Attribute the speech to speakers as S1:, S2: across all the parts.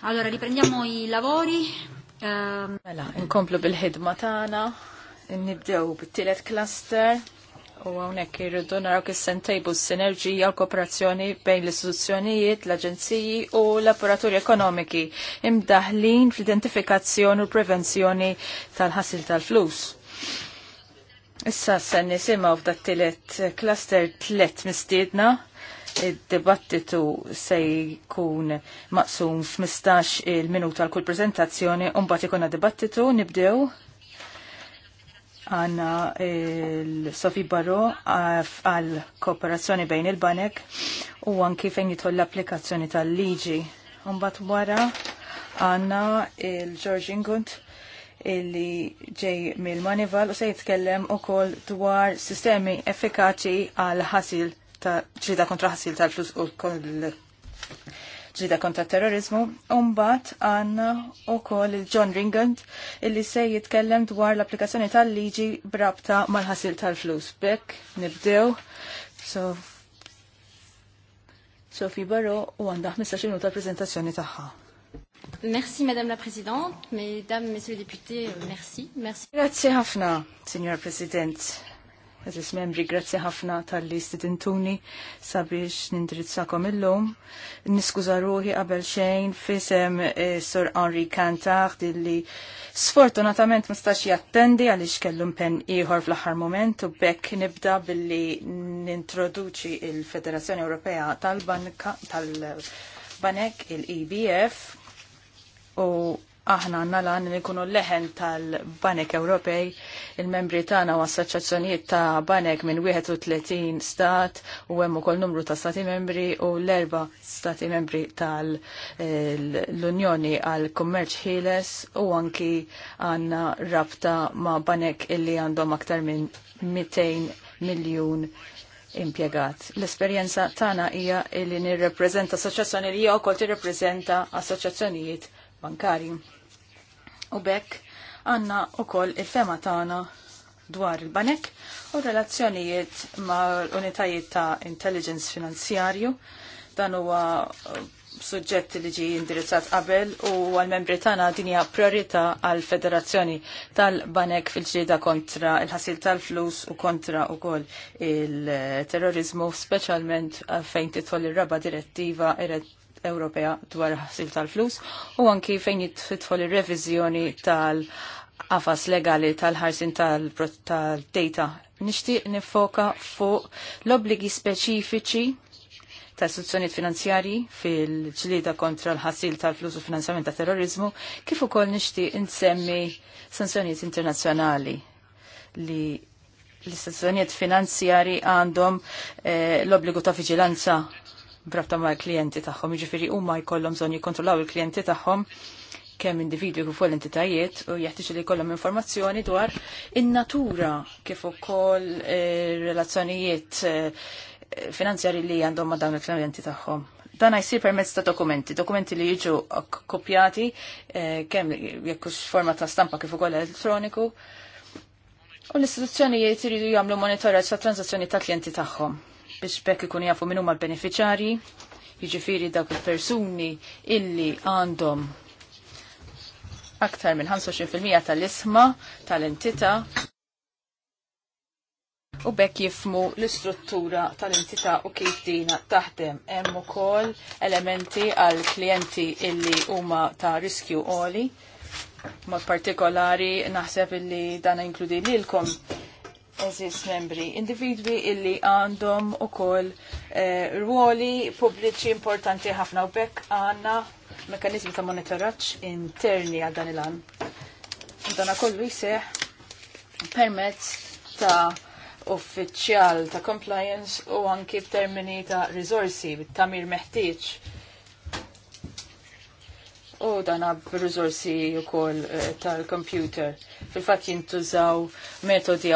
S1: Allora, riprendiamo
S2: i lavori. Ehm, mela, inkomplu bil-ħidma tagħna, nibdew bit-tielet cluster u hawnhekk irridu naraw kif se ntejbu s-sinerġija u l-kooperazzjoni bejn l-istituzzjonijiet, l-aġenziji u l-apparaturi ekonomiki imdaħlin fl-identifikazzjoni u prevenzjoni tal-ħasil tal-flus. Issa se nisimgħu f'dat tielet cluster tliet mistiedna Id-dibattitu se jkun maqsum 15 il-minuta għal kull prezentazzjoni, mbagħad ikuna dibattitu nibdew għanna il-Sofi Barro għal kooperazzjoni bejn il-banek u anki fejn jitħol l-applikazzjoni tal-liġi. bat wara għanna il-George Ingunt illi ġej mill-Manival u se jitkellem u kol dwar sistemi effikaċi għal ħasil ta' ġlida kontra ħassil tal-flus u koll ġlida kontra terrorizmu, umbat għanna u koll il-John Ringand illi se jitkellem dwar l-applikazzjoni tal-liġi brabta mal-ħasil tal-flus. Bek, nibdew, so Sophie Barro u għandha 15 minuta prezentazzjoni tagħha.
S1: Merci Madame la Présidente,
S2: Mesdames, Messieurs les députés, merci, merci. Grazie ħafna, Signor President eżis membri, grazzi ħafna tal-li istidintuni sabiex nindirizzakom illum. Niskuza ruħi qabel xejn fisem e, Sir Henri Kantax dilli sfortunatament ma stax jattendi għaliex kellum pen ieħor fl-aħħar moment u bekk nibda billi nintroduċi il-Federazzjoni Ewropea tal-Banek, tal il-EBF u aħna għanna ikunu nikunu leħen tal-Banek Ewropej, il-membri tagħna u assoċjazzjonijiet ta' Banek minn 31 stat u hemm ukoll numru ta' stati membri u l-erba' stati membri tal-Unjoni eh, għal kummerċ ħieles u anki għanna rabta ma' Banek illi għandhom aktar minn 200 miljun impiegat. L-esperjenza tagħna hija illi nirrepreżenta assoċjazzjoni li hija wkoll tirrepreżenta assoċjazzjonijiet bankari. U bekk għanna u koll il-fema tagħna dwar il-banek u relazzjonijiet ma' unitajiet ta' intelligence finanzjarju. Dan huwa uh, suġġett li ġi indirizzat qabel u għal-membri tagħna din hija priorità għall-Federazzjoni tal-Banek fil ġida kontra il-ħasil tal-flus u kontra ukoll il-terrorizmu, speċjalment fejn titħol ir-raba direttiva Ewropea dwar ħasil tal-flus u anki fejn jitfitfol ir-reviżjoni tal afas legali tal-ħarsin tal-data. Nixtieq nifoka fuq l-obligi speċifiċi ta' istituzzjonijiet finanzjarji fil-ġlida kontra l-ħasil tal-flus u finanzjament ta' terrorizmu, kif ukoll nixtieq insemmi sanzjonijiet internazzjonali li l-istazzjonijiet finanzjari għandhom eh, l-obbligu ta' vigilanza brabta ma' klienti taħħom, tagħhom, u jiġifieri huma jkollhom bżonn jikkontrollaw il-klienti tagħhom kemm individwi kif ukoll entitajiet u jeħtieġ li jkollhom informazzjoni dwar in-natura kif ukoll eh, relazzjonijiet eh, finanzjari li għandhom ma' dawn il-klienti tagħhom. Dan jsir permezz ta' dokumenti, dokumenti li jiġu kopjati eh, kemm jekk forma ta' stampa kif ukoll elettroniku. U l-istituzzjonijiet iridu jagħmlu monitoraġġ ta' transazzjoni ta' klijenti tagħhom biex bekk ikun jafu minn huma l-beneficjarji, jiġifieri dawk il-persuni illi għandhom aktar minn 25% tal-isma tal-entità u bekk jifmu l-istruttura tal-entità u kif dina taħdem. Hemm ukoll elementi għal klijenti illi huma ta' riskju għoli. Mod partikolari naħseb illi dan inkludi lilkom eżis membri, individwi illi għandhom u koll eh, ruoli pubbliċi importanti ħafna u bekk għanna mekanizmi ta' monitoraċ interni għal dan il-għan. Dana kollu jiseħ permezz ta' uffiċjal ta' compliance u anki b'termini ta' risorsi, bit-tamir meħtieġ u dana b'rizorsi wkoll eh, tal-computer. Fil-fatt jintużaw metodi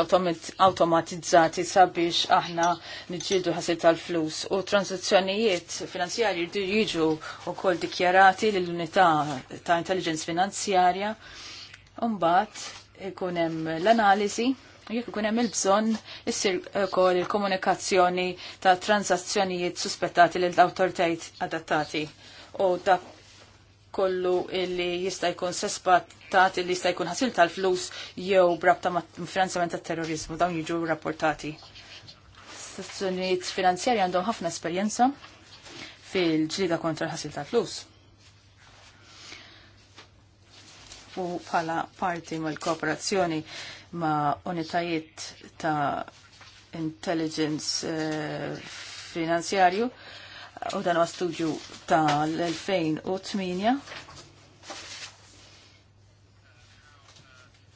S2: automatizzati sabiex aħna nġildu ħasib tal-flus u transazzjonijiet finanzjarji jridu jiġu wkoll dikjarati lill-unità ta' intelligence finanzjarja. Umbat ikun hemm l-analiżi jekk ikun hemm il-bżonn issir ukoll eh, il-komunikazzjoni ta' transazzjonijiet suspettati l awtoritajiet adattati. U dak kollu illi jista' jkun sespattat illi jista' jkun ħasil tal-flus jew brabta ma' finanzjament tat-terrorizmu dawn jiġu rapportati. Stazzjonijiet finanzjarji għandhom ħafna esperjenza fil-ġlida kontra l-ħasil tal-flus. U bħala parti mal kooperazzjoni ma' unitajiet ta' intelligence eh, finanzjarju, u dan huwa studju tal-2008.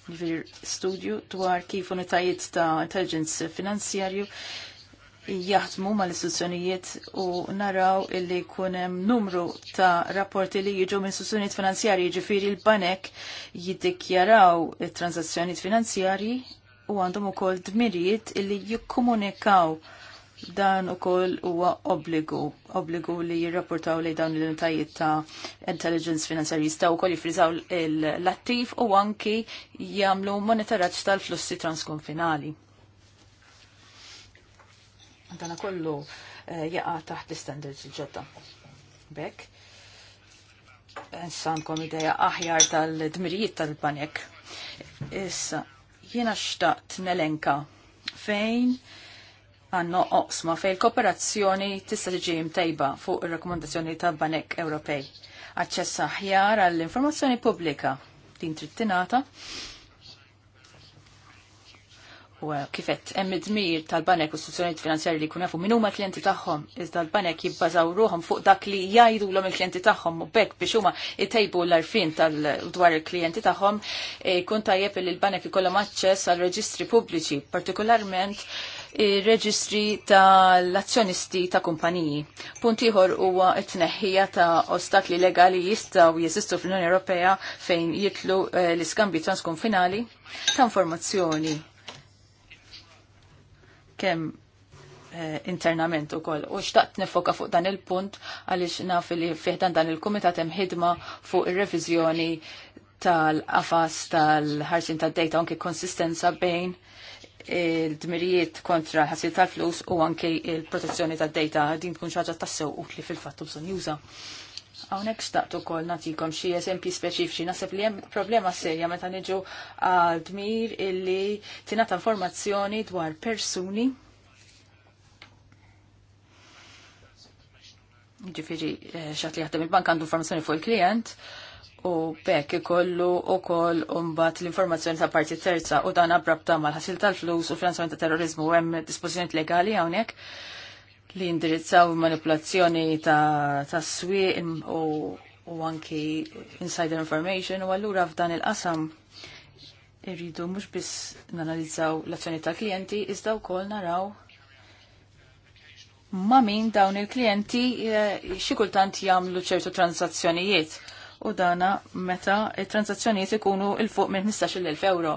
S2: Nifir studju dwar kif unitajiet ta' intelligence finanzjarju jaħdmu mal istituzzjonijiet u naraw illi kunem numru ta' rapporti li jiġu minn istituzzjonijiet finanzjarji ġifiri l-banek jiddikjaraw transazzjonijiet finanzjarji u għandhom ukoll dmirijiet illi jikkomunikaw Dan u koll huwa obbligu, obbligu li jirrapportaw li dawn l-unitajiet ta' intelligence finanzjarji jistaw koll jifrizaw l attif u anki jamlu monitoraġġ tal-flussi transkonfinali. Dan kollu eh, jaqa taħt l-standards ġodda ġodda Bekk, nsankom ideja aħjar tal-dmirijiet tal-banek. Issa, jiena xtaqt nelenka fejn għanno oqsma fej l-kooperazzjoni tista' tiġi mtejba fuq ir rekomendazzjoni ta' Banek Ewropej. Aċċessa aħjar għall-informazzjoni pubblika din trid U eh, kifet hemm id-dmir tal-banek u istituzzjonijiet finanzjari li jkun jafu min huma l-klijenti tagħhom, iżda l-banek jibbażaw ruhom fuq dak li jgħidulhom il klienti tagħhom u bekk biex huma jtejbu l-arfin tal-dwar il-klijenti tagħhom eh, jkun tajjeb li l-banek ikollhom aċċess għal reġistri pubbliċi, partikolarment reġistri tal-azzjonisti ta' kumpaniji. Punt ieħor huwa t-tneħħija ta' ostakli legali jistgħu jeżistu fl-Unjoni Ewropea fejn jitlu eh, l-iskambi transkonfinali ta' informazzjoni kemm eh, internament u koll. U xtaqt nifoka fuq dan il-punt għalix naf li fiħdan dan il-komitat hemm ħidma fuq ir-reviżjoni tal-qafas tal-ħarsin tad-data anke konsistenza bejn il-dmirijiet kontra ħasil tal-flus u anke il-protezzjoni tad-data din tkun xaġa tassew utli fil-fatt u juża. Hawnhekk xtaqt kol nagħtikom xi eżempji speċifiċi. Naħseb li hemm problema serja meta niġu għal dmir illi tingħata informazzjoni dwar persuni. Ġifiri eh, xaħt li jaħdem il-bank għandu informazzjoni fuq il-klient u bekk ikollu u koll umbat l-informazzjoni ta' parti terza u dan abrabta mal-ħasil tal-flus u finanzjament ta' terrorizmu u hemm disposizjoni legali hawnhekk li indirizzaw manipulazzjoni ta', ta swi u, u anki insider information u allura f'dan il-qasam irridu mhux biss nanalizzaw l-azzjoni ta' klijenti iżda wkoll naraw ma' min dawn il-klijenti eh, xi kultant jagħmlu ċertu transazzjonijiet u dana meta il transazzjoniet ikunu il-fuq minn 15.000 euro.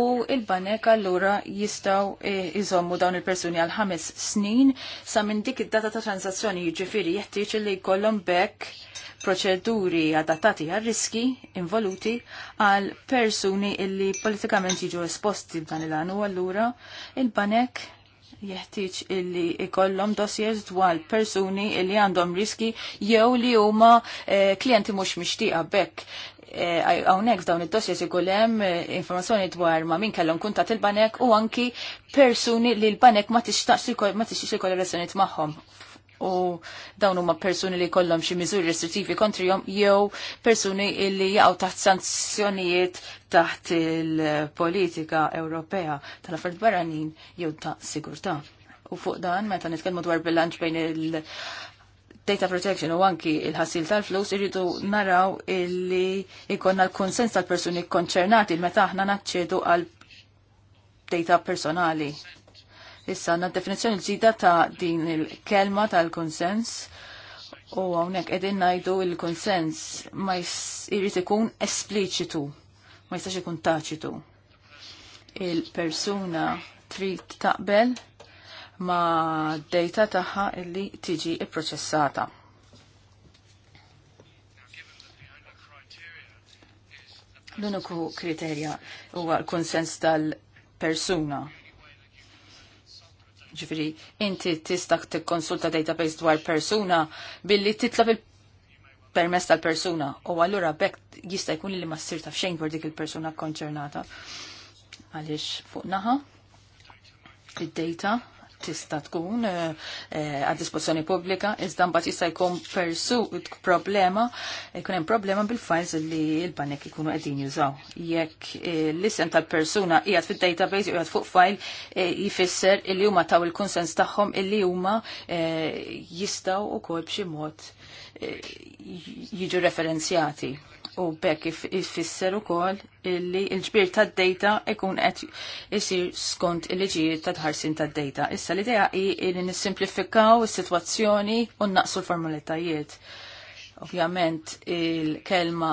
S2: U il-banek allura jistaw e, iżommu dawn il-persuni għal ħames snin sa minn dik id-data ta' transazzjoni jiġifieri jettiċ li jkollhom bekk proċeduri adattati għal riski involuti għal persuni illi politikament jiġu esposti b'dan il-għanu allura il-banek jeħtieġ illi ikollhom dossiers dwar persuni illi għandhom riski jew li huma eh, klijenti mhux mixtieqa bekk eh, Hawnhekk f'dawn id-dossiers ikun hemm eh, informazzjoni dwar ma' min kellhom kuntat il-banek u anki persuni li l-banek ma tixtaqx ma tixtiex il-korrelazzjonijiet magħhom u dawn huma persuni li kollhom xi miżuri restrittivi kontrihom jew persuni li jaqgħu taħt sanzjonijiet taħt il-politika Ewropea tal-affarijiet barranin jew ta' sigurtà. U fuq dan meta nitkellmu dwar bilanċ bejn il- data protection u anki il ħasil tal-flus irridu naraw illi ikonna l-konsens tal-persuni konċernati il-meta aħna naċċedu għal data personali Issa għandna definizzjoni l-ġida ta' din il-kelma tal-konsens u hawnhekk qegħdin ngħidu il-konsens ma jrid ikun espliċitu, ma jistax ikun taċitu. Il-persuna trid taqbel ma' data tagħha illi tiġi pproċessata. l-uniku kriterja huwa l-konsens tal-persuna Ġifiri, inti tistak tikkonsulta database dwar persuna billi titla' il-permess tal-persuna u allura bekk jista' jkun li ma ssir sirta xejn dwar dik il-persuna konċernata. Għaliex fuq naħa id-data tista' tkun eh, eh, għad dispozzjoni pubblika, iżda mbagħad jista' jkun persu problema, jkun hemm problema bil-files li l-banek ikunu qegħdin jużaw. Jekk eh, l-isem tal-persuna qiegħed fid-database u qiegħed fuq file jfisser illi huma taw il-konsens tagħhom illi huma jistgħu wkoll b'xi mod jiġu referenzjati u bekk jfisser ukoll illi l-ġbir tad data ikun qed isir skont il-liġijiet ta' tħarsin tad data. Issa l-idea hi illi nissimplifikaw is-sitwazzjoni u naqsu l-formalitajiet. Ovvjament il-kelma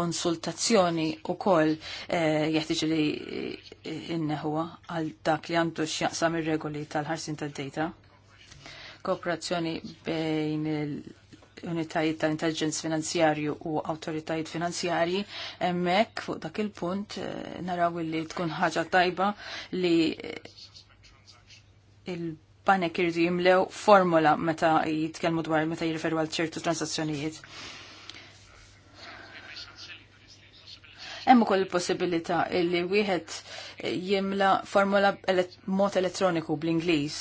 S2: konsultazzjoni u kol eh, jeħtieġ li eh, inneħuha għal dak li għandu x'jaqsam ir-regoli tal-ħarsin tad data kooperazzjoni bejn il-da unitajiet ta' intelligenz finanzjarju u autoritajiet finanzjarji, emmek fuq dak il-punt eh, naraw li tkun ħaġa tajba li eh, il-banek irridu jimlew formula meta jitkellmu dwar meta jirriferu għal ċertu transazzjonijiet. Hemm ukoll il-possibilità li wieħed jimla formula mod elettroniku bl-Ingliż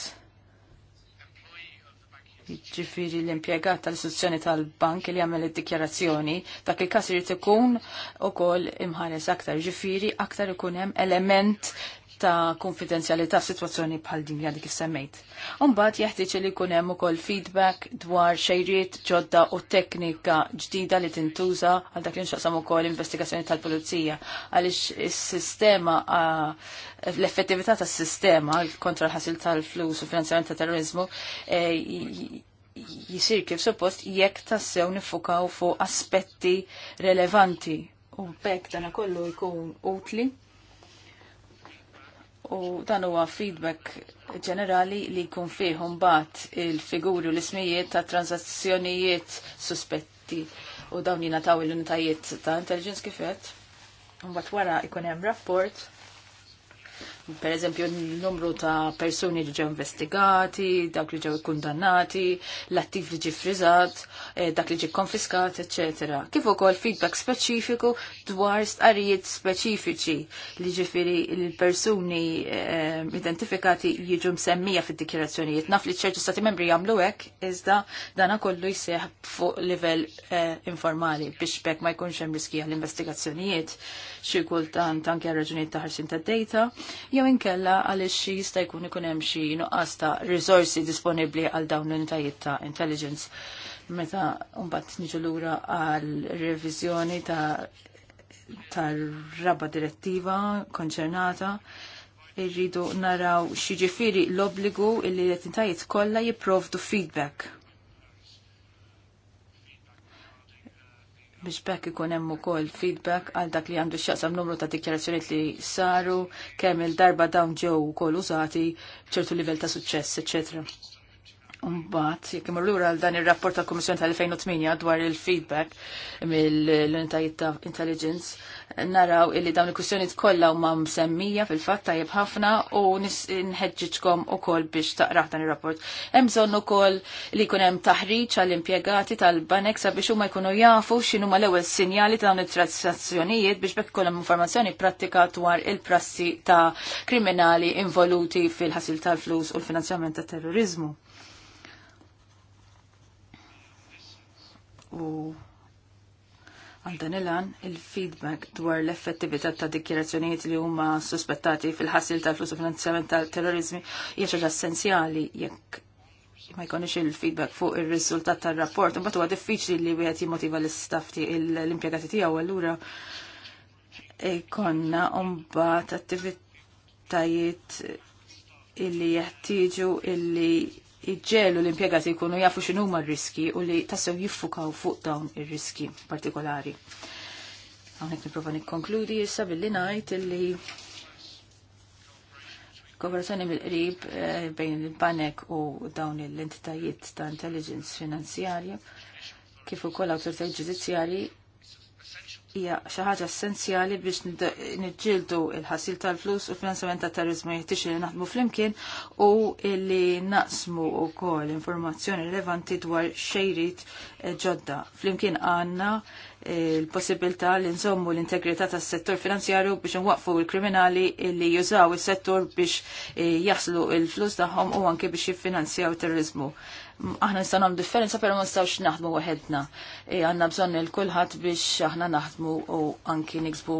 S2: ġifiri l-impiegat tal-istituzzjoni tal-bank li għamil id-dikjarazzjoni, dak il-kas irrid ikun ukoll imħares aktar, ġifiri aktar ikun hemm element ta' konfidenzjalità situazzjoni bħal din li kif semmejt. Umbat jeħtieġ li jkun hemm ukoll feedback dwar xejriet ġodda u teknika ġdida li tintuża għal dak li nxaqsam ukoll investigazzjoni tal-pulizija għaliex is-sistema l-effettività tas-sistema kontra l-ħasil tal-flus u finanzjament ta' terrorizmu e, jisir kif suppost jekk tassew nifukaw fuq aspetti relevanti u bekk dana kollu jkun utli u dan huwa feedback ġenerali li jkun fihom bat il-figuri u l-ismijiet ta' transazzjonijiet suspetti u dawn jingħataw il-unitajiet ta' intelligence kifet. Mbagħad wara ikun hemm rapport per eżempju n-numru ta' persuni li ġew investigati, dak li ġew kundannati, l-attiv li ġi frizzat, eh, dak li ġi konfiskat, etc. Kif ukoll feedback speċifiku dwar stqarijiet speċifiċi li ġifiri l-persuni eh, identifikati jiġu msemmija fid-dikjerazzjonijiet. Naf li ċerġu stati membri jagħmlu hekk, iżda dana kollu jseħ fuq livell eh, informali biex bekk ma jkunx hemm riskija l-investigazzjonijiet xi kultant anke raġunijiet ta' ħarsin ta' data, jew inkella għaliex xi jista' jkun ikun hemm xi nuqqas ta' risorsi disponibbli għal dawn l-unitajiet ta' intelligence. Meta mbagħad niġu lura għal reviżjoni ta' tar-raba direttiva konċernata irridu naraw xiġifiri l-obligu illi l-etintajiet kollha jipprovdu feedback. biex bekk ikun hemm ukoll feedback għal dak li għandu x'jaqsam numru ta' dikjarazzjonijiet li saru, kemm il-darba dawn ġew ukoll użati b'ċertu livell ta' suċċess, eċetera. Mbagħad, jekk imur għal dan ir-rapport tal-Kummissjoni tal-2008 dwar il-feedback mill-unitajiet ta' intelligence, naraw illi dawn il tkolla kollha huma msemmija fil-fatt tajjeb ħafna u u ukoll biex taqraħ dan ir-rapport. Hemm bżonn ukoll li jkun hemm taħriġ għall-impjegati tal-banek sabiex huma jkunu jafu x'inhuma l-ewwel sinjali ta' dawn it trazzazzjonijiet biex bekk ikollhom informazzjoni prattika dwar il-prassi ta' kriminali involuti fil-ħasil tal-flus u l-finanzjament tat-terrorizmu. U Għal dan il-għan, il-feedback dwar l-effettività ta' dikjerazzjonijiet li huma suspettati fil-ħassil tal-flus finanzjament tal-terrorizmi hija essenzjali jekk ma jkonix il-feedback fuq ir-riżultat tar-rapport, imbagħad huwa diffiċli li wieħed jimmotiva l istafti l-impjegati tiegħu allura konna mbagħad attivitajiet illi jeħtieġu illi u l impiegat jkunu jafu x'inhuma r-riski u li tassew jiffukaw fuq dawn ir-riski partikolari. Hawnhekk nipprova nikkonkludi issa billi ngħid illi kooperazzjoni mill-qrib eh, bejn il-banek u dawn l-entitajiet ta' intelligence finanzjarja kif ukoll awtoritajiet ġudizzjarji hija xi ħaġa essenzjali biex niġġieldu il-ħasil tal-flus u finanzament ta' terrorizmu jittix li naħdmu flimkien u li naqsmu wkoll informazzjoni rilevanti dwar xejrit eh, ġodda. Flimkien għandna il-possibilità eh, li nżommu l-integrità tas-settur finanzjarju biex nwaqfu l-kriminali li jużaw is-settur biex eh, jaslu il-flus tagħhom u anke biex jiffinanzjaw terrorizmu aħna nistgħu nagħmlu differenza però ma nistgħux naħdmu waħedna. E, għandna bżonn il kulħadd biex aħna naħdmu u anki niksbu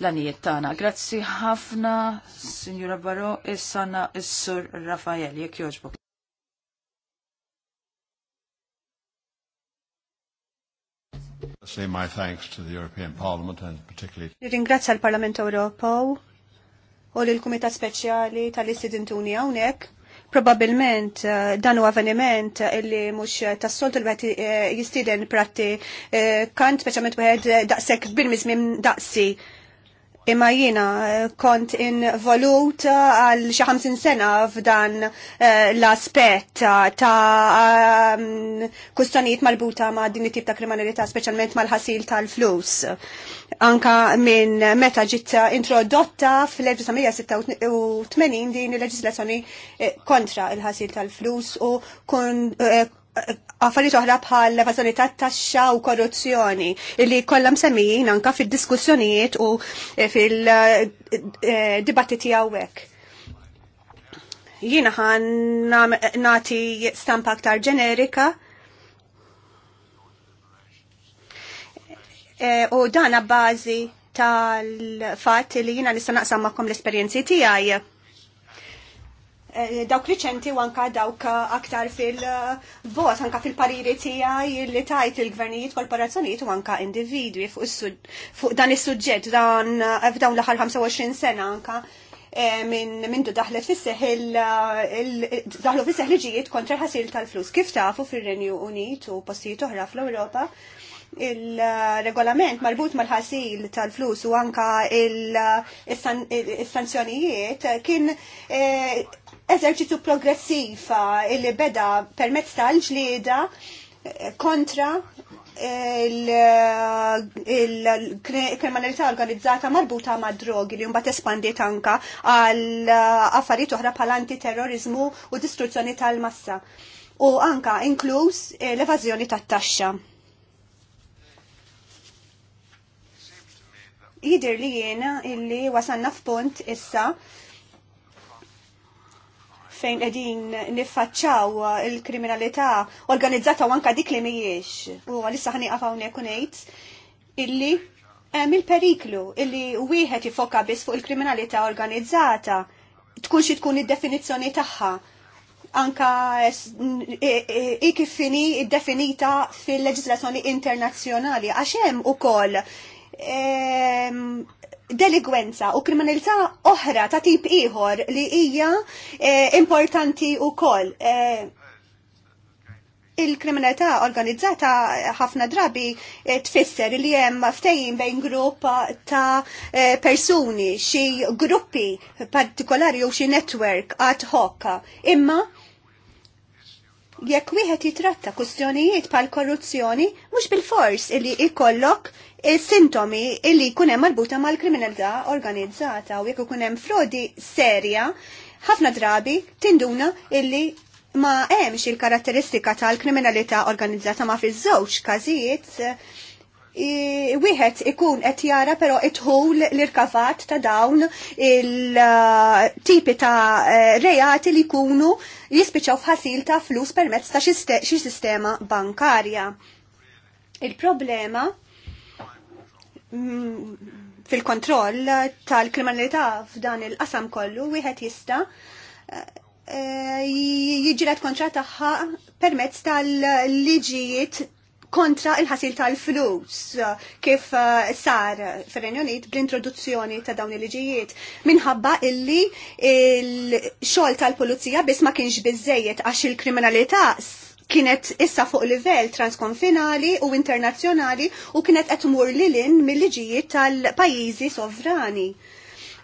S2: l-anijiet tagħna. Grazzi ħafna, Sinjura Barro, is-sana is-Sur Rafael, jekk jogħġbok.
S3: Ringrazzja l-Parlament Ewropew u l-Kumitat Speċjali tal-Istudentuni hawnhekk Probabilment eh, dan huwa avveniment eh, illi mhux eh, tas-soltu bħet jistiden pratti kant speċjalment wieħed daqshekk bil mizmim daqsi Imma jiena eh, kont involut eh, għal xi ħamsin sena f'dan eh, l-aspett ta' ehm, kustanijiet malbuta ma' din it-tip ta' kriminalità, speċjalment mal-ħasil tal-flus. Anka minn meta ġiet introdotta fl-1986 din il-leġislazzjoni kontra il-ħasil tal-flus u għaffariet oħra bħal evazjoni ta' taxxa u korruzzjoni li kollha msemmijin anka fid-diskussjonijiet u eh, fil-dibattiti eh, hawnhekk. Jiena ħan nagħti stampa aktar ġenerika eh, u dan bazi tal-fatt li jiena nista' naqsam l-esperjenzi tiegħi Eh, dawk liċenti u anka dawk eh, aktar fil-vot, anka fil-pariri tijaj li tajt il-gvernijiet, korporazzjonijiet u anka individwi fuq dan is-suġġett dan eh, f'dawn l-aħħar 25 sena anka minn du daħlet fisseħ daħlu fisseħ liġijiet kontra ħasil tal-flus. Kif tafu fil-Renju Unit u postijiet oħra fl-Ewropa, il-regolament marbut mal-ħasil tal-flus u anka il-sanzjonijiet kien eżerċitu progressiva illi beda permezz tal-ġlieda eh, kontra il-kriminalità organizzata marbuta ma' drogi li mbagħad espandiet anka għal eh, affarijiet oħra bħal terrorizmu u distruzzjoni tal-massa u anka inkluż eh, l-evażjoni tat-taxxa. Jidir li jiena illi wasanna f'punt issa fejn edin nifacċaw il-kriminalità organizzata u anka dik li mhijiex. U għalissa ħani hawnhekk u illi hemm il-periklu illi wieħed ifoka biss fuq il-kriminalità organizzata tkun xi tkun id-definizzjoni tagħha anka i kif fini id-definita fil-leġislazzjoni internazzjonali għax hemm ukoll Ehm, delikwenza u kriminalità oħra ta' tip ieħor li hija eh, importanti wkoll eh, il-kriminalità organizzata ħafna drabi eh, tfisser li hemm ftejjin bejn grupp ta' persuni, xi gruppi partikolari u xi network ad hoc. Imma jekk wieħed jitratta kwistjonijiet bħal korruzzjoni, mhux bil-fors li ikollok sintomi illi kunem marbuta mal-kriminalità organizzata u jekk kunem frodi serja, ħafna drabi tinduna illi ma hemmx il-karatteristika tal-kriminalità organizzata ma fiż-żewġ każijiet wieħed ikun qed jara però itħul l-irkavat ta' dawn il-tipi ta' eh, reati li jkunu jispiċaw f'ħasil ta' flus permezz ta' xi sistema bankarja. Il-problema Mm, fil-kontroll tal-kriminalità f'dan il-qasam kollu wieħed jista' eh, eh, jiġilet kontra tagħha permezz tal-liġijiet kontra il-ħasil tal-flus kif eh, sar fir-Renju Unit bl-introduzzjoni ta' dawn il-liġijiet minħabba illi il-xogħol tal-pulizija biss ma kienx biżejjed għax il-kriminalità kienet issa fuq livell transkonfinali u internazzjonali u kienet qed tmur lilin mill-liġijiet tal-pajjiżi sovrani.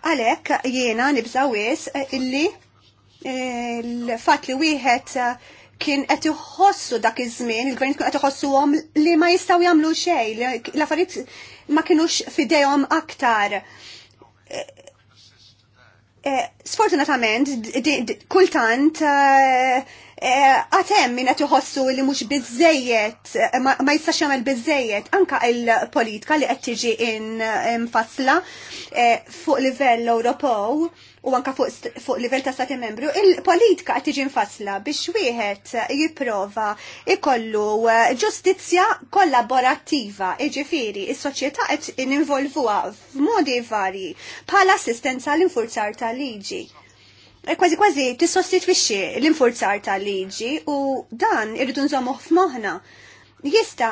S3: Għalhekk jiena nibża wis eh, illi eh, l-fatt li wieħed eh, kien qed iħossu dak iż-żmien, il-gvern kien qed iħossuhom li ma jistgħu jagħmlu xejn, l-affarijiet ma kinux fidejhom aktar. Sfortunatament, kultant Eh, għatem minna tuħossu li mux bizzejiet, eh, ma jistax jagħmel bizzejiet, anka il-politika li qed tiġi infasla eh, fuq livell Ewropew u anka fuq livell ta' stati membru, il-politika qed tiġi infasla biex wieħed jipprova ikollu ġustizzja kollaborattiva, iġifieri is-soċjetà qed ninvolvuha f'modi varji bħala assistenza l-infurzar tal-liġi Eh, kważi kważi tissostitwixxi l-infurzar tal-liġi u dan irridu nżommuh f'moħħna. Jista,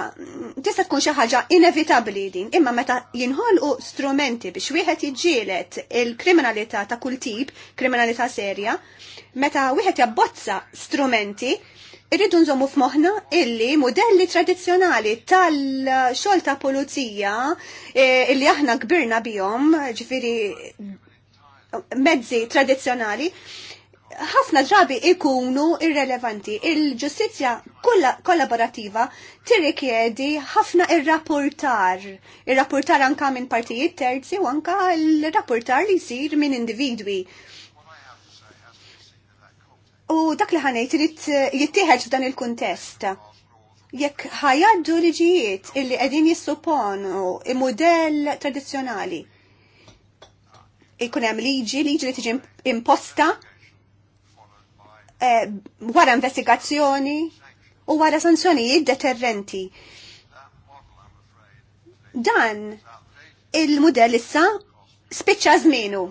S3: tista tkun xi ħaġa inevitabbli din, imma meta jinħolqu strumenti biex wieħed jiġġielet il-kriminalità ta' kull tip, kriminalità serja, meta wieħed jabbozza strumenti, irridu nżommu f'moħna illi modelli tradizjonali tal-xol ta' polizija eh, illi aħna kbirna bihom, ġifiri mezzi tradizjonali, ħafna drabi ikunu irrelevanti. Il-ġustizja kollaborativa tirrikjedi ħafna ir-rapportar. Ir-rapportar anka minn partijiet terzi u anka il-rapportar li jsir minn individwi. U dak li ħanejt jittieħed f'dan il-kuntest. Jekk ħajaddu liġijiet illi qegħdin jissuponu il-modell tradizzjonali ikun hemm liġi, liġi li tiġi imposta eh, wara investigazzjoni u wara sanzjonijiet deterrenti. Dan il-modell issa spiċċa żmienu.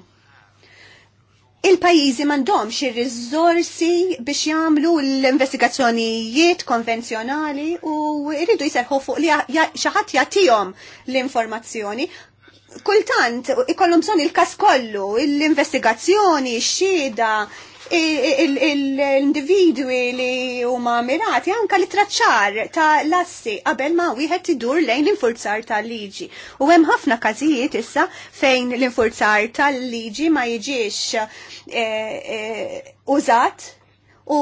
S3: Il-pajjiżi m'għandhomx ir-riżorsi biex jagħmlu l-investigazzjonijiet konvenzjonali u jridu jiserħu fuq li xi ħadd jagħtihom l-informazzjoni kultant ikollhom bżonn il-każ kollu, l-investigazzjoni, x-xieda, l-individwi li huma mirati anka li traċċar ta' lassi qabel ma wieħed idur lejn l-infurzar tal-liġi. U hemm ħafna każijiet issa fejn l-infurzar tal-liġi ma jiġix eh, eh, użat u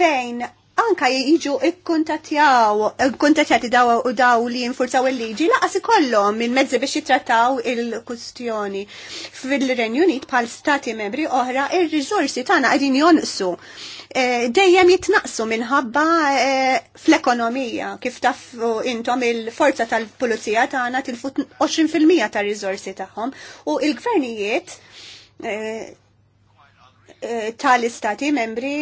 S3: fejn anka jiġu ikkuntatjati daw u daw li jinfurzaw il-liġi laqas ikollhom il-mezzi biex jitrattaw il-kustjoni. Fil-Renju Unit bħal stati membri oħra ir rizorsi tagħna qegħdin jonqsu. Eh, dejjem jitnaqsu minħabba eh, fl-ekonomija. Kif taf intom il-forza tal-pulizija tagħna tilfut 20% tar rizorsi tagħhom u l-gvernijiet eh, tal-istati membri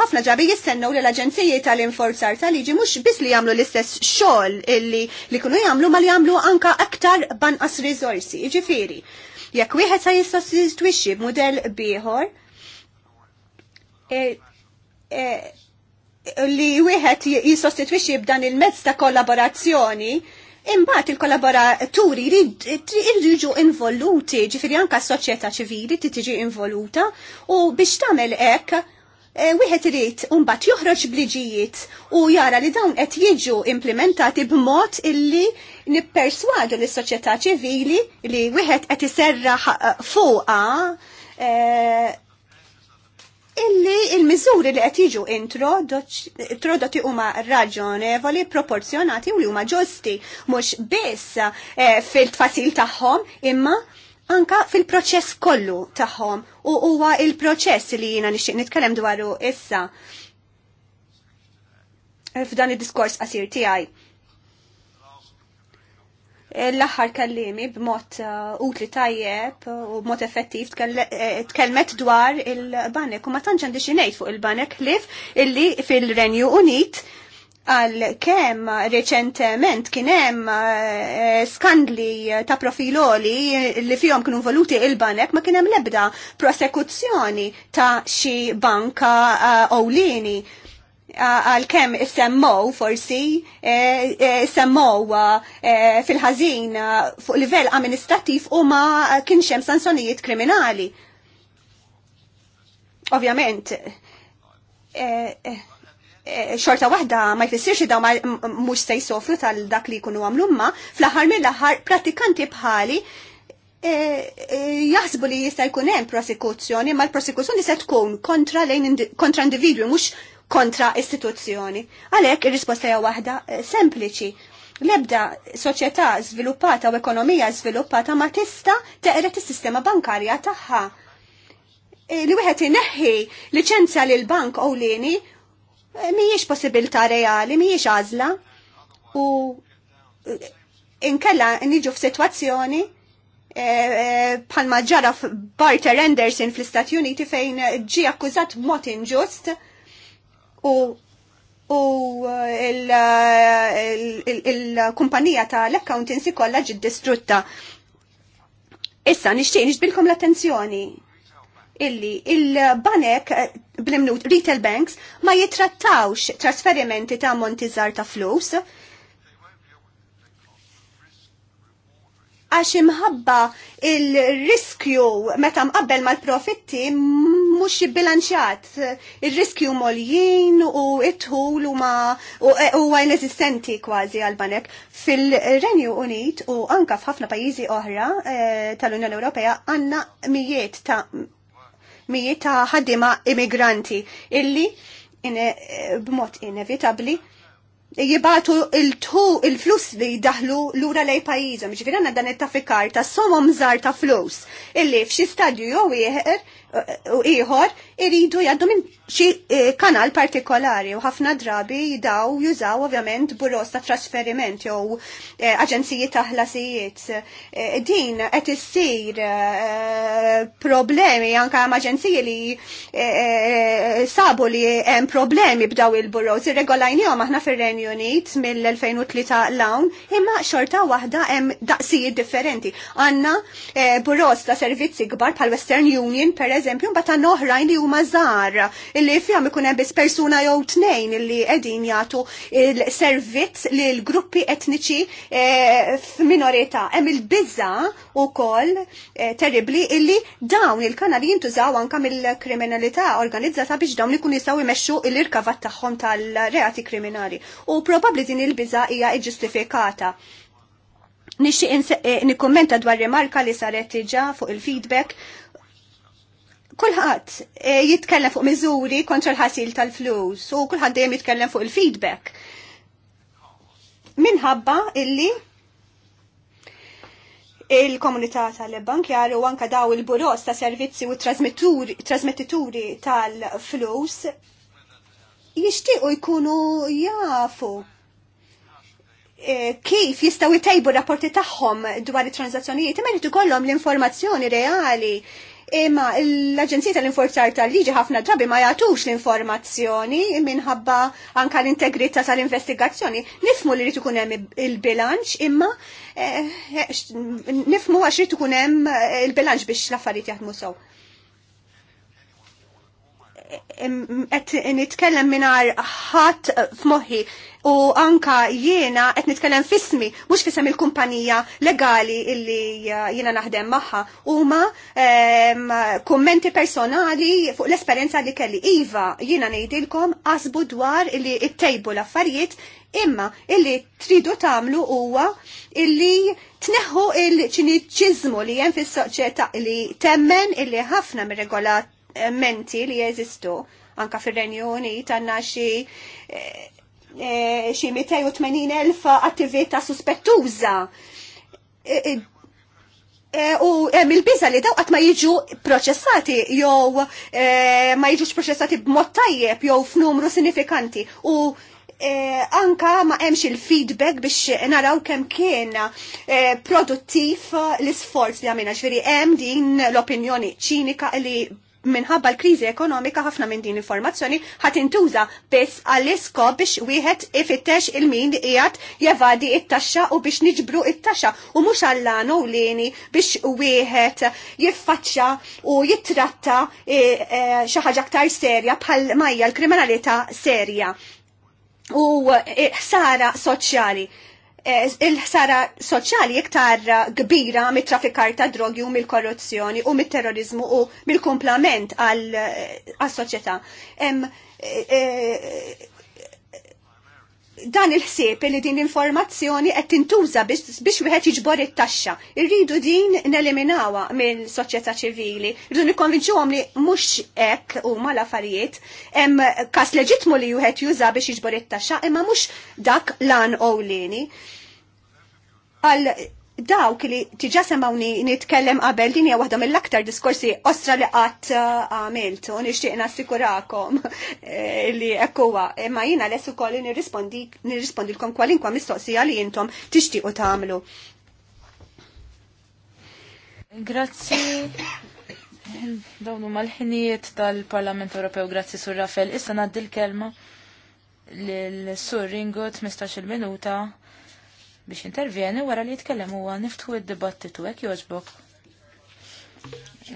S3: ħafna ġabi jistennew li l-aġenziji tal-inforzar tal-liġi mhux biss li jagħmlu l-istess xogħol illi li kunu jagħmlu ma li jagħmlu anka aktar banqas rizorsi. Jiġifieri, jekk wieħed sa jistostitwixxi b'mudell bieħor, e, e, li wieħed jistostitwixxi b'dan il-mezz ta' kollaborazzjoni, Imbagħad il-kollaboraturi jridu involuti, ġifieri anke s-soċjetà ċivili tiġi involuta u biex tagħmel hekk Eh, wieħed irid mbagħad joħroġ bliġijiet u jara li dawn qed jiġu implementati b'mod illi nipperswadu lis soċjetà ċivili li wieħed qed iserraħ eh, fuqha eh, illi il-miżuri li qed jiġu introdotti huma raġonevoli, proporzjonati u li huma ġusti mhux biss fil-tfasil tagħhom imma anka fil-proċess kollu tagħhom u huwa il-proċess li jiena nixtieq nitkellem dwaru issa f'dan id-diskors qasir tiegħi. L-aħħar kallimi b'mod uh, utli tajjeb u b'mod effettiv eh, tkellmet dwar il-banek u ma tantx għandi xi ngħid fuq il-banek ħlif illi fil-Renju Unit għal kem reċentement kienem eh, skandli ta' profiloli li fihom kienu voluti il-banek ma kienem lebda prosekuzzjoni ta' xi banka eh, owlini eh, għal kem semmow forsi semmow fil-ħazin fuq livell amministrativ u ma kienx hemm sanzjonijiet kriminali. Ovvjament, Eh, xorta waħda ma jfissirx ma mhux se jsofru tal dak li jkunu għamlu ma fl-aħħar mill-aħħar pratikanti bħali eh, eh, jaħsbu li jista' jkun hemm prosekuzzjoni, ma l-prosekuzzjoni se tkun kontra lejn kontra individwi mhux kontra istituzzjoni. Għalhekk ir-risposta hija waħda sempliċi l-ebda soċjetà żviluppata u ekonomija żviluppata ma tista' teqret is-sistema bankarja tagħha. Li wieħed ineħħi liċenzja lil bank ewlieni Eh, mhijiex possibilità reali, mhijiex għażla u eh, inkella niġu f'sitwazzjoni eh, bħalma e, e, ġara Barter Anderson fl-Istati Uniti fejn ġi akkużat mod inġust u u il-kumpanija ta' l-accountancy kollha ġid distrutta. Issa nixtieq nixbilkom l-attenzjoni illi il-banek eh, bl-imnut retail banks ma jitrattawx trasferimenti ta' montizzar ta' flus għax imħabba il-riskju meta mqabbel mal-profitti mhux bilanċjat. Il-riskju moljien u it-tul u ma eh, u inesistenti kważi għal-banek. Fil-Renju Unit u anka f'ħafna pajjiżi oħra eh, tal-Unjoni Ewropea għandna mijiet ta' mi ta' ħaddima immigranti illi b'mod inevitabli jibatu il-tu il-flus li daħlu l-ura lej pajizom, ġifiri għanna dan it tafikar ta' somom zar ta' flus, illi f'xi stadju jew ieħer u ieħor iridu jaddu minn xi e, kanal partikolari u ħafna drabi jidaw jużaw ovvjament buros ta' trasferiment jew e, aġenziji ta' ħlasijiet. E, din qed issir problemi anke hemm aġenziji li sabu li hemm problemi b'daw il-buros. Irregolajnihom aħna fir-Renju Unit mill-2003 lawn imma xorta waħda hemm daqsijiet differenti. Għandna buros ta' servizzi kbar bħal Western Union per eżempju, mbagħad noħrajn li huma żgħar illi fihom ikun hemm biss persuna jew tnejn illi qegħdin jagħtu il-servizz lil gruppi etniċi eh, f'minorità. Hemm il-biża wkoll eh, terribli illi dawn il-kanali jintużaw anke mill-kriminalità organizzata biex dawn ikun jistgħu jmexxu l-irkavat tagħhom tal-reati kriminali. U probabbli din il-biża hija ġustifikata. Nixtieq eh, nikkummenta dwar rimarka li saret diġà fuq il-feedback kulħadd eh, jitkellem fuq miżuri kontra l-ħasil tal-flus u kulħadd dejjem jitkellem fuq il-feedback. Minħabba illi il-komunità tal-bank jaru anka daw il-buros ta' servizzi u trasmettituri tal-flus jixtiequ jkunu jafu eh, kif jistaw jtejbu rapporti tagħhom dwar it-transazzjonijiet imma jrid ikollhom l-informazzjoni reali Imma l-Aġenzija tal-Inforzar tal-Liġi ħafna drabi ma jagħtux l-informazzjoni minħabba anka l-integrità tal-investigazzjoni. Nifmu li ritu ikun hemm il-bilanċ imma eh, eh, nifmu għax ritu ikun hemm eh, il-bilanċ biex l-affarijiet jaħdmu sew qed nitkellem mingħajr ħadd f'moħħi u anka jiena qed nitkellem fismi mhux fisem il-kumpanija legali illi eh, jiena naħdem magħha huma kummenti personali fuq l-esperjenza li kelli. Iva, jiena ngħidilkom qasbu dwar illi ttejbu l-affarijiet imma illi tridu tagħmlu huwa illi tneħħu il-ċiniċiżmu li hemm fis-soċjetà li temmen illi ħafna mir-regolat menti li jeżistu anka fir-Renju Unit għandna xi 280,000 eh, eh, attività suspettuża. E, e, e, u hemm il-biża li daw qatt ma jiġu proċessati jew eh, ma jiġux proċessati b'mod tajjeb jew f'numru sinifikanti. U anka ma hemmx il-feedback biex naraw kemm kien produttiv l-isforz li għamilna ġifieri hemm din l-opinjoni ċinika li minħabba l-kriżi ekonomika ħafna minn din informazzjoni ħat intuża biss għall-iskop biex wieħed ifittex il-min qiegħed jevadi it-taxxa u biex niġbru it-taxxa u mhux għallana u biex wieħed jiffaċċa u jittratta e, e, xi ħaġa aktar serja bħal majja l-kriminalità serja u e, ħsara soċjali Eh, il-ħsara soċjali iktar eh, kbira mit traffikar ta' drogi u mill-korruzzjoni u mit-terrorizmu u mill-kumplament għal-soċjetà. Eh, dan il-ħsieb li din l-informazzjoni qed tintuża biex wieħed jiġbor it-taxxa. Irridu din neliminawa mill-soċjetà ċivili. Irridu nikkonvinċuhom li mhux hekk huma l-affarijiet hemm każ leġitmu li wieħed juża biex jiġbor it-taxxa, imma mhux dak lan owlieni. Daw li tiġa semawni nitkellem qabel din hija waħda mill-aktar diskorsi ostra li qatt uh, għamilt u nixtieq nassikurakom eh, li hekk huwa. Imma jiena lest ukoll nirrispondilkom kwalinkwa mistoqsija li intom tixtiequ tagħmlu. Grazzi. Dawnu mal-ħinijiet tal-Parlament Ewropew,
S1: grazzi Sur Rafael. Issa naddi l-kelma l-Sur mistax 15 minuta biex intervjeni wara li jitkellem huwa niftħu id-dibattitu hekk jogħġbok.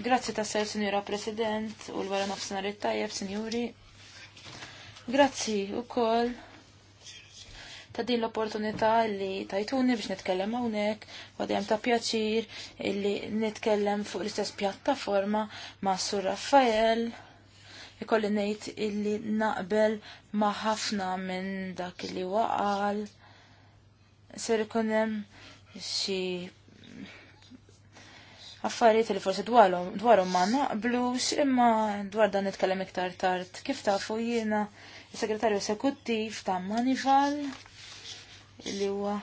S1: Grazzi ta' sew, Sinjura President, u l-wara nofsinhar it-tajjeb, Sinjuri. Grazzi wkoll ta' din l-opportunità li tajtuni biex nitkellem hawnhekk u dejjem ta' pjaċir illi nitkellem fuq l-istess pjattaforma ma' Sur Raffael ikolli ngħid illi naqbel ma' ħafna minn dak li waqal ser ikun hemm xi affarijiet li forsi dwarhom dwarhom ma naqblux imma dwar dan nitkellem iktar tard. Kif tafu jiena is-segretarju esekuttiv ta' Manival li huwa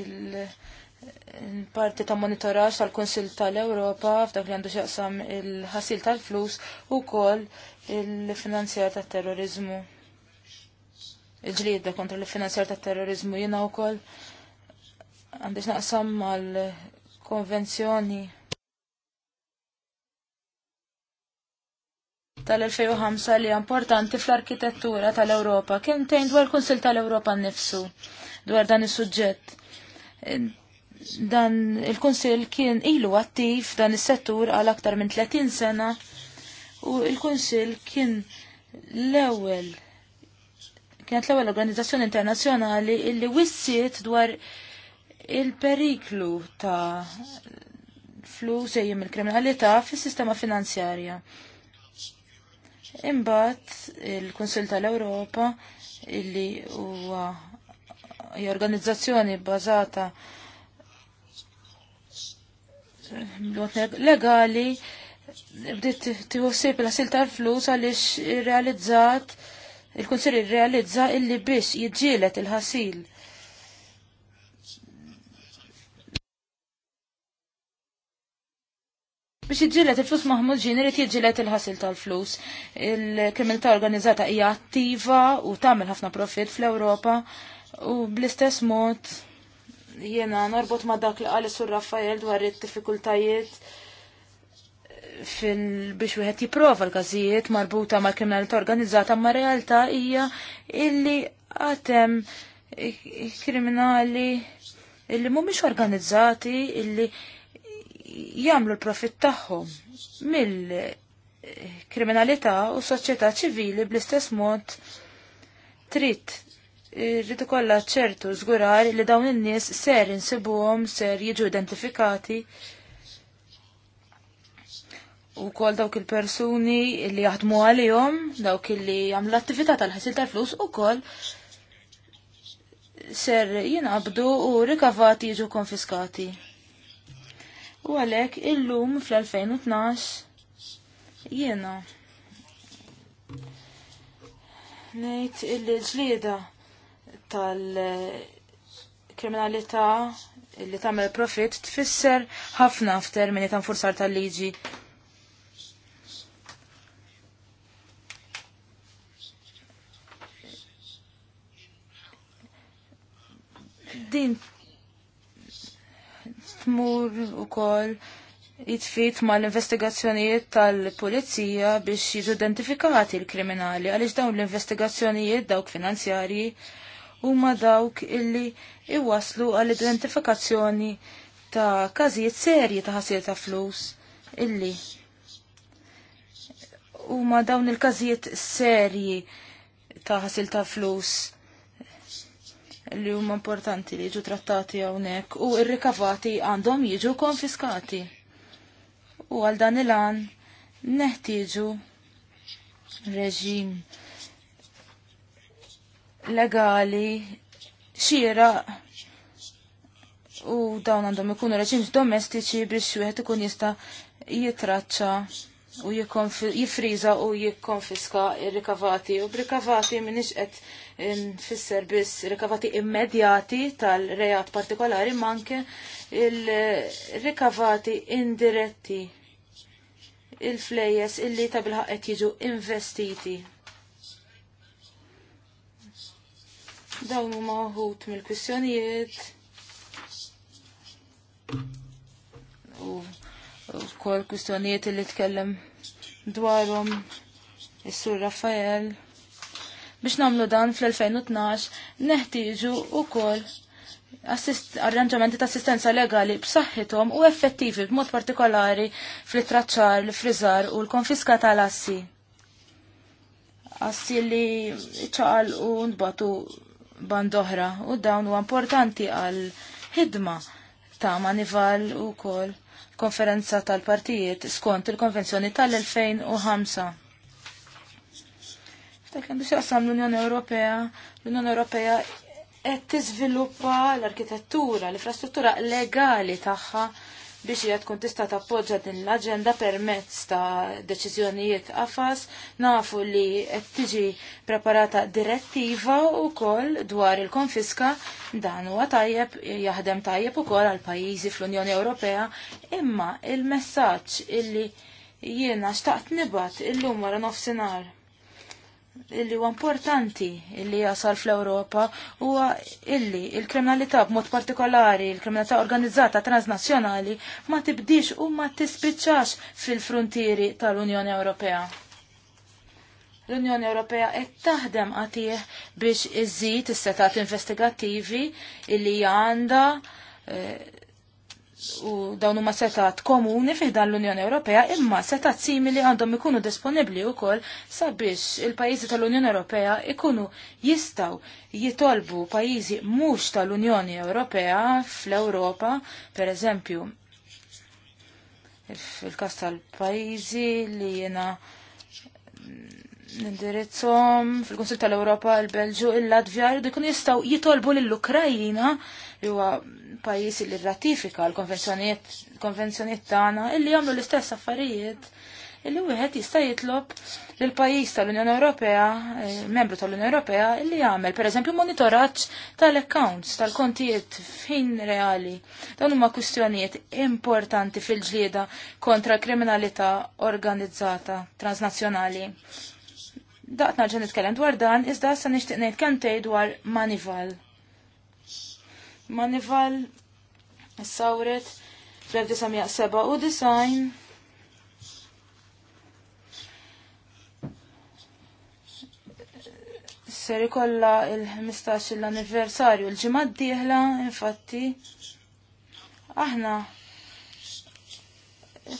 S1: il-parti ta' monitoraġġ tal-Kunsil tal-Ewropa f'dak li għandu xaqsam il-ħasil tal-flus u kol il-finanzjar tat-terrorizmu il-ġlieda kontra l-finanzjar tat terrorizmu jiena wkoll għandix naqsam mal-konvenzjoni tal-2005 li importanti fl-arkitettura tal-Ewropa. Kien tejn dwar kunsil tal europa nnifsu dwar dan is-suġġett. Dan il-kunsil kien ilu attiv dan is-settur għal aktar minn 30 sena u il-kunsil kien l-ewwel kienet l-ewwel organizzazzjoni internazzjonali illi wissiet dwar il-periklu ta' flus sejjem il-kriminalità fis-sistema finanzjarja. Imbagħad il kunsill tal-Ewropa illi huwa organizzazzjoni bbażata legali bdiet tiħossib l-asil tal-flus għaliex irrealizzat realizzat Il-Kunsill irrealizza illi biss jiġġielet il-ħasil Biex jidġilet il-flus maħmud ġin irid jġilet il-ħasil tal-flus. Il-kriminalità organizzata hija attiva u tagħmel ħafna profit fl-Ewropa u bl-istess mod jiena norbot ma' dak li qal sur Raffael dwar id-diffikultajiet fil biex wieħed jipprova l-każijiet marbuta mal kriminalità organizzata ma' realtà hija illi għatem kriminali illi mhumiex organizzati illi jagħmlu l-profitt tagħhom mill-kriminalità u soċjetà ċivili bl-istess mod trid irrid ikollha ċertu żgurar li dawn in-nies ser insibuhom ser jiġu identifikati u kol dawk il-persuni li jaħdmu għalihom, dawk li jagħmlu attività tal-ħasil tal-flus u kol ser jinqabdu u rikavati jiġu konfiskati. U għalek illum fl-2012 jiena Nejt il-ġlieda tal-kriminalità li tagħmel profit tfisser ħafna f'termini ta' nfurzar tal-liġi din tmur u kol jitfit ma l-investigazzjonijiet tal-polizija biex jiġu identifikati l-kriminali għaliex dawn l-investigazzjonijiet dawk finanzjarji huma dawk illi iwaslu għall-identifikazzjoni ta' każijiet serji ta' ħasir ta' flus illi huma dawn il-każijiet serji ta' ħasil ta' flus li huma importanti li jiġu trattati hawnhekk u r-rikavati għandhom jiġu konfiskati. U għal dan il-għan neħtieġu reġim legali xira u dawn għandhom ikunu reġim domestiċi biex wieħed ikun jista' jitraċċa u jifriza u jikkonfiska il rikavati u b'rikavati minix qed fisser biss rikavati immedjati tal-rejat partikolari manke il-rikavati indiretti il-flejes illi ta' bilħaq qed jiġu investiti. Dawn huma wħud mill-kwistjonijiet u kol kustjonijiet li tkellem dwarhom is-Sur Raffael. Biex namlu dan fl-2012 neħtieġu ukoll arranġamenti ta' assistenza legali b'saħħithom u effettivi b'mod partikolari fl-traċċar, l-friżar u l-konfiska tal-assi. Assi li ċaqal u nbatu bandohra u dawn u importanti għal ħidma ta' manival u kol konferenza tal-partijiet skont il-konvenzjoni tal-2005. F'dak għandu xaqsam l-Unjoni Ewropea, l-Unjoni Ewropea qed tiżviluppa l-arkitettura, l-infrastruttura legali tagħha biex jgħat tkun tista' tappoġġa din l-aġenda permezz ta' deċiżjonijiet qafas, nafu li qed tiġi preparata direttiva wkoll dwar il-konfiska dan huwa tajjeb jaħdem tajjeb ukoll għal pajjiżi fl-Unjoni Ewropea, imma il-messaġġ illi jiena xtaqt nibgħat illum wara nofsinhar illi huwa importanti illi jasal fl-Ewropa huwa illi il-kriminalità b'mod partikolari, il-kriminalità organizzata transnazzjonali ma tibdix u ma tispiċċax fil-frontieri tal-Unjoni Ewropea. L-Unjoni Ewropea qed taħdem għatih biex iżid is-setat investigattivi illi għandha eh, u dawn huma setat komuni fi dan l-Unjoni Ewropea imma setat simili għandhom ikunu disponibbli wkoll sabiex il-pajjiżi tal-Unjoni Ewropea ikunu jistaw jitolbu pajjiżi mhux tal-Unjoni Ewropea fl-Ewropa, pereżempju fil każ tal-pajjiżi li jiena nindirizzhom fil kunsill tal-Ewropa, il-Belġu, il-Latvja, jkunu jistgħu jitolbu lill-Ukrajina li huwa pajjiżi li ratifika l-konvenzjonijiet tagħna illi jagħmlu l-istess affarijiet illi wieħed jista' jitlob lil pajjiż tal-Unjoni Ewropea, eh, membru tal-Unjoni Ewropea, illi jagħmel pereżempju monitoraġġ tal-accounts, tal-kontijiet f'ħin reali. Dawn huma kwistjonijiet importanti fil-ġlieda kontra kriminalità organizzata transnazzjonali. Daqna ġen nitkellem dwar dan, iżda issa nixtieq ngħid kemm tgħid dwar Manival. Manival sawret fl-1997 ser ikolla il-15 l-anniversarju l-ġimgħa d-dieħla infatti aħna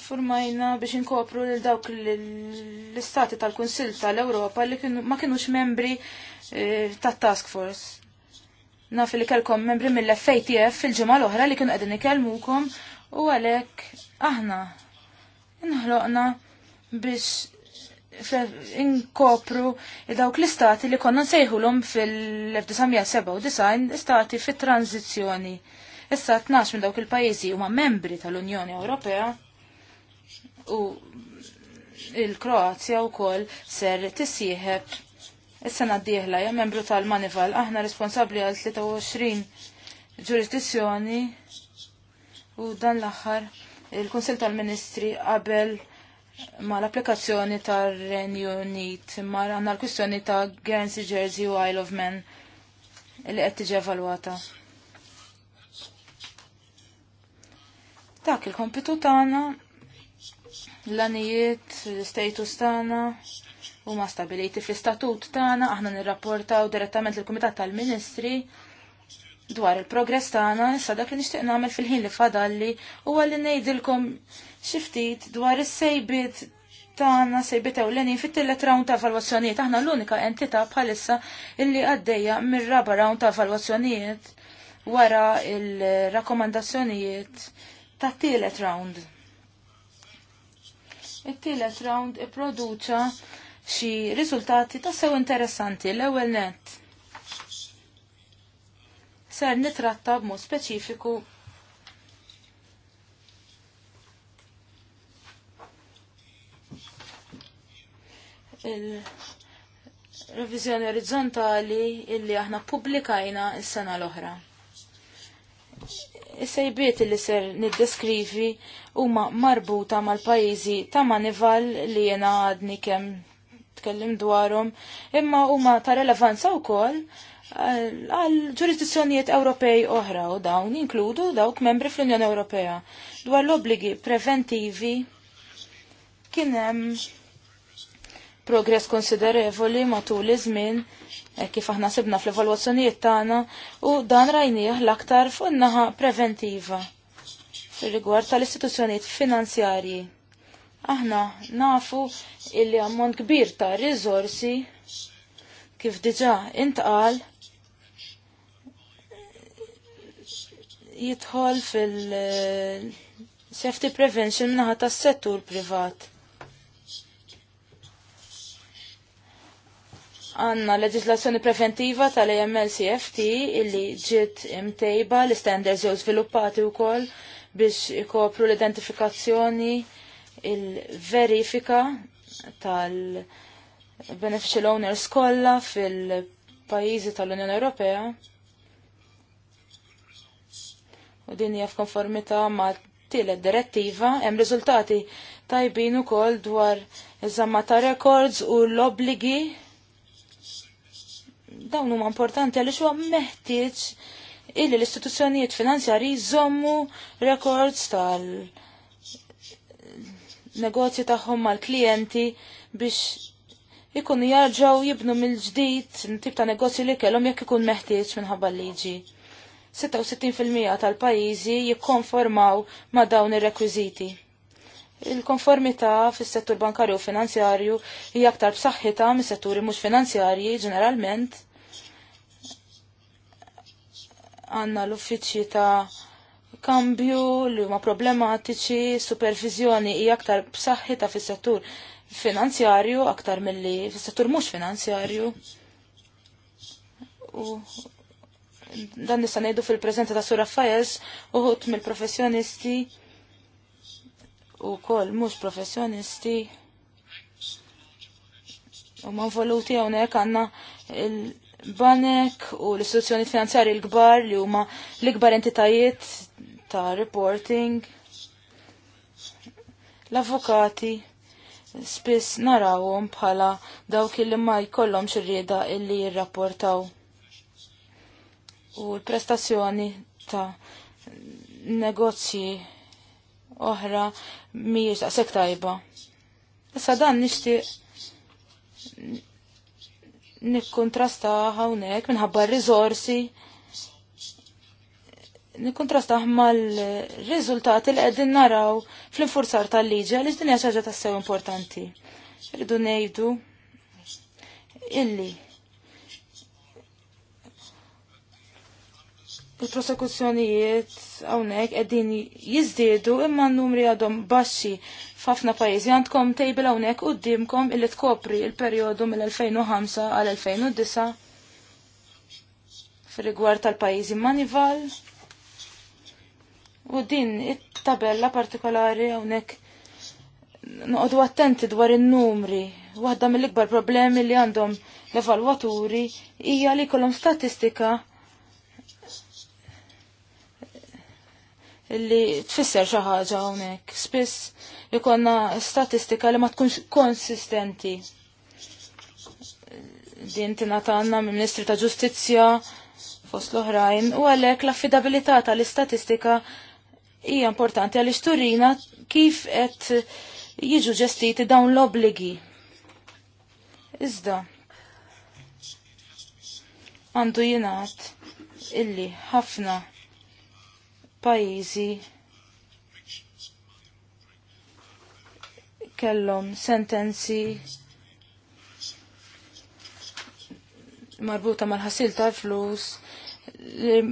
S1: formajna biex inkopru lil dawk l-istati tal-Kunsil tal-Ewropa li ma kienux membri eh, tat task force. Naf li kelkom membri mill-FATF fil-ġimgħa l-oħra li kienu qegħdin ikellmukom u għalhekk aħna inħloqna biex inkopru dawk l-istati li konna nsejħulhom fil-1997 istati fit-tranzizzjoni. Issa 12 minn dawk il-pajjiżi huma membri tal-Unjoni Ewropea u il-Kroazja u kol ser tissieħeb Is-sena d-dieħla hija membru tal-Manival aħna responsabbli għal 23 ġurisdizzjoni u dan l-aħħar il konsil tal-Ministri qabel ma l-applikazzjoni tar-Renju Unit ma għandna l-kwistjoni ta' Guernsey Jersey u Isle of Man li qed tiġi evalwata. Dak il-kompitu tagħna l-anijiet, l-status tagħna, huma stabiliti fl-istatut tagħna aħna nirrapportaw direttament lill-Kumitat tal-Ministri dwar il-progress tagħna issa dak li nixtieq nagħmel fil-ħin li fadalli u għalli ngħidilkom xi ftit dwar is-sejbiet tagħna sejbit ewlenin fit-tielet round ta' evalwazzjonijiet aħna l-unika entità bħalissa illi għaddejja mir-raba round ta' evalwazzjonijiet wara il-rakkomandazzjonijiet ta' tielet round. It-tielet round ipproduċa xi riżultati tassew interessanti l-ewwel net. Ser nitratta b'mod speċifiku il-revizjoni orizzontali illi aħna publikajna s-sena l-oħra. Is-sejbiet li ser niddeskrivi huma marbuta mal-pajjiżi ta' Manival li jena għadni kemm nitkellim dwarhom, imma huma ta' relevanza wkoll għal ġurisdizzjonijiet Ewropej oħra u dawn inkludu dawk membri fl-Unjoni Ewropea. Dwar l-obligi preventivi kien hemm progress konsiderevoli matul iż-żmien e kif aħna sibna fl-evalwazzjonijiet tagħna u dan rajnieh l-aktar fuq naħa preventiva fir rigward tal-istituzzjonijiet finanzjarji Aħna nafu illi ammont kbir ta' rizorsi kif diġa intqal jidħol fil eh, safety prevention minnaħa tas settur privat. Għanna leġislazzjoni preventiva tal-AML-CFT illi ġiet imtejba l-standards jew sviluppati wkoll biex ikopru l-identifikazzjoni il-verifika tal-beneficial owners kollha fil-pajjiżi tal-Unjoni Ewropea u din hija f'konformità ma' tielet direttiva hemm riżultati tajbin ukoll dwar iż-żamma ta' records u l-obbligi dawn huma importanti għaliex huwa meħtieġ illi l-istituzzjonijiet finanzjarji jżommu records tal- negozju tagħhom mal-klijenti biex ikunu jarġaw jibnu mill-ġdid tip ta' negozju li kellhom jekk ikun meħtieġ minħabba l-liġi. 66% tal-pajjiżi jikkonformaw ma' dawn ir-rekwiżiti. Il-konformità fis-settur bankarju u finanzjarju hija aktar b'saħħitha mis-setturi mhux finanzjarji ġeneralment għandna l-uffiċċji ta' kambju li huma problematiċi, supervizjoni hija aktar b'saħħitha fis-settur finanzjarju aktar milli fis-settur mhux finanzjarju. U dan nista' ngħidu fil-preżenza ta' Sura Fajes uħut mill-professjonisti u kol mhux professjonisti u ma' voluti hawnhekk għandna banek u l-istituzzjoni finanzjari l-gbar li huma l-gbar entitajiet ta' reporting, l-avukati, spiss narawhom bħala dawk li ma jkollhomx irrieda illi jirrapportaw. U l-prestazzjoni ta' negozji oħra mhijiex daqshekk tajba. Issa dan nixtieq nikkontrasta hawnhekk minħabba r-riżorsi nikkontrastaħ mal-riżultati li qegħdin naraw fl-infurzar tal-liġi għaliex din hija xi ħaġa tassew importanti. Irridu ngħidu illi il-prosekuzzjonijiet hawnhekk qegħdin jiżdiedu imma n-numri għadhom baxxi f'ħafna pajjiżi għandkom tejbel hawnhekk quddiemkom illi tkopri il-perjodu mill-2005 għal 2009 fir-rigward tal-pajjiżi Manival. U din it-tabella partikolari hawnhekk noqogħdu attenti dwar in-numri. Waħda mill-ikbar problemi li għandhom l-evalwaturi hija li jkollhom statistika li tfisser xi ħaġa hawnhekk. Spiss ikonna statistika li ma tkunx konsistenti. Din tingħatanna mill-Ministri ta' Ġustizzja fost l-oħrajn u għalhekk l-affidabilità tal-istatistika hija importanti għaliex turina kif qed jiġu ġestiti dawn l-obligi. Iżda, għandu jingħad illi ħafna pajizi kellhom sentenzi marbuta mal-ħasil tal-flus li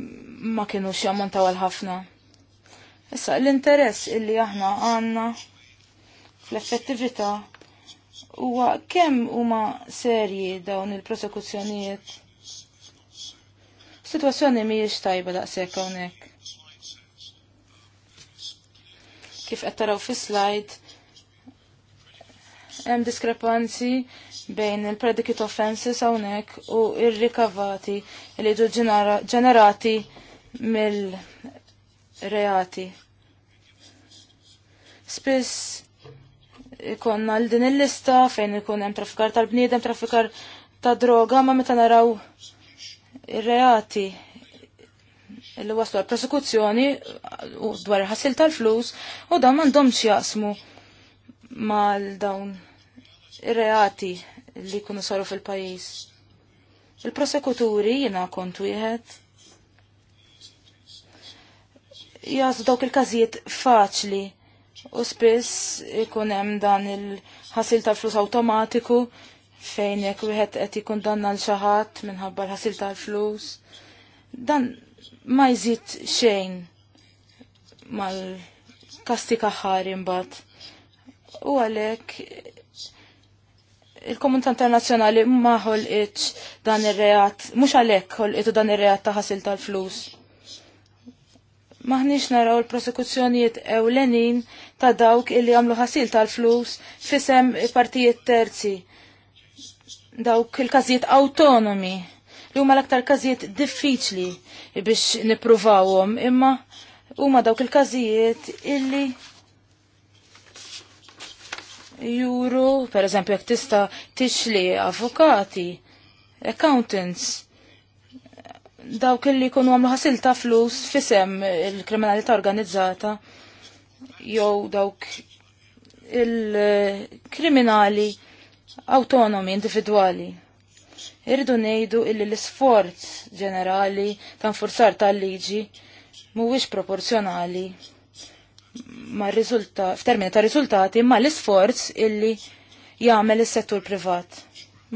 S1: ma kienux jammontaw għal-ħafna. Issa l-interess illi aħna għanna fl-effettività huwa kemm huma serji dawn il-prosekuzzjonijiet. Situazzjoni mhijiex tajba daqshekk hawnhekk. kif qed taraw fis-slide hemm diskrepanzi bejn il-predicate offenses hawnhekk u ir-rikavati li ġu ġenerati mill-reati. Spiss ikonna l din il-lista fejn ikun hemm traffikar tal-bniedem, traffikar ta' droga, ma meta naraw ir-reati Illi waslu għal prosekuzzjoni dwar ħassil tal-flus u dan m'għandhomx jaqsmu mal dawn ir-reati li jkunu saru fil-pajjiż. Il-prosekuturi jiena kont wieħed jazdu dawk il-każijiet faċli u spiss ikun hemm dan il-ħasil tal-flus awtomatiku fejn jekk wieħed qed ikun danna l xi ħadd minħabba l-ħasil tal-flus. Dan ma jżid xejn mal-kasti kaħar imbat. U għalek il-komunità internazzjonali ma ħolqitx dan ir-reat, mhux għalhekk ħolqitu dan ir-reat ta' ħasil tal-flus. Maħniex naraw il-prosekuzzjonijiet ewlenin ta' dawk illi għamlu ħasil tal-flus fisem partijiet terzi. Dawk il-każijiet autonomi li huma l-aktar każijiet diffiċli biex nipruvawhom, imma huma dawk il-każijiet illi juru, per eżempju, jek tista tixli avukati, accountants, dawk illi jkunu għamlu ħasil ta' flus fisem il-kriminalità organizzata, jew dawk il-kriminali autonomi, individuali irridu ngħidu illi l-isforz ġenerali ta' nfurzar tal-liġi mhuwiex proporzjonali ma' riżulta f'termini ta' riżultati ma' l-isforz illi jagħmel is-settur privat.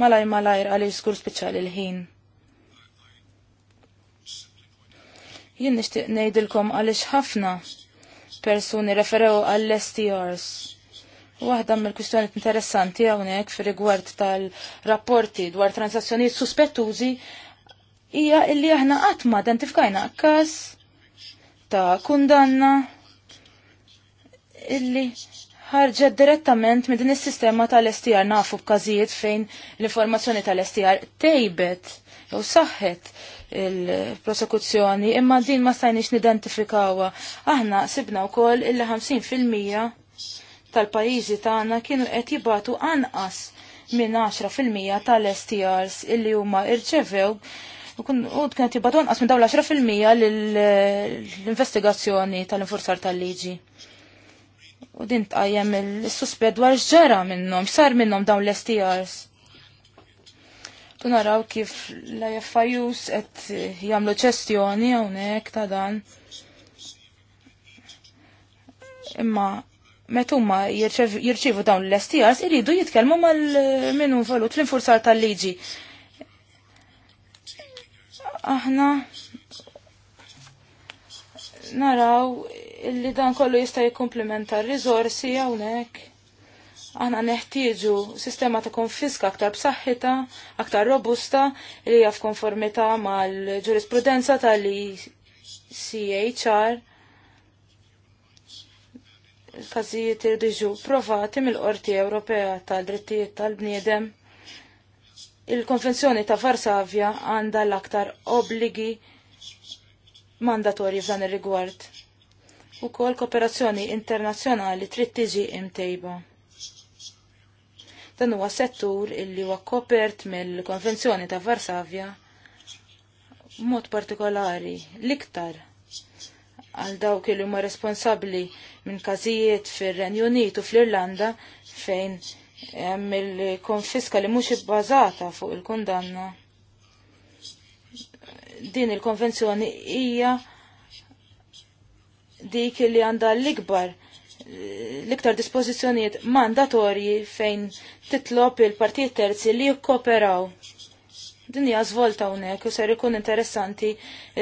S1: Malaj malajr għaliex skur speċjali l-ħin. Jien nixtieq ngħidilkom għaliex ħafna persuni referew għall-STRs Waħda mill kwistjonijiet interessanti hawnhekk fir-rigward tal-rapporti dwar transazzjonijiet suspettużi hija illi aħna qatt ma identifikajna każ ta' kundanna illi ħarġet direttament minn din is-sistema tal-STR nafu b'każijiet fejn l-informazzjoni tal-STR tejbet jew saħħet il-prosekuzzjoni imma din ma stajniex nidentifikawha. Aħna sibna wkoll il-50% tal-pajjiżi tagħna kienu qed jibatu anqas minn 10% fil-mija tal-STRs illi huma irċevew u kienet jibatu anqas minn dawn l-10% l-investigazzjoni tal-infurzar tal-liġi. U din tqajjem il suspet dwar x'ġara minnhom, x'sar minnhom dawn l-STRs. Tu naraw kif la jaffajus qed jagħmlu ċestjoni hawnhekk ta' dan. Imma metumma jirċivu dawn l-STRs iridu jitkellmu mal-minu valut l infursar tal-liġi. Aħna naraw illi dan kollu jista' jikkumplimenta r-riżorsi hawnhekk. Aħna neħtieġu sistema ta' konfiska aktar b'saħħita, aktar robusta li hija f'konformità mal-ġurisprudenza tal-CHR il-każijiet irdu jiġu provati mill-Qorti Ewropea tal-Drittijiet tal-Bniedem. Il-Konvenzjoni ta' Varsavja għandha l-aktar obbligi mandatorji f'dan ir-rigward. Ukoll kooperazzjoni internazzjonali trid tiġi imtejba. Dan huwa settur illi huwa kopert mill-Konvenzjoni ta' Varsavja mod partikolari l-iktar għal dawk li huma responsabbli minn każijiet fir-Renju Unit u fl-Irlanda fejn hemm il-konfiska li mhux ibbażata fuq il-kundanna. Din il-konvenzjoni hija dik li għandha l-ikbar l-iktar dispożizzjonijiet mandatorji fejn titlob il-partijiet terzi li jikkoperaw Din hija żvolta hawnhekk u ser ikun interessanti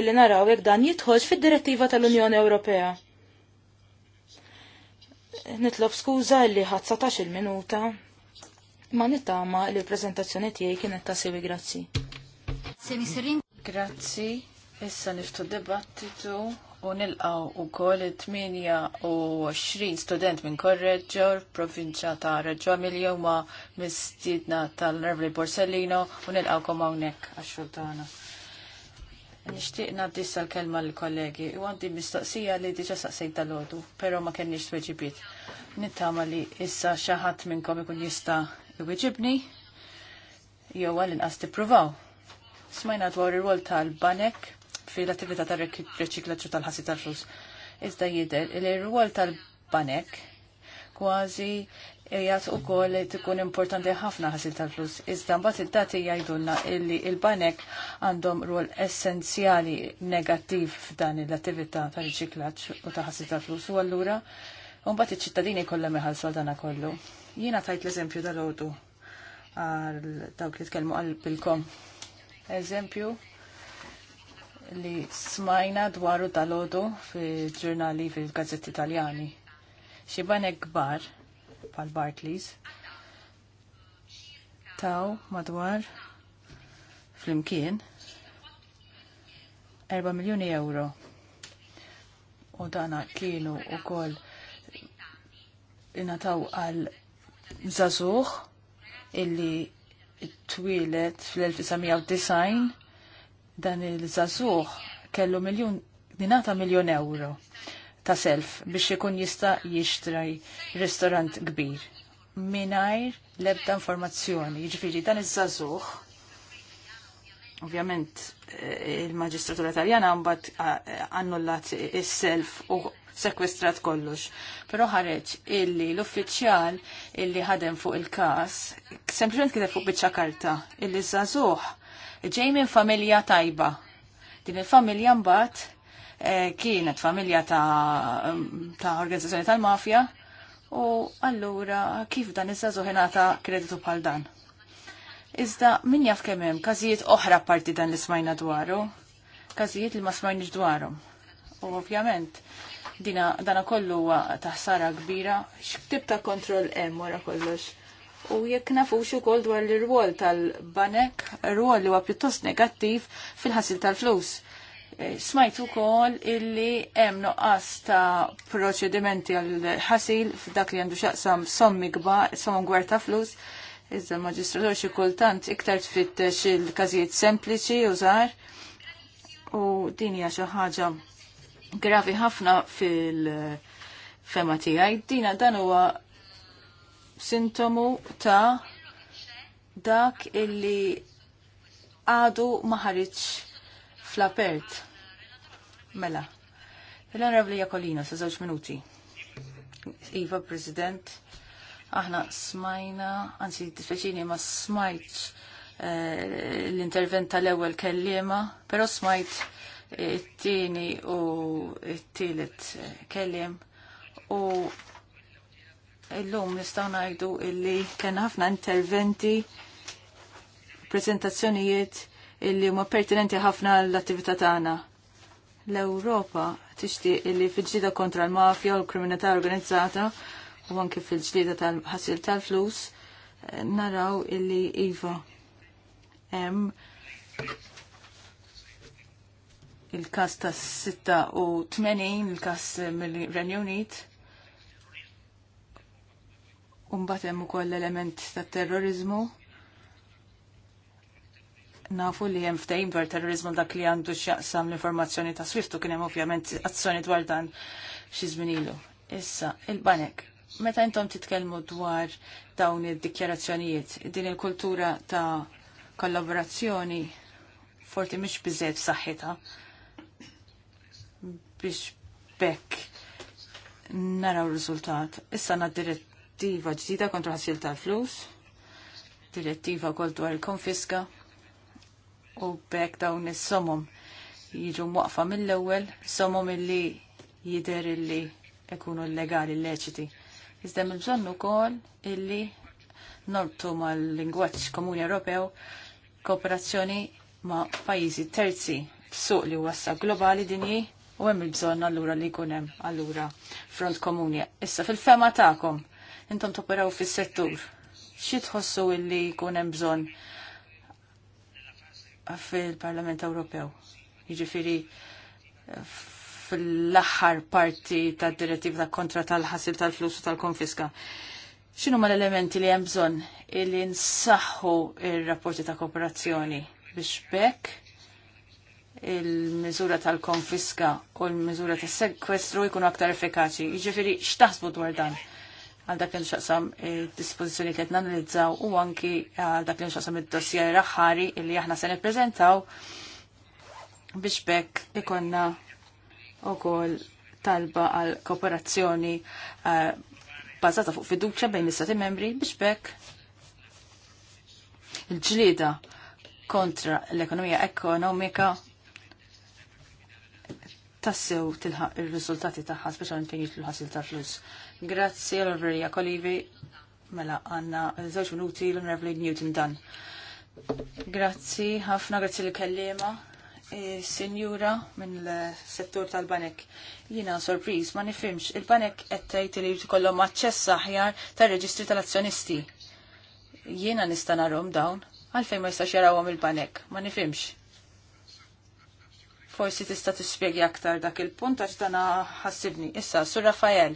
S1: illi naraw jekk dan jidħolx fid-direttiva tal-Unjoni Ewropea. Nitlob skuża li ħadd satax-il minuta ma nittama li l preżentazzjoni tiegħi kienet ta' sewi grazzi.
S2: Grazzi, issa niftu dibattitu u nilqaw u koll 28 student minn Korreġġor, provinċja ta' Reġġo Emilio ma' mistidna tal-Nervli Borsellino u nilqawkom hawnhekk għax-xultana. Nixtieq ngħaddi l-kelma l-kollegi u għandi mistoqsija li diġa saqsej tal ħodu però ma kenniex tweġibiet. Nittama li issa xi ħadd kom ikun jista' iweġibni jew għal inqas tippruvaw. Smajna dwar ir rol tal-banek fil-attività ta' reċiklaġġu tal-ħassi tal-flus. Iżda jidher li rwol tal-banek kważi jgħat u koll tkun importanti ħafna ħasil tal-flus. Iżda mbagħad id-dati jgħidulna illi il-banek għandhom rwol essenzjali negattiv f'dan l-attività ta' riċiklaġġ u ta' ħasil tal-flus u allura mbagħad iċ-ċittadini kollha iħallsu dana kollu. Jiena tajt l-eżempju dal-għodu għal dawk li tkellmu bilkom. Eżempju li smajna dwaru dal-ħodu fil-ġurnali fil-gazzetti italjani. Xibanek gbar, pal Barclays, taw madwar fl-imkien 4 miljoni euro. U dana kienu u koll inataw għal zazuħ illi twilet fl-1990 Dan il-żazuħ kellu miljon, dinata miljon euro ta' self biex ikun jista jixtraj ristorant kbir. Minajr lebda informazzjoni, ġifiri dan iż-żazuħ ovvjament eh, il-magistratura taljana mbagħad eh, annullat is-self u sekwestrat kollox. Però ħareġ illi l-uffiċjal illi ħadem fuq il-każ sempliċement kiteb fuq biċċa karta illi żagħżugħ ġej minn familja tajba. Din il-familja mbagħad eh, kienet familja ta', ta organizzazzjoni tal-mafja u allura kif dan issa zoħinata kreditu bħal dan. Iżda min jaf kemm hemm każijiet oħra parti dan li smajna dwaru, każijiet li ma smajniex dwarhom. U ovvjament, dina kollu huwa taħsara kbira, x'tib ta' kontroll hemm wara kollox u jekk nafux ukoll dwar l-rwol tal-banek, rwol li huwa pjuttost negattiv fil-ħasil tal-flus. Eh, smajt ukoll illi hemm noqqas ta' proċedimenti għall ħasil f'dak li għandu xaqsam sommi kbar, somm gwar ta' flus, iżda l-maġistratur xi kultant iktar tfittex il-każijiet sempliċi u żgħar u din hija xi ħaġa gravi ħafna fil- fema tiegħi. Dina dan huwa sintomu ta' dak illi għadu maħariċ fl-apert. Mela. il Rabli Jakolina sa' żewġ minuti. Iva, President, aħna smajna, anzi, dispeċini ma eh, smajt l-intervent eh, tal-ewel kellima, pero smajt it-tini u it-tilet eh, kellim u Illum nistgħu ngħidu illi kien ħafna interventi, prezentazzjonijiet illi huma pertinenti ħafna l-attività tagħna. L-Ewropa tixtieq illi fil-ġlida kontra l-mafja u l-kriminalità organizzata u anke fil-ġlida tal-ħasil tal-flus eh, naraw illi iva hemm il-kas tas-86, il-kas mill-Renju Unit Umbat hemm ukoll l-element ta' terrorizmu. Nafu li hemm ftehim dwar terrorizmu dak li għandu x'jaqsam l-informazzjoni ta' Swift u kien hemm ovvjament azzjoni dwar dan xi żminilu. Issa, il-banek. Meta intom titkellmu dwar dawn id-dikjarazzjonijiet, din il-kultura ta' kollaborazzjoni forti mhix biżejt f'saħħitha biex bekk naraw riżultat. Issa na dirett direttiva ġdida kontra ħasil tal-flus, direttiva kol dwar il-konfiska, u bekk dawn is-somom jiġu mwaqfa mill-ewwel, somom illi jider illi ikunu legali leċiti. Iżda il-bżonnu ukoll illi nortu mal-lingwaġġ komuni Ewropew kooperazzjoni ma' pajjiżi terzi f'suq li wassa globali dinji u hemm il-bżonn allura li jkun hemm allura front komuni. Issa fil-fema tagħkom intom toperaw fis-settur. Xi tħossu illi jkun hemm bżonn fil-Parlament Ewropew? Jiġifieri fl-aħħar parti tad-direttiva kontra tal-ħasil tal-flus u tal-konfiska. X'inhu l-elementi li hemm bżonn illi nsaħħu ir-rapporti ta' kooperazzjoni biex bekk il-miżura tal-konfiska u l-miżura tas-sekwestru jkunu aktar effikaċi. Jiġifieri x'taħsbu dwar dan? għal dak li xaqsam il-dispozizjoni li qed nanalizzaw u anki għal dak li xaqsam id-dossier il li aħna se nippreżentaw biex bekk ikonna kol talba għal kooperazzjoni eh, bażata fuq fiduċja bejn l-istati membri biex bekk il-ġlieda kontra l-ekonomija ekonomika tassew tilħaq il-rizultati taħħa, speċjalment fejn jitlu ħasil ta' flus. Grazzi l-Ovrija Kolivi, mela għanna żewġ minuti l-Onorevoli Newton Dan. Grazzi, ħafna grazzi li kellima. E, Sinjura minn l-settur tal-banek. Jina sorpriz, ma nifimx, il-banek qed tgħid li jtikollom aċċess aħjar tar-reġistri tal-azzjonisti. Jiena nista' dawn, għalfejn ma jistax jarawom il-banek, ma nifimx Forsi tista' tispjegi aktar dak il-punt għax dana ħassibni. Issa, Sur Rafael.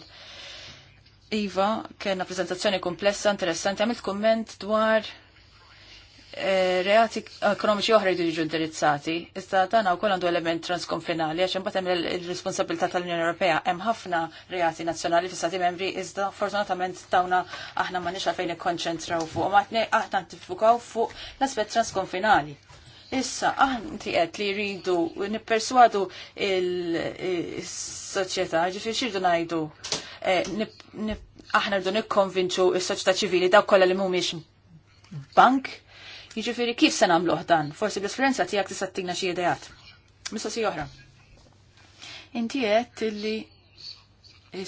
S2: Iva, kena prezentazzjoni komplessa, interessanti, għamilt komment dwar eh, reati ekonomiċi oħra jdu jiġu indirizzati. Iżda u wkoll għandu element transkonfinali għax imbagħad hemm il-responsabilità tal-Unjoni Ewropea hemm ħafna reati nazzjonali fis Membri iżda fortunatament tawna aħna ma nix għalfejn ikkonċentraw fuq u aħna ntifukaw fuq l-aspett transkonfinali. Issa, għanti għet li jridu nipperswadu il-soċjetà, ġifir xirdu ngħidu. Eh, aħna rridu nikkonvinċu s-soċjetà ċivili daw kollha li mhumiex bank. Jiġifieri kif se nagħmluh dan? Forsi l-esperjenza tiegħek tista' tigna xi ideat. si oħra. Inti għet li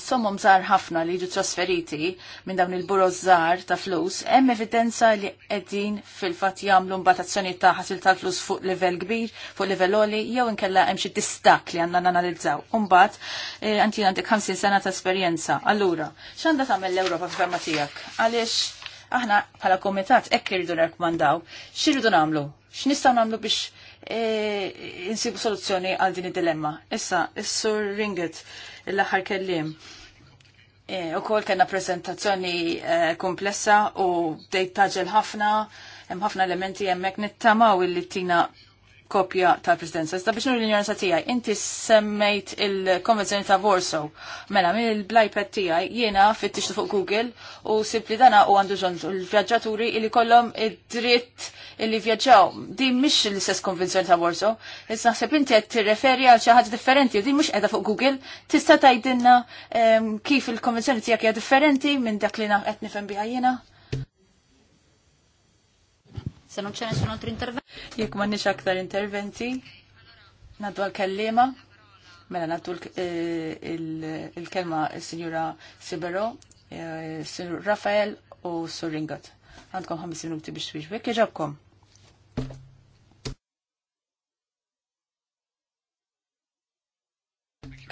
S2: sommom zar ħafna li jiġu trasferiti minn dawn il buro zar ta' flus, hemm evidenza li qegħdin fil-fatt jagħmlu mbatazzjoni ta' ħasil tal-flus fuq livell kbir, fuq livell oli, jew inkella hemm xi distak li għandna nanalizzaw. Imbagħad eh, antin għandek 50 sena ta' esperjenza. Allura, x'għandha tagħmel l-Ewropa f'ferma tiegħek? Għaliex aħna bħala komitat hekk irridu nirkmandaw, x'irridu nagħmlu? X'nistgħu nagħmlu biex e, insibu soluzzjoni għal din id-dilemma. Issa, is-sur Ringet, l-aħħar kellim. E, u kol kena prezentazzjoni e, komplessa u dejt taġel ħafna, hemm ħafna elementi hemmhekk u illi tina kopja tal-presidenza. Sta biex nurri l-ignoranza tijaj, inti semmejt il-konvenzjoni ta' Warsaw. Mela, minn il-blajpet tijaj, jena fittix fuq Google u sibli dana u għandu ġon l-vjaġġaturi illi kollom id-dritt illi vjaġġaw. Di mish l-istess konvenzjoni ta' Warsaw. Issa naħseb inti għed t-referi għal xaħat differenti di mish edha fuq Google. Tista tajdinna ehm, kif il-konvenzjoni tijak hija differenti minn dak li għed nifem biħajjena? Se non c'è nessun altro intervento. Jekk ma nix aktar interventi, naddu għal-kellima. Mela naddu eh, il-kelma il-Sinjura Sibero, eh, Sinjur Rafael u Sur Ringat. Għandkom ħamis minuti biex biex biex iġabkom.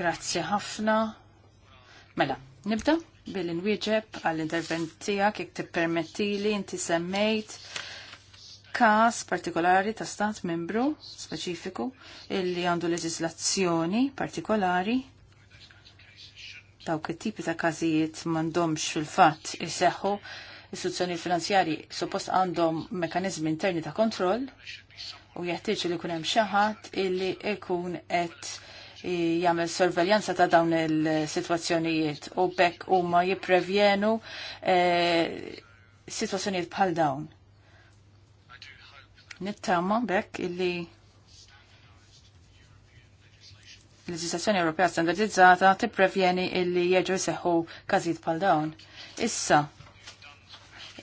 S2: Grazzi ħafna. Mela, nibda bil-inwieġeb għall-intervent tijak, jek t-permettili, inti semmejt każ partikolari ta' stat membru speċifiku illi għandu leġislazzjoni partikolari dawk it-tipi ta' każijiet m'għandhomx fil-fatt iseħħu istituzzjoni finanzjari suppost għandhom mekanizmi interni ta' kontroll u jeħtieġ li jkun hemm xi ħadd illi jkun qed jagħmel sorveljanza ta' dawn il-sitwazzjonijiet u bekk huma jipprevjenu e, sitwazzjonijiet bħal dawn. Nittama bekk illi l-leġislazzjoni Ewropea standardizzata tipprevjeni illi jeġu jseħħu każijiet bħal dawn. Issa,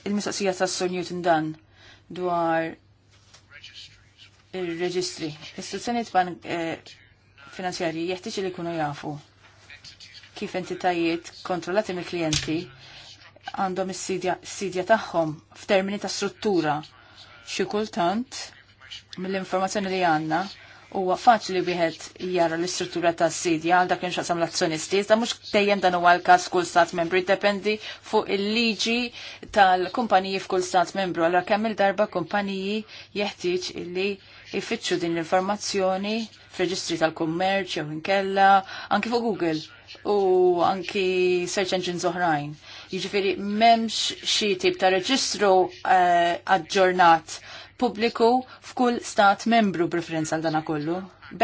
S2: il-mistoqsija ta' Sir Newton Dunn dwar il-reġistri. Istituzzjonijiet ban eh, finanzjarji jeħtieġ li jkunu jafu kif entitajiet kontrollati mill-klijenti għandhom is-sidja tagħhom f'termini ta' struttura xi kultant mill-informazzjoni li għandna huwa faċli wieħed jara l-istruttura ta' sidja għal dak inxaqsam l-azzjonisti, iżda mhux dejjem dan huwa l-każ kull stat membru, jiddependi fuq il-liġi tal-kumpaniji f'kull stat membru. għal kemm il-darba kumpaniji jeħtieġ li jfittxu din l-informazzjoni f'reġistri tal-kummerċ jew inkella anki fuq Google u anki search engines oħrajn. Jiġifieri m'hemmx xi tip ta' reġistru eh, aġġornat pubbliku f'kull stat membru preferenza għal dana kollu.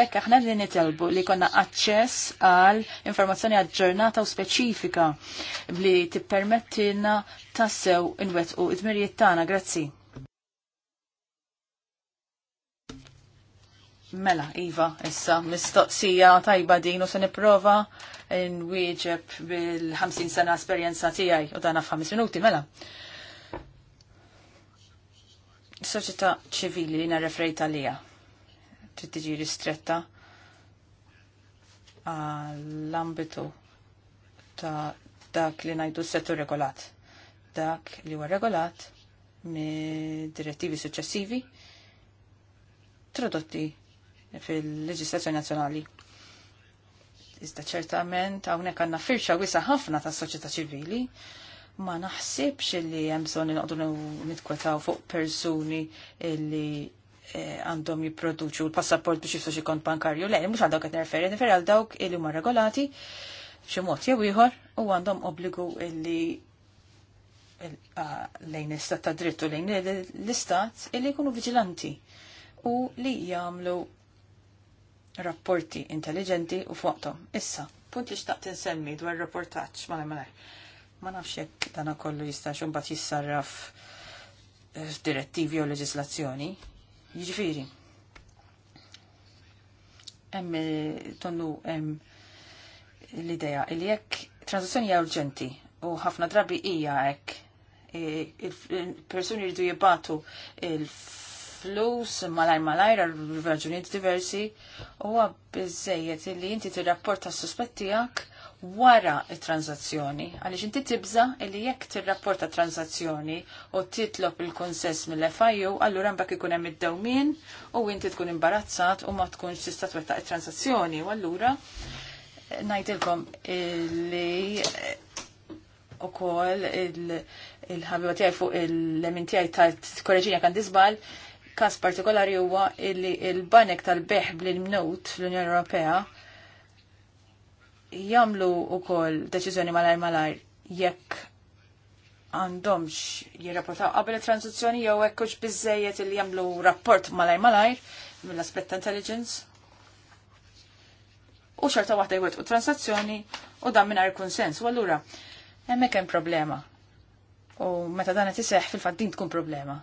S2: Bekk aħna li nitelbu li konna aċċess għal informazzjoni aġġornata u speċifika li tippermettilna tassew inwetqu id-mirjiet tagħna. Grazzi. Mela, Iva, issa, mistoqsija tajba din u se nipprova nwieġeb bil-50 sena esperjenza tiegħi u dan f'5 minuti, mela. Soċjetà ċivili li narrefrejt għalija trid tiġi ristretta għall-ambitu ta' dak li najdu settur regolat. Dak li huwa regolat mid direttivi successivi tradotti fil-leġislazzjoni nazzjonali. Iżda ċertament hawnhekk għandna firxa wisa ħafna tas-soċjetà ċivili ma naħsibx li hemm bżonn inqogħdu nitkwetaw fuq persuni li eh, għandhom jipproduċu l-passaport biex jiftu xi kont bankarju. Le, mhux għal dawk qed nirreferi, nifer għal dawk li huma regolati b'xi mod jew ieħor u għandhom obbligu li lejn istat ta' drittu lejn l-istat illi jkunu viġilanti u li jagħmlu rapporti intelligenti u fuqtom. Issa, punt li xtaqt insemmi dwar rapportaċ, ma malaj. Ma nafx jekk dana kollu jistax un bat jissarraf eh, direttivi u leġislazzjoni. Jiġifieri. Hemm eh, tonnu hemm l-idea li jekk transazzjoni hija urġenti u ħafna drabi hija hekk eh, il-persuni rridu jibbatu il flus malajr malajr għal raġunijiet diversi huwa għabbizzejiet li inti tirrapporta s-suspettijak wara il-transazzjoni, għaliex inti tibza li jekk tirrapporta transazzjoni u titlob il-konsess mill-FIU, allura mbagħad ikun hemm id-dewmien u inti tkun imbarazzat u ma tkunx tista' twettaq it-transazzjoni u allura ngħidilkom li eh, u kol il-ħabiba fuq il-lemin tijaj ta' korreġina kan disbal, Kas partikolari huwa illi il-banek tal-beħ bl-imnut fl-Unjoni Ewropea jamlu u koll deċizjoni malar malar jekk għandhomx jirrapportaw qabel il-transazzjoni jew hekk bizzejiet illi jagħmlu rapport malajr malajr mill aspet ta' intelligence. U xorta waħda jwettqu transazzjoni u dan mingħajr kunsens. U allura hemmhekk hemm problema. U meta dan qed iseħħ fil-fatt din tkun problema.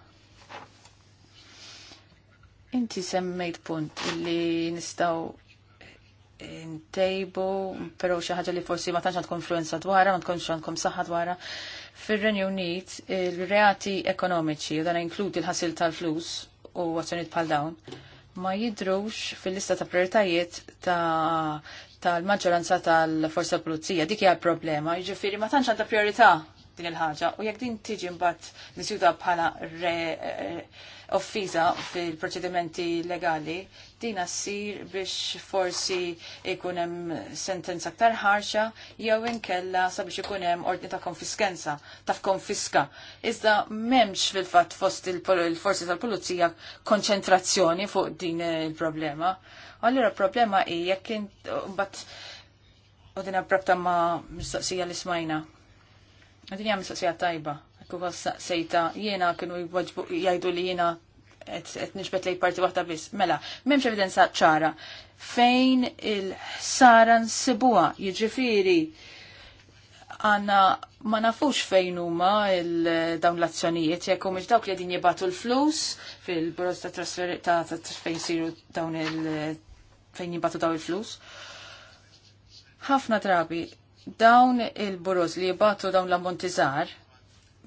S2: Inti semmejt punt li nistaw eh, ntejbu, pero xi ħaġa li forsi ma tantx għandkom influenza dwarha, ma tkunx għandkom saħħa dwarha. Fir-Renju Unit, il-reati ekonomiċi, u dan inkludi l-ħasil tal-flus u azzjonijiet bħal dawn, ma jidrux fil-lista ta' prioritajiet ta' tal-maġġoranza tal-forza pulizija. Dik hija problema, jiġifieri ma tantx għandha priorità din il-ħaġa u jekk din tiġi mbagħad nisjuta bħala re, offiża fil-proċedimenti legali, dina ssir biex forsi ikunem hemm sentenza aktar ħarxa jew inkella sabiex ikun hemm ordni ta' konfiskenza, ta' konfiska. Iżda m'hemmx fil-fatt fost il-forsi tal-pulizija konċentrazzjoni fuq din il-problema. Allura problema i jekk bat mbagħad u din prabta ma' mistoqsija li smajna. Din hija mistoqsija tajba Ekku sejta jiena kienu jwaġbu jgħidu li jiena qed nixbet li parti wahda biss. Mela, m'hemmx evidenza ċara. Fejn il Sara nsibuha, jiġifieri għanna ma nafux fejn huma dawn l-azzjonijiet jekk humiex dawk li qegħdin jibatu l-flus fil bros ta' trasfer ta' fejn siru dawn il- fejn jibatu daw il-flus. Ħafna drabi dawn il-buros li jibatu dawn l-ammontizar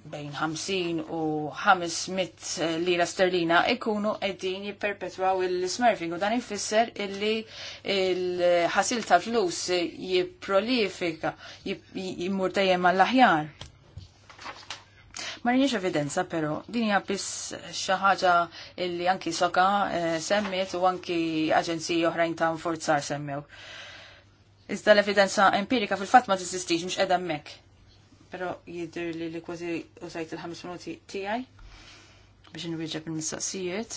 S2: bejn 50 u 500 eh, lira sterlina ikunu qegħdin jipperpetwaw il-smurfing u dan ifisser illi il-ħasil ta' flus jipprolifika jimmur dejjem għall-aħjar. Ma evidenza però, din hija biss xi ħaġa illi anki soka eh, semmiet u anki aġenziji oħrajn ta' forzar semmew. Iżda l-evidenza empirika fil-fatt ma tiżistix mhux qiegħda hemmhekk pero jidher li li kważi użajt il-ħames minuti tiegħi biex nirriġeb il-mistaqsijiet.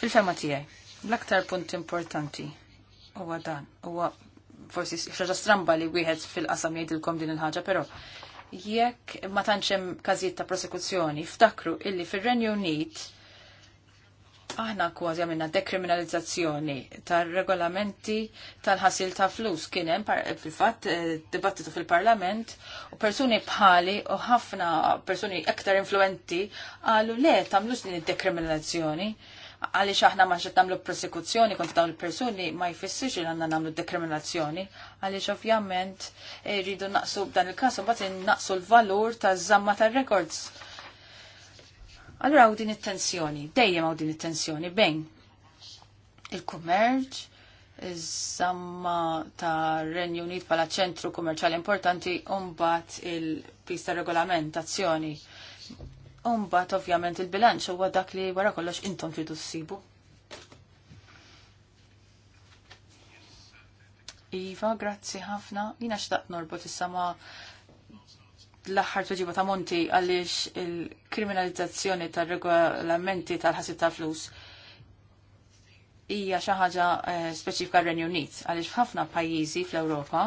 S2: Fil-fema tiegħi, l-aktar punt importanti huwa dan, huwa forsi xaġa stramba li wieħed fil-qasam jgħidilkom din il-ħaġa, però jekk ma tantx hemm każijiet ta' prosekuzzjoni, ftakru illi fir-Renju Unit aħna kważi għamilna dekriminalizzazzjoni tal-regolamenti tal-ħasil ta' flus kienem fil-fat eh, dibattitu fil-parlament u persuni bħali u ħafna persuni ektar influenti għalu le tamlux din id-dekriminalizzazzjoni għalix aħna ma namlu prosekuzzjoni kontra dawn il-persuni ma jfissirx li għandna namlu dekriminazzjoni għalli ovvjament eh, rridu naqsu b'dan il-każ u naqsu l-valur taż-żamma tar-records Allura għaw din it-tensjoni, dejjem għaw din it-tensjoni bejn il-kummerċ, iż-żamma ta' Renju Unit pala ċentru kummerċali importanti umbat il-pista regolamentazzjoni. Umbat ovvjament il-bilanċ huwa dak li wara kollox intom tridu ssibu. Iva, grazzi ħafna. Jina xtaqt norbot issa sama l-aħħar tuġiba ta' Monti għaliex il-kriminalizzazzjoni tar-regolamenti tal-ħasib ta' flus hija xi ħaġa eh, speċifika r-Renju Unit għaliex f'ħafna pajjiżi fl-Ewropa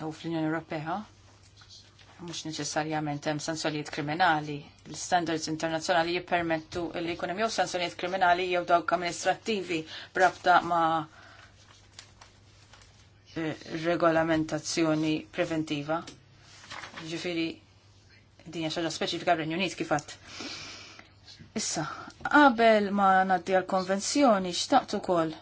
S2: u fl-Unjoni Ewropea mhux neċessarjament hemm sanzjonijiet kriminali. L-standards internazzjonali jippermettu li jkun hemm jew sanzjonijiet kriminali jew dawk amministrattivi b'rabta ma' regolamentazzjoni preventiva. Ġifiri, dinja xaġa speċifika r Unit kifat. Issa, qabel ma naddi għal-konvenzjoni, xtaqtu kol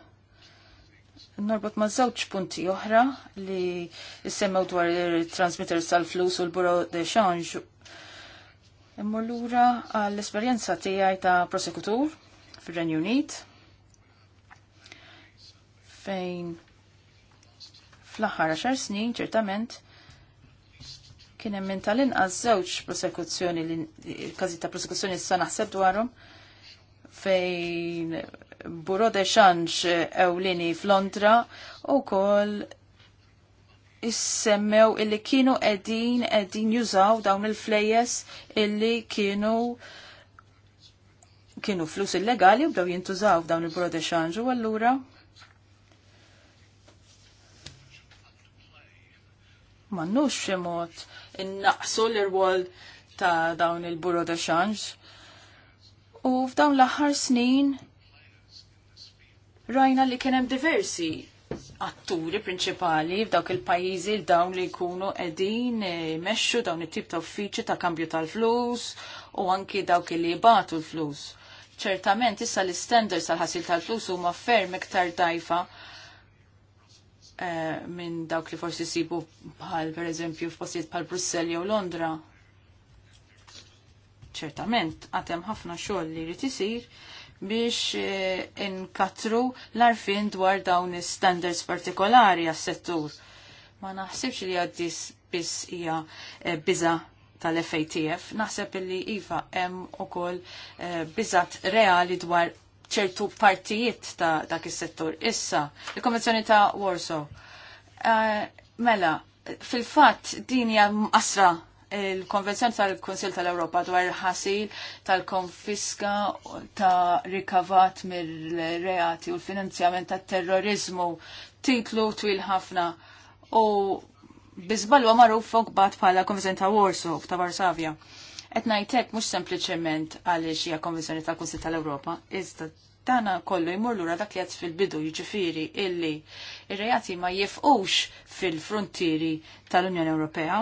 S2: Norbot ma' żewġ punti oħra li jissemmew dwar il-transmitters tal-flus u l buro de xanġ. Immur lura għall-esperjenza tiegħi ta' prosekutur fir-Renju Unit fejn fl-aħħar 10 snin ċertament kien hemm minn tal-inqas żewġ prosekuzzjoni każi ta' prosekuzzjoni issa naħseb dwarhom fejn Buro de Xanx ewlini f'Londra u koll issemmew illi kienu edin edin jużaw dawn il-flejes illi kienu kienu flus illegali u bdew jintużaw dawn il-brodexanġu allura mannux ximot innaqsu l-irwol ta' dawn il-buro de xanġ. U f'dawn l-aħħar snin rajna li kienem diversi atturi prinċipali f'dawk il-pajjiżi l dawn li jkunu qegħdin jmexxu eh, dawn it-tip ta' uffiċċji ta' kambju tal-flus u anki dawk li jibatu l-flus. Ċertament issa l-istenders tal-ħasil tal-flus huma ferm iktar dajfa Eh, minn dawk li forsi sibu bħal per eżempju f'postijiet bħal Brussell jew Londra. Ċertament, għatem ħafna xogħol li jrid isir biex eh, inkatru l-arfin dwar dawn standards partikolari għas-settur. Ma naħsibx li għaddis biss hija eh, biża tal-FATF, naħseb li Iva hemm ukoll biżat reali dwar ċertu partijiet ta' dak is-settur. Issa, il-Konvenzjoni ta' Warsaw. Uh, mela, fil-fatt din hija asra il-Konvenzjoni tal-Konsil tal-Ewropa dwar ħasil tal-konfiska ta' rikavat mir-reati u l-finanzjament tat terrorizmu titlu twil ħafna u bizbal huwa magħruf fuq bad bħala Konvenzjoni ta' Warsaw ta' Varsavja. Qed ngħidlek mhux sempliċement għaliex hija konvenzjoni tal-Kunsill tal-Ewropa, iżda dana kollu jmur lura dak li fil-bidu jiġifieri illi ir-reati ma jifqux fil-frontieri tal-Unjoni Ewropea.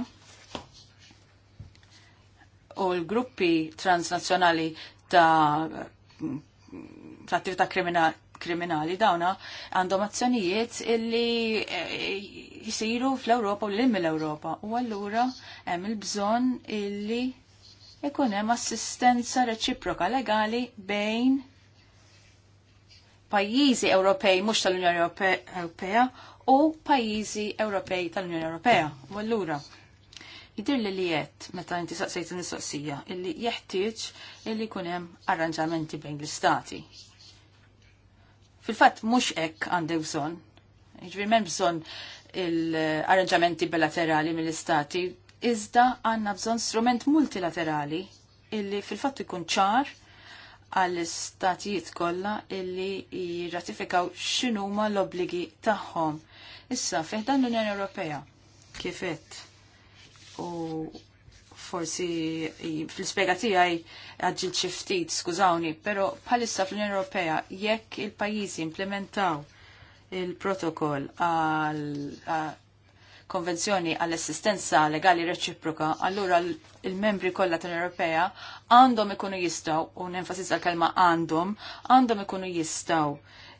S2: U l-gruppi transnazzjonali ta' attività kriminali dawna għandhom azzjonijiet illi eh, jisiru fl-Europa u l-im l-Europa. U għallura hemm il-bżon illi ikun hemm assistenza reċiproka legali bejn pajjiżi Ewropej mhux tal-Unjoni Ewropea u pajjiżi Ewropej tal-Unjoni Ewropea. U allura jidir li li jett meta inti saqsejt nistoqsija illi jeħtieġ illi jkun hemm arranġamenti bejn l-istati. Fil-fatt mhux hekk għandek bżonn. Jiġri m'hemm bżonn l-arranġamenti bilaterali mill-istati iżda għanna bżon strument multilaterali illi fil fatt ikun ċar għall-istatijiet kollha illi jirratifikaw x'inhuma l-obbligi tagħhom. Issa fih dan l-Unjoni Ewropea kifet u forsi fil-spiega tiegħi għaġġil xi ftit skużawni, però bħalissa fl-Unjoni Ewropea jekk il-pajjiżi implementaw il-protokoll għal konvenzjoni għall-assistenza legali reċiproka, allura il-membri kollha tal-Ewropea għandhom ikunu jistaw, u nenfasizza l-kelma għandhom, għandhom ikunu jistaw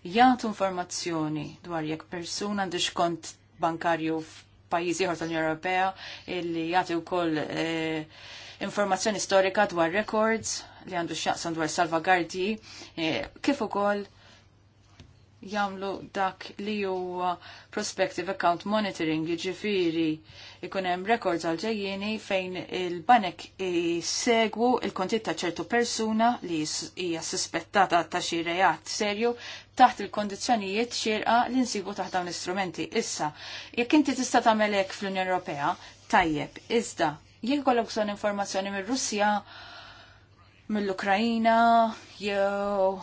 S2: jagħtu informazzjoni dwar jekk persuna għandu kont bankarju f'pajjiżi ieħor tal-Unjoni Ewropea illi jagħti wkoll eh, informazzjoni storika dwar records li għandu x'jaqsam dwar salvagardji, eh, kif ukoll jamlu dak li huwa prospective account monitoring, jiġifieri ikun hemm records għal-ġejjieni fejn il-banek segwu il kontit ta' ċertu persuna li hija suspettata ta' xi reat serju taħt il-kondizzjonijiet xierqa li nsibu taħt dawn l-istrumenti. Issa, jekk inti tista' tagħmel hekk fl-Unjoni Ewropea, tajjeb, iżda jekk kollok bżonn informazzjoni mir-Russja, mill-Ukrajina, jew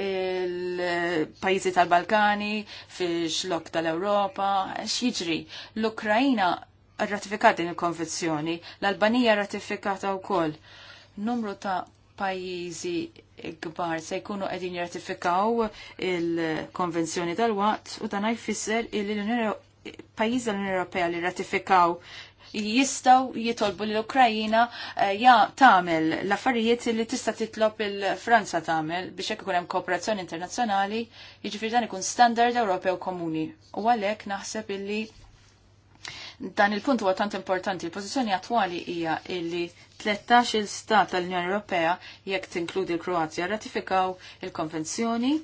S2: il-pajjiżi tal-Balkani, fix-lok tal-Ewropa, xieġri. L-Ukrajina ratifikat din il-konvenzjoni, l-Albanija rratifikata wkoll. Numru ta' pajjiżi kbar se jkunu qegħdin jirratifikaw il-konvenzjoni tal-waqt u dan jfisser il-Unjoni l-Unjoni Ewropea li rratifikaw jistaw jitolbu l-Ukrajina eh, ja tamel l-affarijiet li tista' titlob il-Franza tamel biex jekk ikun hemm kooperazzjoni internazzjonali, jiġifieri dan ikun standard Ewropew komuni. U għalhekk naħseb illi dan il-punt huwa tant importanti. Il-pożizzjoni attwali hija illi 13 il-stat tal-Unjoni Ewropea jekk tinkludi l-Kroazja ratifikaw il-konvenzjoni,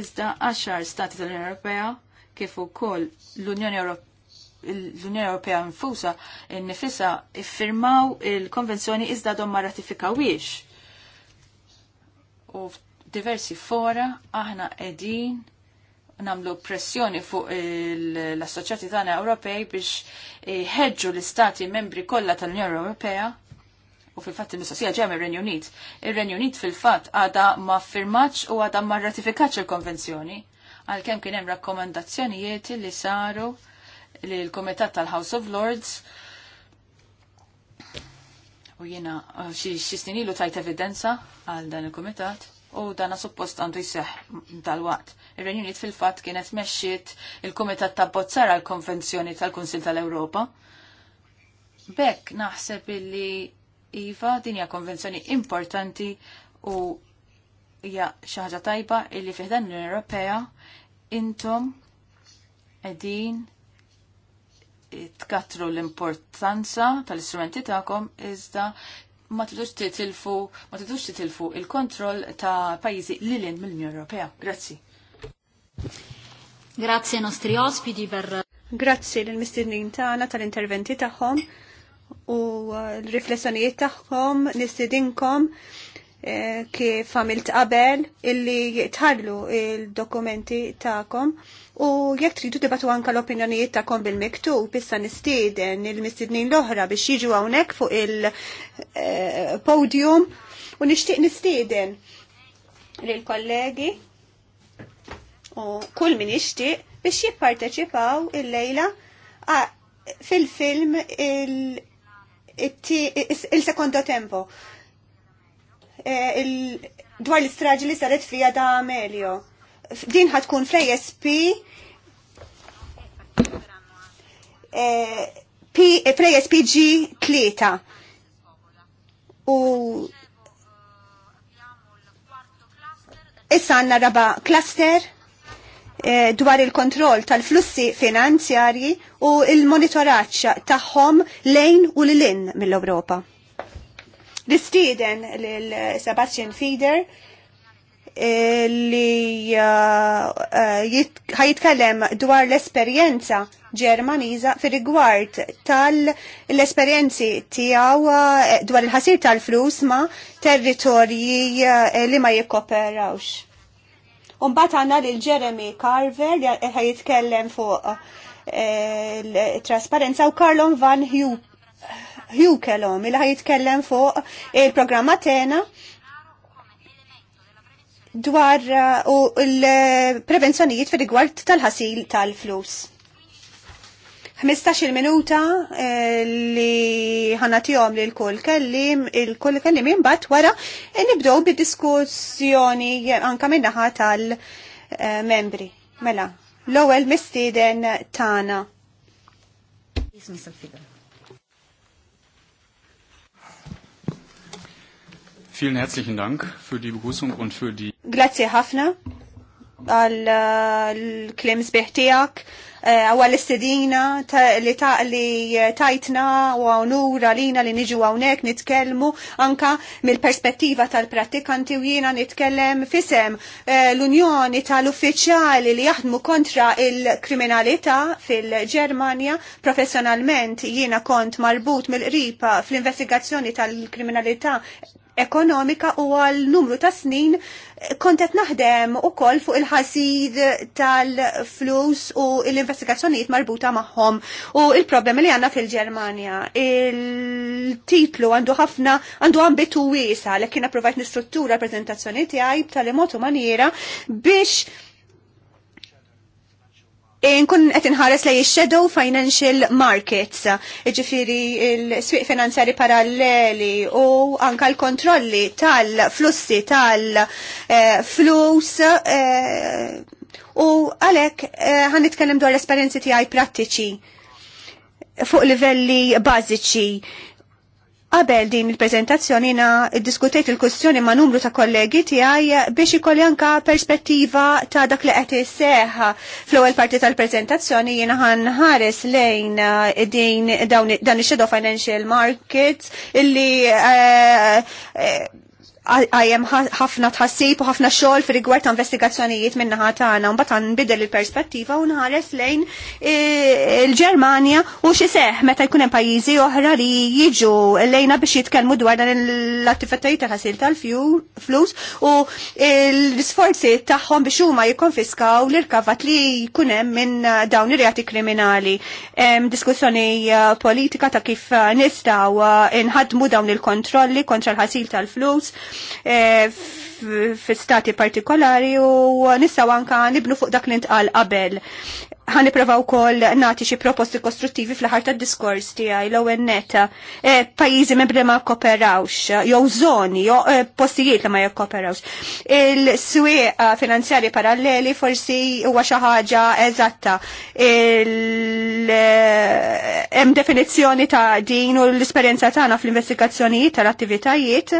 S2: iżda 10 stati tal-Unjoni Ewropea kif ukoll l-Unjoni Ewropea l-Unjoni Ewropea nfusa nifisa iffirmaw il-konvenzjoni iżda dom ma ratifikawiex. U diversi fora aħna edin namlu pressjoni fuq l-assoċjati tagħna Ewropej biex ħeġġu l-istati membri kollha tal-Unjoni Ewropea u fil-fatt il-mistoqsija ġew ir-Renju Unit. Ir-Renju Unit fil-fatt għada ma firmaċ u għada ma ratifikaċ il-konvenzjoni għalkemm kien hemm rakkomandazzjonijiet li saru l-Komitat tal-House of Lords u jena uh, xie tajt evidenza għal dan il-Komitat u dana suppost għandu jseħ tal-waqt. Ir-Renjuniet fil-fat kienet meċxiet il-Komitat ta' Bozzar għal konvenzjoni tal-Kunsil tal-Europa. Bekk naħseb li Iva dinja konvenzjoni importanti u hija xi ħaġa tajba illi fih dan l-Ewropea intom qegħdin tkatru l-importanza tal-istrumenti tagħkom iżda ma tidux titilfu, ma tidux titilfu il-kontroll ta'
S3: pajjiżi lilin mill-Unjoni Ewropea. Grazzi. Grazzi ai nostri ospiti per Grazzi lill mistednin tagħna tal-interventi tagħhom u l-riflessjonijiet tagħhom nistedinkom eh, kif għamilt qabel illi tħallu il-dokumenti tagħkom U jekk tridu tibatu anka l-opinjonijiet kom bil-miktub, issa nistieden il-mistidnin l-oħra biex jiġu hawnhekk fuq il-podium eh, u nixtieq nistieden lill kollegi u kull min ixtieq biex jipparteċipaw il-lejla fil-film il-sekondo tempo eh, dwar l-istraġi li saret fija da' Amelio din ħatkun fl-ASP eh, eh, fl-ASPG 3 u issa għanna raba cluster eh, dwar il-kontroll tal-flussi finanzjarji u il-monitoraċ tagħhom lejn u l-lin mill-Ewropa. L-istiden l-Sebastian Feeder li uh, uh, ħajitkellem dwar l-esperjenza ġermaniza fir rigward tal-esperjenzi tiegħu uh, dwar il-ħasir tal-flus ma territorji li ma jikkoperawx. Umbagħad għanna lil Jeremy Carver li ħajitkellem fuq l trasparenza u Carlon Van Hukelom li ħajitkellem fuq il-programma tena dwar eh, u l-prevenzjonijiet fil rigward tal-ħasil tal-flus. 15 minuta eh, li tijom li l-kull kellim, l-kull kellim jimbat wara nibdow bid-diskussjoni anka minnaħa tal-membri. Mela, l-ewel mistiden tana. Jismisal fidel.
S1: Vielen herzlichen Dank für die Begrüßung und für die.
S3: Grazie ħafna għal-klim eh, sbieħ tijak, eh, għal istedina li ta' li tajtna u għonura lina li niġu għawnek nitkelmu anka mill-perspettiva tal-pratikanti u jina nitkellem fisem eh, l-unjoni tal-uffiċjali li jaħdmu kontra il-kriminalità fil-Germania professionalment jina kont marbut mill-ripa fl-investigazzjoni tal-kriminalità ekonomika u għal numru ta' snin kontet naħdem u koll fuq il-ħasid tal-flus u l investigazzjoniet marbuta maħħom u il-problemi li għanna fil-Germania. Il-titlu għandu ħafna, għandu għambitu wisa, l-ekkina provajt nistruttura prezentazzjoni tiegħi tal-emotu maniera biex Eh, nkun qed inħares lej shadow financial markets, ġifiri il-swieq finanzjari paralleli u anka l-kontrolli tal-flussi tal-flus eh, u għalek għan eh, nitkellem dwar l-esperienzi tiegħi prattiċi fuq livelli bażiċi Qabel din il-prezentazzjoni na diskutejt il-kustjoni ma' numru ta' kollegi tiegħi biex ikolli anka perspettiva ta' dak li qed isseħ fl-ewwel parti tal-prezentazzjoni jiena ħares lejn eh, din dawn dan ix-shadow financial markets illi uh, uh, għajem ħafna tħassib u ħafna xogħol fi rigward ta' investigazzjonijiet minna ħatana, mbagħad bidel il-perspettiva u nħares lejn e, il-Ġermanja u xi meta jkun hemm pajjiżi oħra li jiġu lejna biex jitkellmu dwar dan l-attivitajiet ta' ħasil tal-flus u l-isforzi tagħhom biex huma jikkonfiskaw l-irkavat li jkun hemm minn dawn ir-reati kriminali. Diskussjoni uh, politika ta' kif uh, nistaw uh, inħadmu dawn il-kontrolli kontra l-ħasil tal-flus E, fi stati partikolari u nistaw anka nibnu fuq dak li intqal qabel. Ħaniprovaw kol nati xi proposti kostruttivi fl-ħar ta' diskors tiegħi l-ewwel netta e, pajjiżi membri ma jkooperawx, jew żoni, jew e, postijiet li ma jokoperawx. Il-swieq finanzjari paralleli forsi huwa xi ħaġa eżatta. Hemm definizzjoni ta' din u l-esperjenza tagħna fl-investigazzjonijiet tal-attivitajiet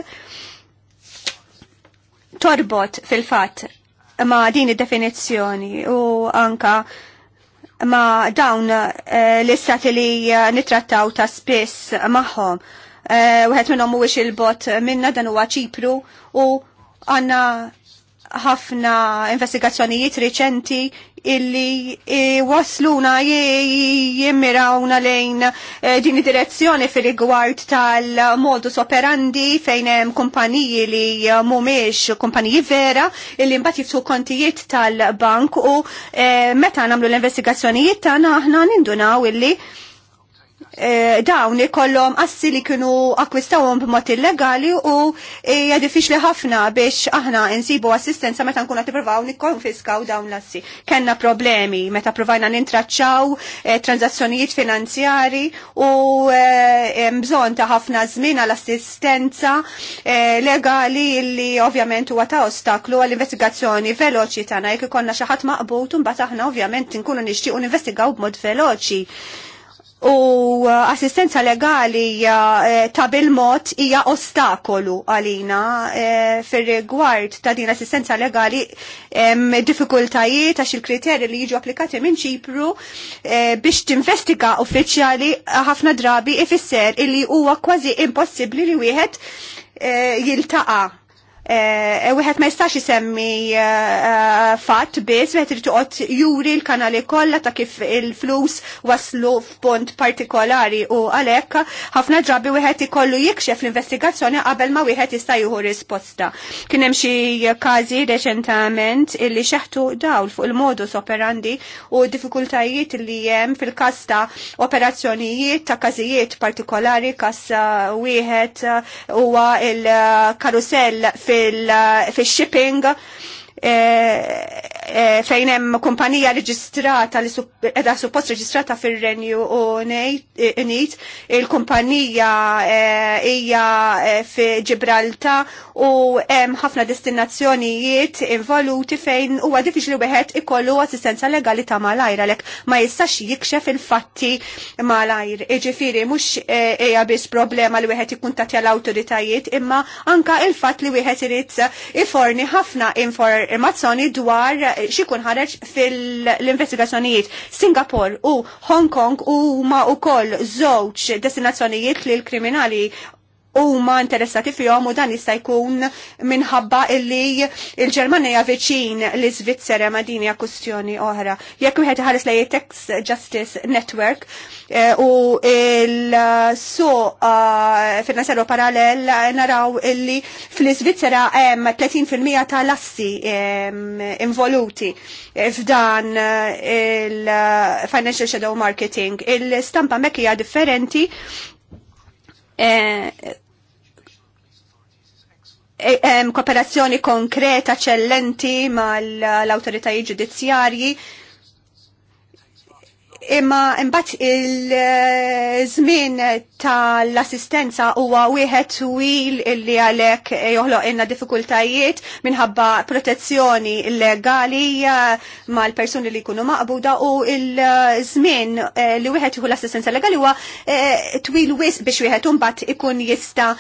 S3: torbot fil-fat ma din id-definizzjoni u anka ma dawn eh, l istat li eh, nitrattaw ta' spiss maħħom. U eh, Wieħed minnhom mhuwiex il-bot minna dan huwa Ċipru u għandna ħafna investigazzjonijiet riċenti illi e, wasluna jimmirawna lejn e, din direzzjoni fil-rigward tal-modus operandi fejn hemm kumpaniji li mhumiex kumpaniji vera illi mbagħad jiftu kontijiet tal-bank u e, meta nagħmlu l-investigazzjonijiet tagħna aħna nindunaw illi Eh, dawn ikollhom assi li kienu akkwistawhom b'mod illegali u eh, hija diffiċli ħafna biex aħna insibu assistenza meta nkunu qed nippruvaw nikkonfiskaw dawn l-assi. Kenna problemi meta provajna nintraċċaw e, eh, tranzazzjonijiet finanzjari u bżonn ta' ħafna żmien għall assistenza legali li ovvjament huwa ta' ostaklu għall-investigazzjoni veloċi tagħna jekk ikollna xi ħadd maqbut u mbagħad aħna ovvjament nkunu nixtiequ ninvestigaw b'mod veloċi u uh, assistenza legali uh, eh, ta' bil-mod hija ostakolu għalina eh, fir-rigward ta' din assistenza legali diffikultajiet għax il-kriterji li jiġu applikati minn ċipru eh, biex tinvestiga uffiċjali ħafna drabi ifisser illi huwa kważi impossibbli li wieħed jiltaqa' Eh, eh, wieħed ma jistax isemmi eh, fatt biss, wieħed irid toqgħod juri l-kanali kollha ta' kif il-flus waslu f'punt partikolari u għalhekk ħafna drabi wieħed ikollu jikxef l-investigazzjoni qabel ma wieħed jista' jieħu risposta. Kien hemm xi każi reċentament illi xeħtu dawl fuq il-modus operandi u diffikultajiet li hemm fil-każ ta' operazzjonijiet ta' każijiet partikolari kas wieħed huwa il-karusell fil fil-shipping fil shipping fil Eh, eh, fejn hemm kumpanija reġistrata li qiegħda suppost reġistrata fir-Renju eh, Unit, il-kumpanija hija fi Ġibralta u hemm ħafna destinazzjonijiet involuti fejn huwa diffiċli wieħed ikollu assistenza legali ta' malajr għalhekk ma jistax jikxef il-fatti malajr. Iġifieri mhux hija biss problema li wieħed ikkuntatja l-awtoritajiet imma anka il-fatt li wieħed irid iforni ħafna infor informazzjoni dwar eh, xikun ħareġ fil-investigazzjonijiet. Singapore u Hong Kong u ma u koll zoċ destinazzjonijiet li l-kriminali huma interessati fihom u dan jista' jkun minħabba illi il-Ġermanija viċin l iżvizzera ma din hija kwistjoni oħra. Jekk wieħed ħares lej Tax Justice Network eh, u il su -so, eh, finanzjaru parallel eh, naraw illi fl-Iżvizzera hemm 30% tal-assi involuti f'dan il-financial shadow marketing. Il-stampa mekk hija differenti Eh, eh, kooperazzjoni konkreta ċellenti mal-autoritajiet ġudizzjarji Imma imbagħad il-żmien tal-assistenza huwa wieħed twil illi għalhekk joħloq inna diffikultajiet minħabba protezzjoni legali eh, mal-persuni li jkunu maqbuda u il-żmien eh, li wieħed jieħu l-assistenza legali huwa eh, twil wis biex wieħed imbagħad ikun jista'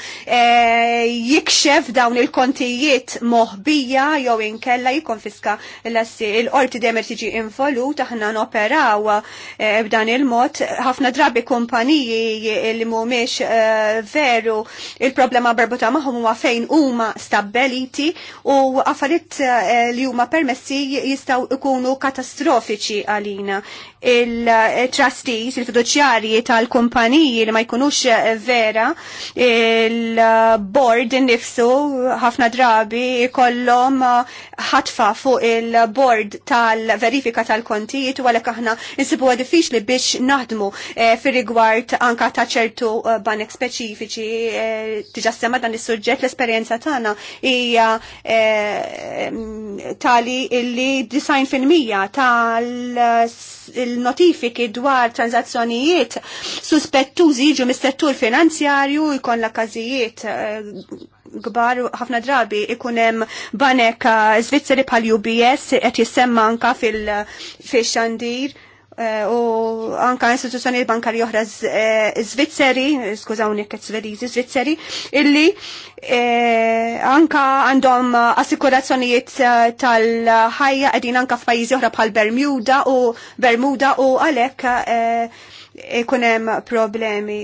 S3: jikxef dawn il-kontijiet moħbija jew inkella jikkonfiska l-qorti dejjem tiġi involut aħna noperaw Eh, b'dan il-mod. ħafna drabi kumpaniji li mhumiex eh, veru il-problema barbuta magħhom huma fejn huma stabbeliti u affarijiet eh, li huma permessi jistgħu ikunu katastrofiċi għalina il-trustees, il-fiduċjarji tal-kumpaniji li ma jkunux vera, il-board nifsu ħafna drabi kollom ħatfa fuq il-board tal-verifika tal-kontijiet u għalek aħna nsibu għadif diffiċli biex naħdmu eh, fir-rigward anka ta' ċertu eh, banek speċifiċi eh, diġa sema dan is-suġġett l-esperjenza tagħna hija tali illi 90% tal-notifiki dwar tranzazzjonijiet suspettużi jiġu mis-settur finanzjarju jkun la każijiet gbar ħafna drabi ikunem banek Zvizzeri pal UBS qed jissemma anka fil-xandir. Fil Eh, u anka istituzzjoni bankarji oħra eh, Zvizzeri, skużawni kett Sverizi, Zvizzeri, illi eh, anka għandhom assikurazzjonijiet tal-ħajja qegħdin anka f'pajjiżi oħra bħal Bermuda u Bermuda u għalhekk ikun hemm problemi.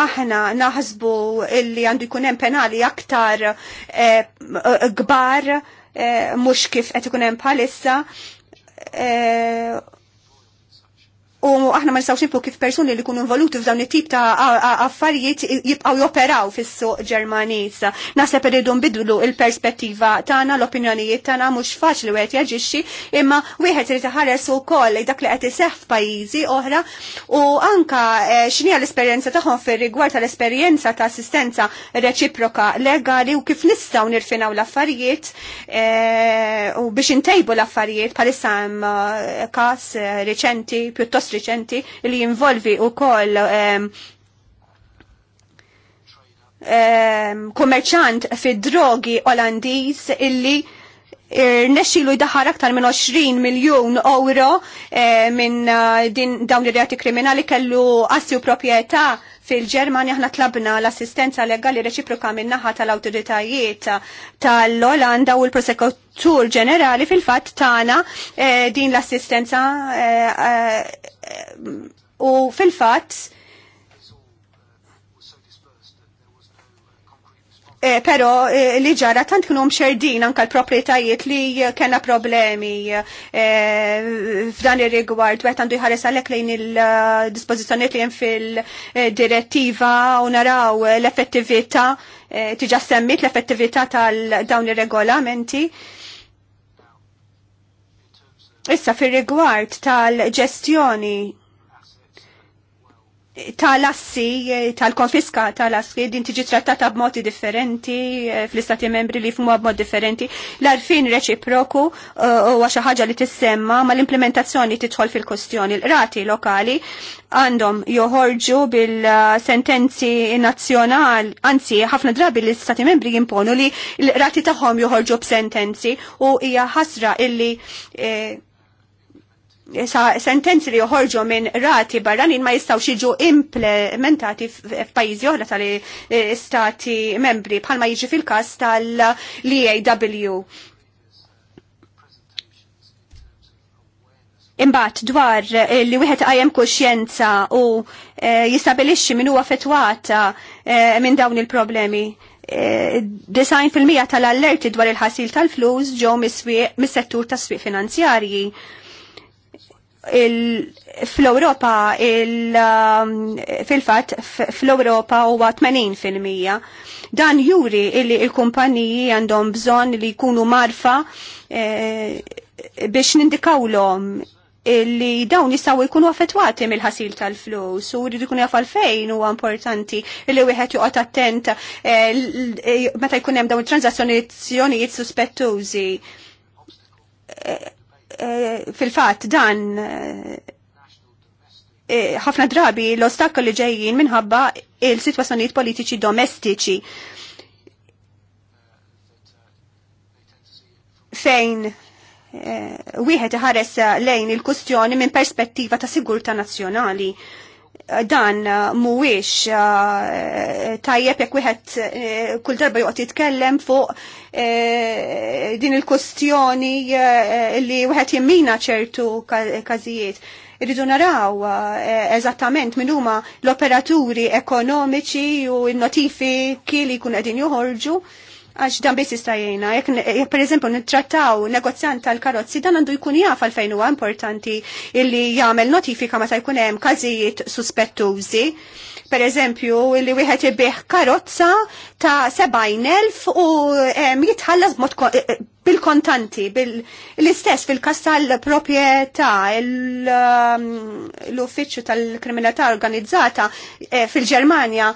S3: Aħna naħsbu illi għandu jkun hemm penali aktar kbar mhux kif qed ikun hemm bħalissa U aħna ma nistawx niflu kif persuni li kunu involuti f'dawn it-tip ta' affarijiet jibqaw joperaw fis-suq Ġermaniż. Naħseb irridu nbidlu il-perspettiva tagħna, l-opinjonijiet tagħna mhux faċli wieħed jaġixxi, imma wieħed irid iħares ukoll dak li qed iseħħ f'pajjiżi oħra u anka eh, x'inhi l-esperjenza tagħhom fir-rigward tal-esperjenza ta' assistenza reċiproka legali u kif nistgħu nirfinaw l-affarijiet eh, u biex intejbu l-affarijiet bħalissa hemm eh, każ riċenti pjuttost kas li jinvolvi u koll ehm, ehm, kummerċant fi drogi Olandiż illi Nesċilu jdaħar aktar minn 20 miljon euro eh, minn eh, dawn ir-reati kriminali kellu assi u proprjetà fil-Ġermani aħna tlabna l-assistenza legali reċiproka minnaħa naħa tal-awtoritajiet tal-Olanda u l-Prosekutur Ġenerali fil-fatt tagħna eh, din l-assistenza u fil-fatt E, eh, pero eh, li ġara tant kienu mxerdin anka l-proprietajiet li kena problemi eh, f'dan ir-rigward, wieħed għandu jħares għalhekk lejn il-dispożizzjonijiet li hemm fil-direttiva u naraw l-effettività tiġa semmit l-effettività tal-dawn ir-regolamenti. Issa fir-rigward tal-ġestjoni tal-assi, tal-konfiska tal-assi, din tiġi trattata b'modi differenti, eh, fl-istati membri li fumwa b'mod differenti. L-arfin reċiproku eh, u xi ħaġa li tissemma ma l-implementazzjoni tidħol fil kustjoni L-rati lokali għandhom joħorġu bil-sentenzi nazjonal, anzi, ħafna drabi l-istati membri jimponu li l-rati tagħhom joħorġu b'sentenzi u hija ħasra illi eh, Sa sentenzi li joħorġu minn rati barranin ma jistaw jiġu implementati f'pajjiżi oħra tal-istati membri bħalma jiġi fil-każ tal-EAW. Imbagħad dwar eh, li wieħed qajjem kuxjenza u eh, jistabilixxi min huwa fetwata eh, minn dawn il-problemi. Design fil-mija tal-allerti dwar il-ħasil tal-flus ġew mis-settur tas-swieq finanzjarji fl-Europa um, fil-fat fl-Europa huwa 80%. Dan juri illi il-kumpaniji għandhom bżon li jkunu marfa eh, biex nindikawlhom illi dawn jistaw jkunu affettwati mill-ħasil tal-flus u rridu jkunu jaf fejn huwa importanti illi wieħed joqgħod attent eh, eh, meta jkun hemm dawn it-transazzjonijiet suspettużi. Eh, fil-fat dan eh, eh, ħafna drabi l-ostakoli ġejjin minħabba il-sitwazzjonijiet politiċi domestiċi fejn wieħed iħares lejn il-kustjoni minn perspettiva ta' sigurta nazzjonali dan mhuwiex uh, tajjeb jekk wieħed uh, kull darba joqgħod jitkellem fuq uh, din il-kustjoni li wieħed jimmina ċertu każijiet. Irridu naraw eżattament min huma l-operaturi ekonomiċi u n-notifiki li jkun qegħdin joħorġu għax dan biss jista' jek per pereżempju nittrattaw negozjant tal-karozzi dan għandu jkun jaf għalfejn huwa importanti illi jagħmel notifika meta jkun hemm każijiet suspettużi. Per eżempju, li wieħed ibih karozza ta' 70.000 u eh, jitħallas eh, eh, bil-kontanti, bil-istess fil-kas tal-propieta, um, l-uffiċċju tal-kriminalità organizzata fil-Germania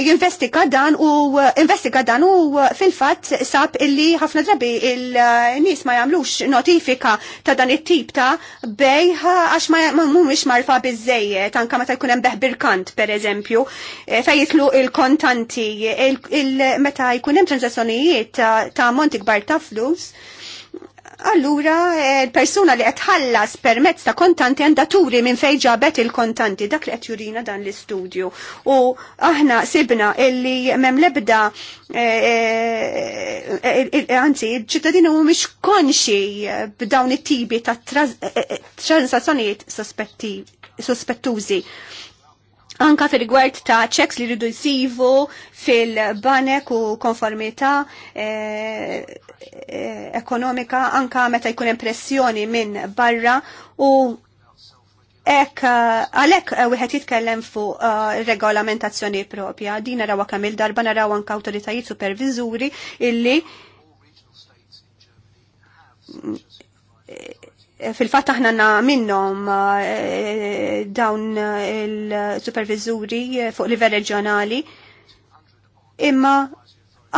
S3: jinvestiga dan u investiga dan u fil-fatt sab illi ħafna drabi il-nies ma jagħmlux notifika ta' dan it-tip ta' bej għax ma mhumiex marfa biżejjed anke meta jkun hemm beħ birkant pereżempju fejn jitlu il-kontanti meta jkun hemm transazzjonijiet ta' Monti kbar ta' flus, allura eh, l-persuna li qed ħallas permezz ta' kontanti għandha turi minn fejn ġabet il-kontanti dak li qed jurina dan l-istudju. U aħna sibna illi m'hemm lebda eh, eh, anzi ċittadini mhumiex konxi b'dawn it-tibi ta' transazzjonijiet sospettużi anka fil rigward ta' checks li ridu jisivu fil-banek u konformita eh, eh, ekonomika anka meta jkun impressjoni minn barra u ek eh, għalek uh, eh, wieħed jitkellem fuq uh, regolamentazzjoni propja. Din narawa kemm il-darba naraw anka awtoritajiet superviżuri illi fil-fatt aħna na minnom eh, dawn il-supervizuri fuq livell reġjonali imma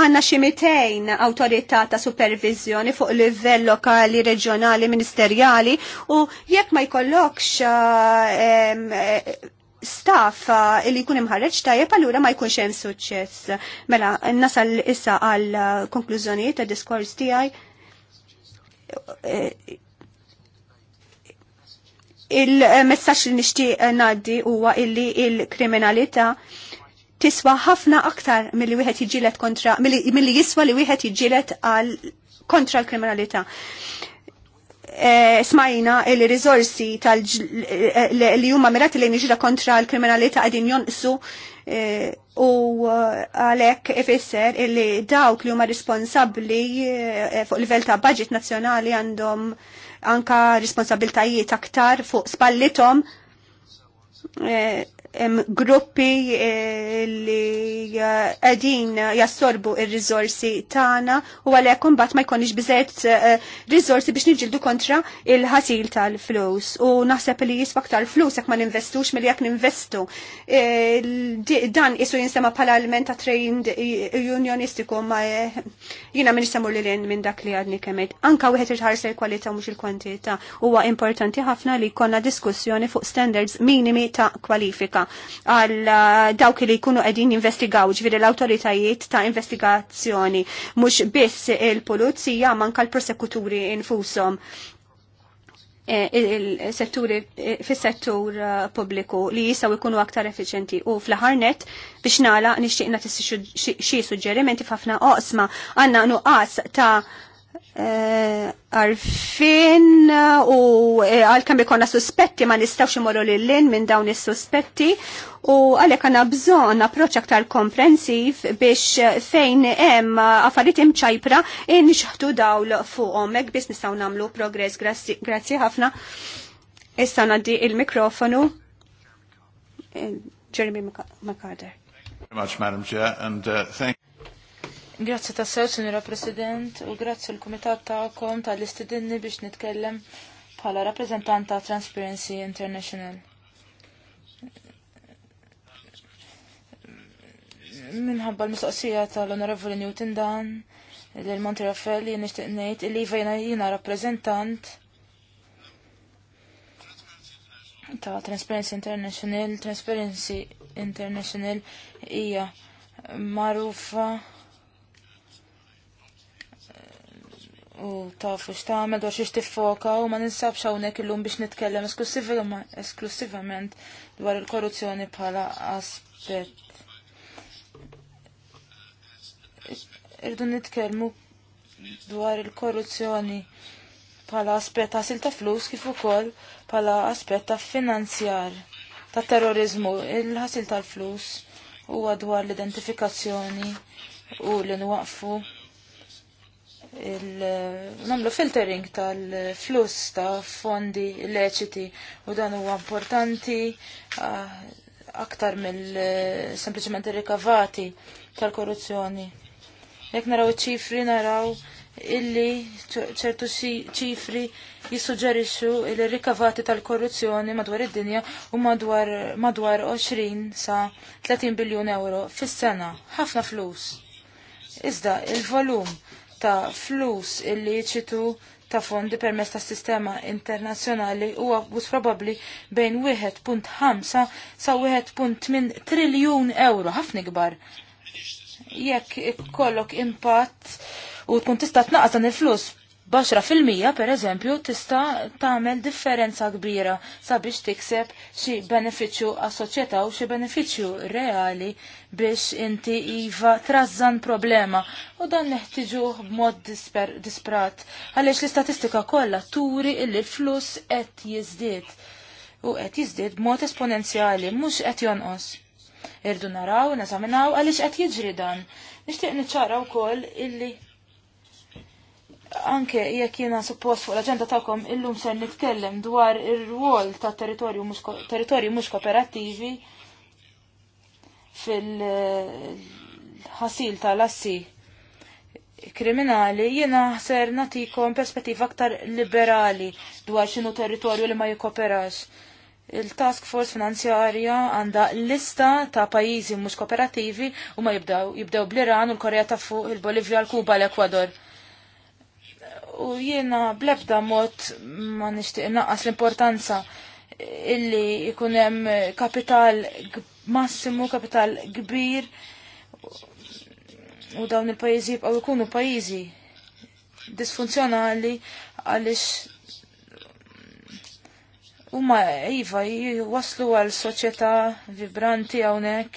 S3: għanna ximitejn autorità ta' supervizjoni fuq livell lokali, reġjonali, ministerjali u jekk ma jkollokx eh, eh, staff li jkun imħarreġ tajjeb allura ma jkunx hemm suċċess. Mela, nasal issa għal konklużjonijiet ta' diskors tiegħi il messax li nixtieq naddi huwa illi il-kriminalità tiswa ħafna aktar milli wieħed jiġilet kontra mill-li jiswa li wieħed jiġilet għal kontra l-kriminalità. E, smajna il-rizorsi li huma mirati li nġira kontra l-kriminalità għadin jonqsu e, u għalek ifisser illi dawk li huma responsabli e, fuq livell ta' budget nazzjonali għandhom anka responsabiltajiet aktar fuq spallithom eh, gruppi eh, li eh, qegħdin jassorbu il-rizorsi tagħna u għalhekk imbagħad ma jkunx bizet eh, rizorsi biex niġġieldu kontra il-ħasil tal-flus u naħseb li jiswa aktar flus jekk ma ninvestux milli jekk ninvestu. Dan isu jinsema bħala element ta' trained unionistiku ma jiena min nisemur li l-in minn dak li għadni kemet. Anka wieħed ħarsa il-kwalità mhux il-kwantità huwa importanti ħafna li jkollna diskussjoni fuq standards minimi ta' kwalifika għal uh, dawk li jkunu qegħdin jinvestigaw ġviri l-awtoritajiet ta' investigazzjoni mhux biss il-pulizija manka l-prosekuturi infushom e, il-setturi e, fis-settur uh, pubbliku li jisaw ikunu aktar efficienti u fl-ħarnet biex nala nixtieqna tissi xi suġġerimenti fafna oqsma għandna nuqqas ta' Eh, Arfin eh, u eh, għal kam ikonna suspetti ma nistawx imorru l-lin minn dawn is-suspetti u għalek għanna bżon approċ aktar komprensiv biex fejn hemm għafarit imċajpra nixħtu dawl fuqhom hekk biss nistgħu nagħmlu progress grazzi ħafna. Issa ngħaddi il-mikrofonu. Jeremy McCarter.
S2: Very much, Madam Chair, and uh, thank
S1: Grazzi ta' sew, Sinjora President, u grazzi l-Kumitat ta'kom tal-istidinni biex nitkellem bħala rappresentant ta' Transparency International. Minħabba l-mistoqsija tal-Onorevoli Newton Dan, l-Monti Raffaelli, nishtiq ngħid illi vajna jina rappresentant ta' Transparency International. Transparency International hija marufa u tafu x'tagħmel dwar xiex tiffoka u ma ninsabx hawnhekk illum biex nitkellem esklusivament dwar il-korruzzjoni bħala aspett. Irdu nitkellmu dwar il-korruzzjoni bħala aspett ta' ta' flus kif ukoll bħala aspett ta' finanzjar ta' terrorizmu, il-ħasil tal-flus huwa dwar l-identifikazzjoni u l-nwaqfu Il namlu filtering tal-flus ta' fondi leċiti u dan huwa importanti aktar mill sempliċement rikavati tal-korruzzjoni. Jekk naraw ċifri naraw illi ċertu ċifri jissuġġerixxu il rikavati tal-korruzzjoni madwar id-dinja u madwar madwar 20 sa 30 biljun euro fis-sena. Ħafna flus. Iżda il-volum ta' flus illiċitu ta' fondi permess ta' sistema internazjonali u għus probabli bejn 1.5 sa' 1.8 triljun euro, ħafna kbar. Jekk kollok impatt u tkun tista' tnaqqas dan il-flus baxra fil-mija per eżempju tista' tagħmel differenza kbira sabiex tikseb xi benefiċċju għas-soċjetà u xi benefiċċju reali biex inti iva trażan problema u dan neħtiġu b'mod disprat għaliex l-istatistika kollha turi illi l-fluss qed jiżdied u qed jiżdied b'mod esponenzjali mhux qed jonqos. Irdu naraw, nazaminaw, għaliex qed jiġri dan. Nixtieq niċċara wkoll illi anke jekk jiena suppost fuq l-aġenda tagħkom illum se nitkellem dwar ir-rwol ta' territorju mhux kooperattivi fil-ħasil tal-assi kriminali, jiena ser natikom perspettiva aktar liberali dwar xinu territorju li ma jikoperax. Il-task force finanzjarja għanda lista ta' pajizi mhux kooperativi u ma jibdew jibdew bl-Iran u l-Korea ta' fuq, il-Bolivja, l-Kuba, l-Ekwador u jiena blebda mod ma nixtieq naqas l-importanza illi ikun hemm kapital massimu, kapital kbir u dawn il-pajjiżi jibqgħu jkunu pajjiżi disfunzjonali għaliex huma iva waslu għal soċjetà vibranti hawnhekk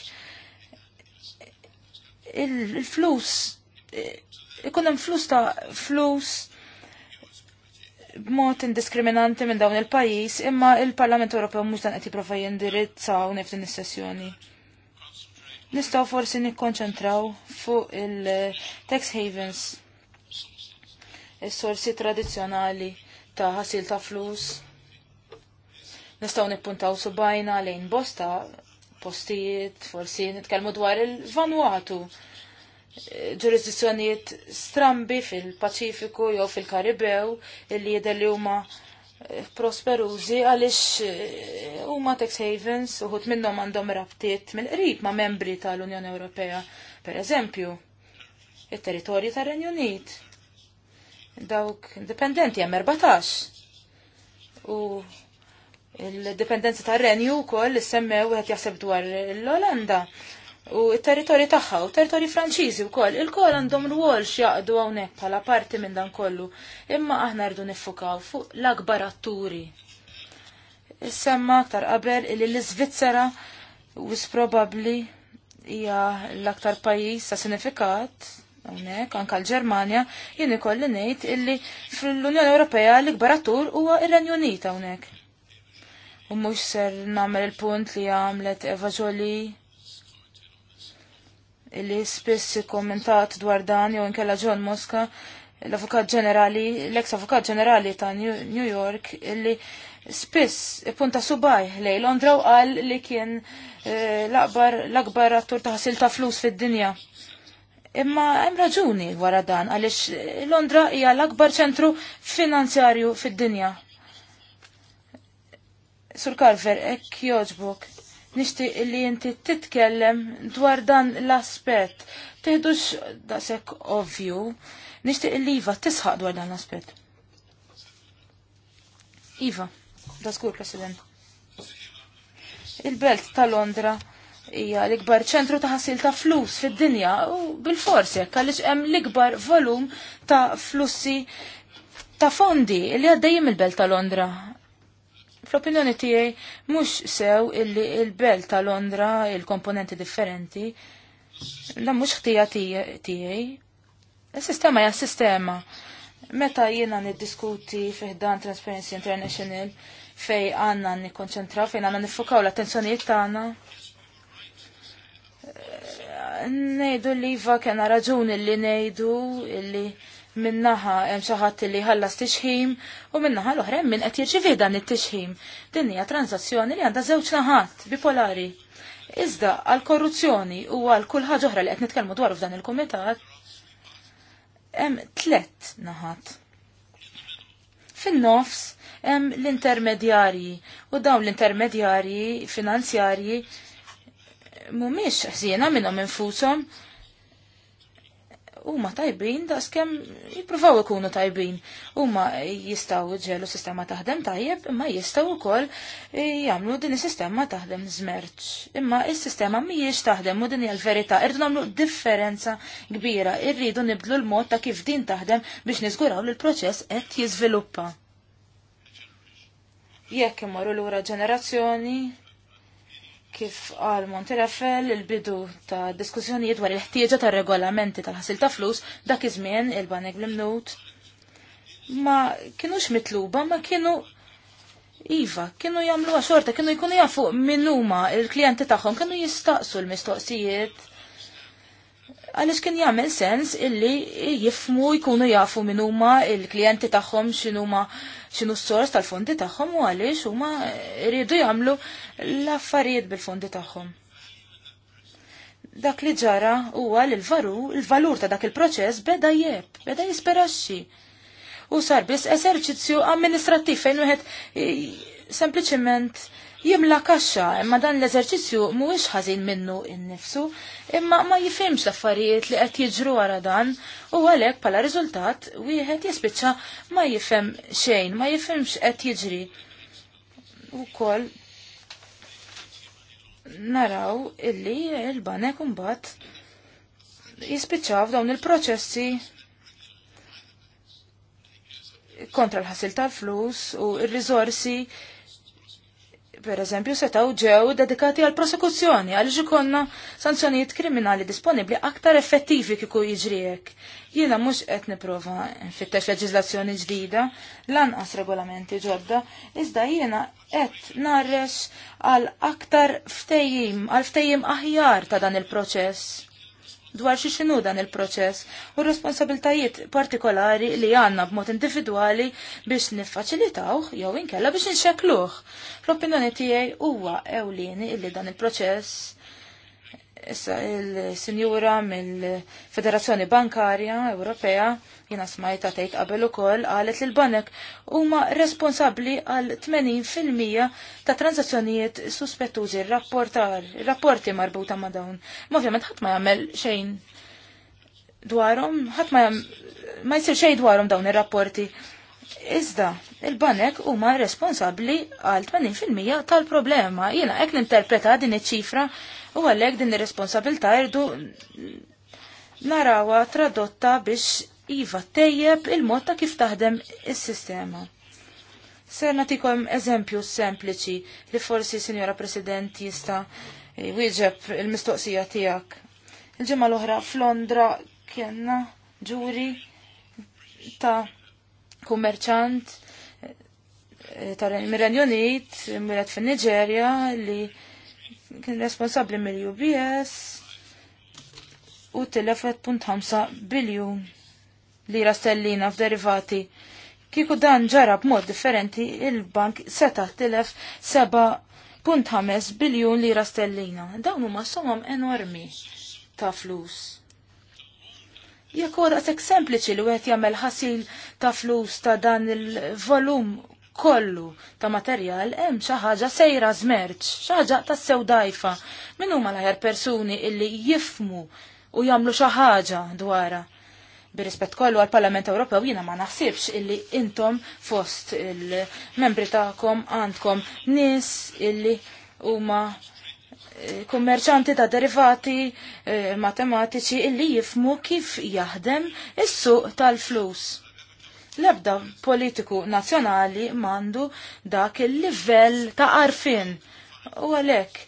S1: il-flus ikun hemm flus ta' flus b'mod indiskriminanti minn dawn il-pajis, imma il-Parlament Ewropew mhux dan qed jipprova jindirizzaw neftin is-sessjoni. Nistgħu forsi nikkonċentraw fuq il-tax havens, is-sorsi tradizzjonali ta' ħasil ta' flus. Nistgħu nippuntaw subajna lejn bosta postijiet, forsi nitkellmu dwar il-vanwatu ġurisdizzjonijiet strambi fil-Paċifiku jew fil-Karibew illi jidher li huma eh, prosperużi għaliex eh, huma tax havens uħud minnhom għandhom rabtiet mill-qrib ma' membri tal-Unjoni Ewropea. Per eżempju, it-territorju tar-Renju Unit. Dawk indipendenti hemm 14. U l-dipendenza tar-Renju wkoll issemmew qed jaħseb dwar l-Olanda u territorji tagħha u territorji Franċiżi wkoll. il koll għandhom ruol x'jaqdu hawnhekk bħala parti minn dan kollu. Imma aħna rdu niffukaw fuq l-akbar atturi. aktar qabel li l-Iżvizzera wis probabli hija l-aktar pajjiż ta' sinifikat hawnhekk anke l germania jien ikolli ngħid illi fl-Unjoni Ewropea l-ikbar attur huwa ir-Renju Unit hawnhekk. U mhux ser nagħmel il-punt li għamlet Eva Jolie li spiss kommentat dwar dan jew inkella John Mosca, l-avukat ġenerali, l-eks avukat ġenerali ta' New York, illi spiss punta subaj lej Londra u qal li kien eh, l-akbar attur ta' ħasil ta' flus fid-dinja. Imma hemm raġuni wara dan għaliex Londra hija l-akbar ċentru finanzjarju fid-dinja. Sur Carver, ek joġbok nixtieq li inti titkellem dwar dan l-aspett. Teħdux daqshekk ovvju, nixtieq li Iva tisħaq dwar dan l aspet Iva, da skur President. Il-belt ta' Londra hija l-ikbar ċentru ta' ħasil ta' flus fid-dinja u bil-forsi jekk għaliex hemm l-ikbar volum ta' flussi ta' fondi li għaddejjem il-belt ta' Londra l opinjoni tiegħi mhux sew illi il-belt ta' Londra il-komponenti differenti la mhux ħtija tiegħi. Is-sistema hija sistema. Meta jiena niddiskuti fiħdan Transparency International fej għanna nikkonċentra fejn għanna nifukaw l-attenzjonijiet tagħna eh, nejdu li iva kena raġuni li nejdu li minnaħa hemm xi ħadd li ħallas tixħim u minnaħa l-oħra hemm min qed jirċievi dan it-tixħim. Din hija tranzazzjoni li għandha żewġ naħat bipolari. Iżda għal korruzzjoni u għal kull ħaġa oħra li qed nitkellmu dwar f'dan il-kumitat hemm tlett naħat. Fin-nofs hemm l-intermedjarji u dawn l-intermedjarji finanzjarji mhumiex ħsiena minnhom infushom huma tajbin da skem jipruvaw ikunu tajbin. Huma jistgħu ġelu sistema taħdem tajjeb, imma jistgħu wkoll jagħmlu din is-sistema taħdem żmerċ. Imma is-sistema mhijiex taħdem u din hija l-verità. Irdu nagħmlu differenza kbira, irridu nibdlu l-mod ta' kif din taħdem biex niżguraw li l-proċess qed jiżviluppa. Jekk imorru lura ġenerazzjoni, kif għal Monterafel il-bidu ta' diskussjonijiet dwar il-ħtieġa ta' regolamenti tal-ħasil ta' flus dak iż-żmien il-banek bl-imnut ma kienux mitluba ma kienu Iva, kienu jamlu għaxorta, kienu jkunu jafu minnuma il-klienti tagħhom, kienu jistaqsu l-mistoqsijiet għalix kien jagħmel sens illi jifmu jkunu jafu minn huma il-klijenti tagħhom x'inhuma x'inhu s-sors tal-fondi tagħhom u għaliex huma rridu jagħmlu l-affarijiet bil-fondi tagħhom. Dak li ġara huwa l-varu, il-valur ta' dak il-proċess beda jeb, beda jisperaxxi. U sar biss eserċizzju amministrattiv fejn wieħed sempliċement jimla kaxxa, imma dan l-eżerċizzju mhuwiex ħażin minnu innifsu, imma ma jifhimx l-affarijiet li qed jiġru wara dan u għalhekk bħala riżultat wieħed jispiċċa ma jifhem xejn, ma jifhimx qed jiġri. Ukoll naraw illi l-banek imbagħad jispiċċaw f'dawn il-proċessi kontra l-ħasil tal-flus u r-rizorsi per eżempju, setaw ġew dedikati għal prosekuzzjoni għal ġikonna sanzjonijiet kriminali disponibli aktar effettivi kiku Jena Jiena mhux qed fit nfittex leġiżlazzjoni ġdida, lanqas regolamenti ġodda, iżda jiena qed narrex għal aktar ftejjim, għal ftejjim aħjar ta' dan il-proċess dwar xi xinu dan il-proċess u responsabiltajiet partikolari li għandna b'mod individwali biex niffaċilitawh jew inkella biex nxekluh. L-opinjoni tiegħi huwa ewlieni illi dan il-proċess Issa il-Sinjura mill-Federazzjoni Bankarja Ewropea jina smajta tgħid qabel ukoll qalet li l-banek huma responsabbli għal 80% ta' transazzjonijiet suspettużi rapportar, rapporti marbuta ma' dawn. Ma ovvjament ħadd ma jagħmel xejn dwarhom, ħadd ma ma jsir xejn dwarhom dawn ir-rapporti. Iżda, il-banek huma responsabbli għal 80% tal-problema. Jiena ek ninterpreta din iċ-ċifra u għalhekk din ir-responsabilità irdu narawa tradotta biex iva tejjeb il-mod ta' kif taħdem is-sistema. Ser natikom eżempju sempliċi li forsi, Sinjora President, jista' wieġeb il-mistoqsija tiegħek. Il-ġimgħa l-oħra f'Londra kienna ġuri ta' kummerċant eh, ta' mir-Renjonit, miret fin niġerja li kien responsabli mill-UBS u telefet punt biljun li stellina f'derivati. Kiku dan ġara b'mod differenti, il-bank seta punt ħames biljun lira stellina. Dawn huma somam enormi ta' flus. Jekk sek sempliċi li għet jagħmel ħasil ta' flus ta' dan il-volum kollu ta' materjal hemm xi ħaġa sejra żmerċ, xi ħaġa ta' sew dajfa. Min huma l-aħjar persuni illi jifmu u jagħmlu xi ħaġa dwarha. Birrispett kollu għal-Parlament Ewropew jiena ma naħsibx illi intom fost il-membri tagħkom għandkom nies illi huma eh, kummerċanti ta' derivati eh, matematiċi illi jifmu kif jaħdem is-suq tal-flus. L-ebda politiku nazzjonali mandu dak il-livell ta' arfin. U għalek,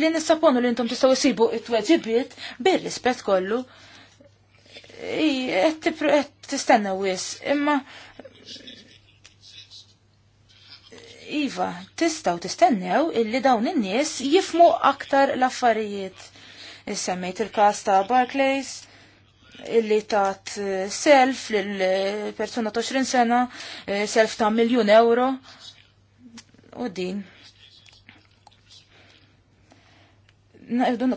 S1: li nissaponu li intom tistaw jisibu it-tweġibiet bil-rispet kollu. Qed tistenna wis, imma Iva, tistaw tistennew illi dawn in-nies jifmu aktar l-affarijiet. Is-semmejt il-kas ta' Barclays, illi tat eh, self l-persuna eh, ta' 20 sena, eh, self ta' miljon euro u din.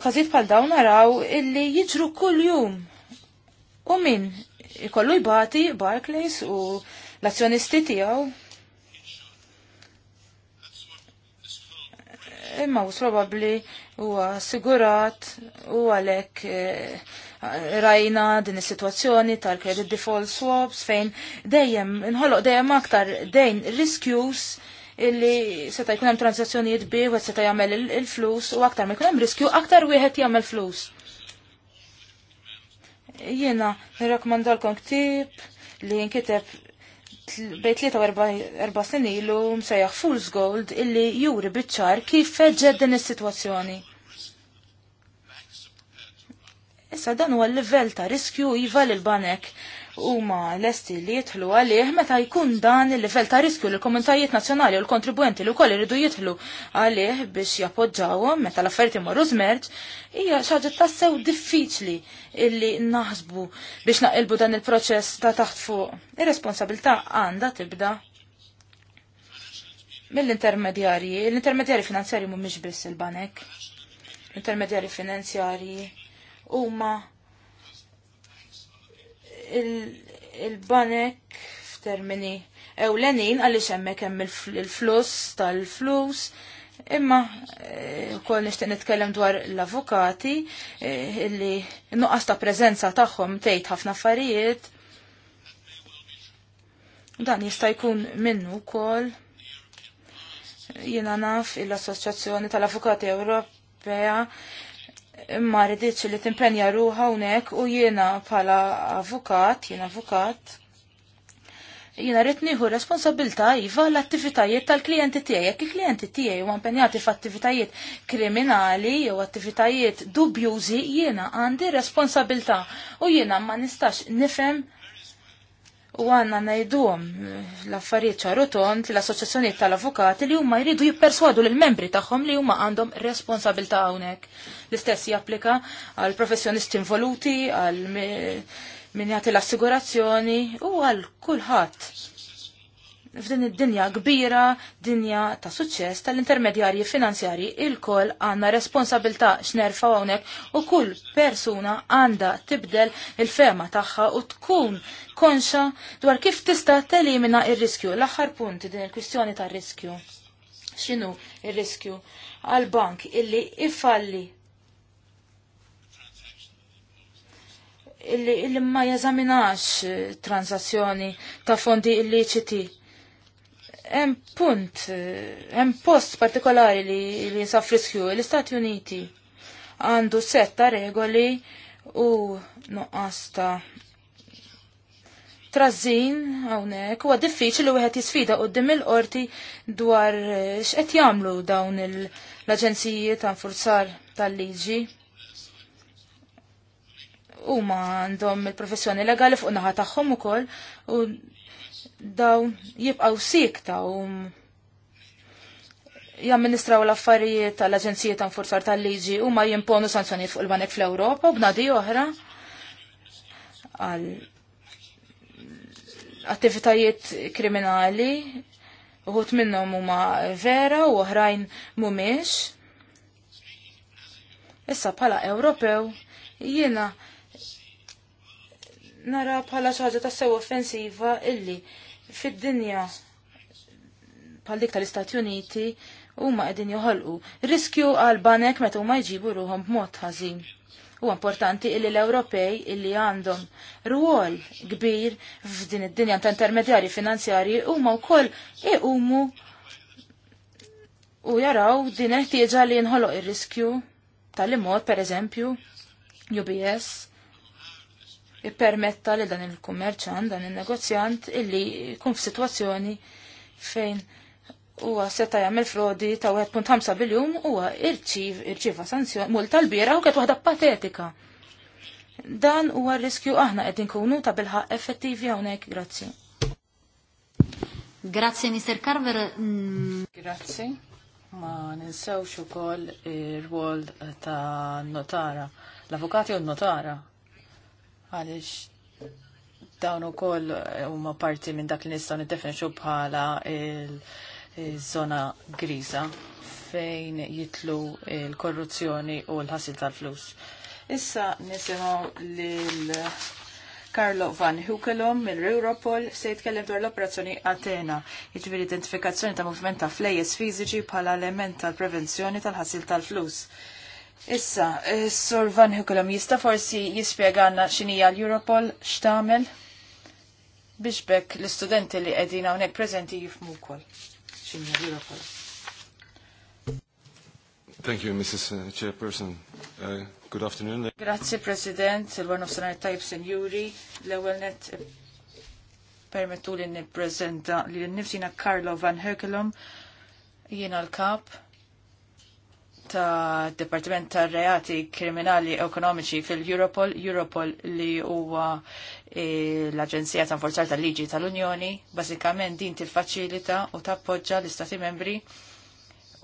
S1: Kazit pal dawn naraw illi jiġru kull jum. U min ikollu jbati Barclays u l-azzjonisti tiegħu. Imma u probabli huwa assigurat u għalhekk eh, rajna din is-sitwazzjoni tal-credit default swaps fejn dejjem inħoloq dejjem aktar dejn riskjus illi seta' jkun hemm transazzjonijiet bih seta' jagħmel il-flus u aktar ma jkun hemm riskju aktar wieħed jagħmel flus. Jiena nirrakkomandalkom ktib li nkiteb bej 43 snin ilu msejjaħ Fool's Gold illi juri biċ-ċar kif feġġed din is-sitwazzjoni. Issa dan huwa l-livell ta' riskju iva l banek huma lesti li jidħlu għalih meta jkun dan il-livell ta' riskju l komunitajiet nazzjonali u l-kontribwenti li wkoll iridu jidħlu għalih biex jappoġġawhom meta l-affarijiet imorru żmerġ hija xi ħaġa tassew diffiċli illi naħsbu biex naqilbu dan il-proċess ta' taħt fuq. Ir-responsabilità għandha tibda mill-intermedjarji. L-intermedjarji finanzjarji mhumiex biss il-banek. L-intermedjarji finanzjarji huma il-banek f'termini ewlenin għaliex hemmhekk hemm il-fluss tal-flus. Imma wkoll eh, nixtieq nitkellem dwar l-avukati eh, illi nuqqas ta' preżenza tagħhom tgħid ħafna affarijiet. Dan jista' jkun minnu wkoll jiena naf il assoċjazzjoni tal-Avukati Ewropea imma rriditx li timpenja ruħa hawnhekk u jiena bħala avukat, jiena avukat, jiena rrid nieħu responsabilità iva l-attivitajiet tal-klijenti tijaj, Jekk il-klijenti tiegħi huwa f f'attivitajiet kriminali jew attivitajiet dubjużi, jiena għandi responsabilità u jiena ma nistax nifhem u għanna najduhom l-affarijiet ċarutont l-assoċjazzjoni tal-avukati li huma jridu jipperswadu lill-membri tagħhom li huma għandhom responsabilità hawnhekk. L-istess japplika għal professjonisti involuti, għal min jagħti l-assigurazzjoni u għal kulħadd f'din id-dinja kbira, dinja ta' suċċess tal-intermedjarji finanzjarji il-koll għanna responsabilta x'nerfa hawnhekk u kull persuna għandha tibdel il-fema tagħha u tkun konxa dwar kif tista' telimina ir-riskju. L-aħħar punt din il-kwistjoni tar-riskju. X'inhu ir-riskju għall bank illi ifalli illi, illi ma jeżaminax transazzjoni ta' fondi illiċiti hemm punt, hemm post partikolari li li jinsab l-Istati Uniti għandu setta regoli u noqqas ta' trażin hawnhekk huwa diffiċli wieħed jisfida qudiem il-qorti dwar x'qed jagħmlu dawn l-aġenziji ta' forzar tal-liġi. Huma għandhom il-professjoni legali fuq naħa tagħhom ukoll u dawn jibqaw sikta u jamministraw l-affarijiet tal-Aġenzija ta' Nfurzar tal-Liġi u ma jimponu sanzjonijiet fuq il-banek fl-Ewropa u b'nadi oħra għal attivitajiet kriminali uħut minnom huma vera u oħrajn mumiex. Issa bħala Ewropew jiena nara bħala xaġa ta' sew offensiva illi fid-dinja bħal dik tal-Istati Uniti huma qegħdin joħolqu riskju għal banek meta huma jġibu ruhom b'mod ħażin. Huwa importanti illi l-Ewropej illi għandhom rwol kbir f'din id-dinja ta' intermedjarji finanzjarji huma wkoll iqumu u jaraw din eħtieġa li jinħoloq ir-riskju tal-imod pereżempju UBS permetta li dan il-kummerċant, dan il-negozjant illi jkun f'sitwazzjoni fejn huwa seta' jagħmel frodi ta' 1.5 biljum huwa irċiv irċiva sanzjoni mult tal bira u kienet waħda patetika. Dan huwa r-riskju aħna qed inkunu ta' bilħaq effettivi hawnhekk, grazzi.
S2: Grazzi Mr. Carver. Grazzi. Ma ninsewx ukoll ir-rwol ta' notara, l-avukati u n-notara għaliex dawn ukoll eh, huma parti minn dak li nistgħu niddefinixxu bħala il zona griża fejn jitlu il-korruzzjoni u l-ħasil tal-flus. Issa nisimgħu lil Carlo Van Hukelom mill-Europol se jitkellem dwar l-operazzjoni Atena, jiġifieri identifikazzjoni ta' movimenta ta' flejjes fiżiċi bħala element tal-prevenzjoni tal-ħasil tal-flus. Issa, eh, Sur Van Hukulam, jista forsi jispiegħanna xinija l-Europol xtamel biex bekk l-studenti li għedin unek prezenti jifmu kol xinija l-Europol. Thank you, Mrs. Uh, Chairperson. Uh, good afternoon. Grazie, President, il warno of Senate Type Senjuri, l-ewel net eh, permettu li n-prezenta li n-nifsina Carlo Van Hukulam jiena l-kap ta' Departiment ta' Reati Kriminali Ekonomiċi fil-Europol, Europol li huwa eh, l-Aġenzija ta' Forzar tal-Liġi tal-Unjoni, bażikament din tiffaċilita u tappoġġa l-Istati membri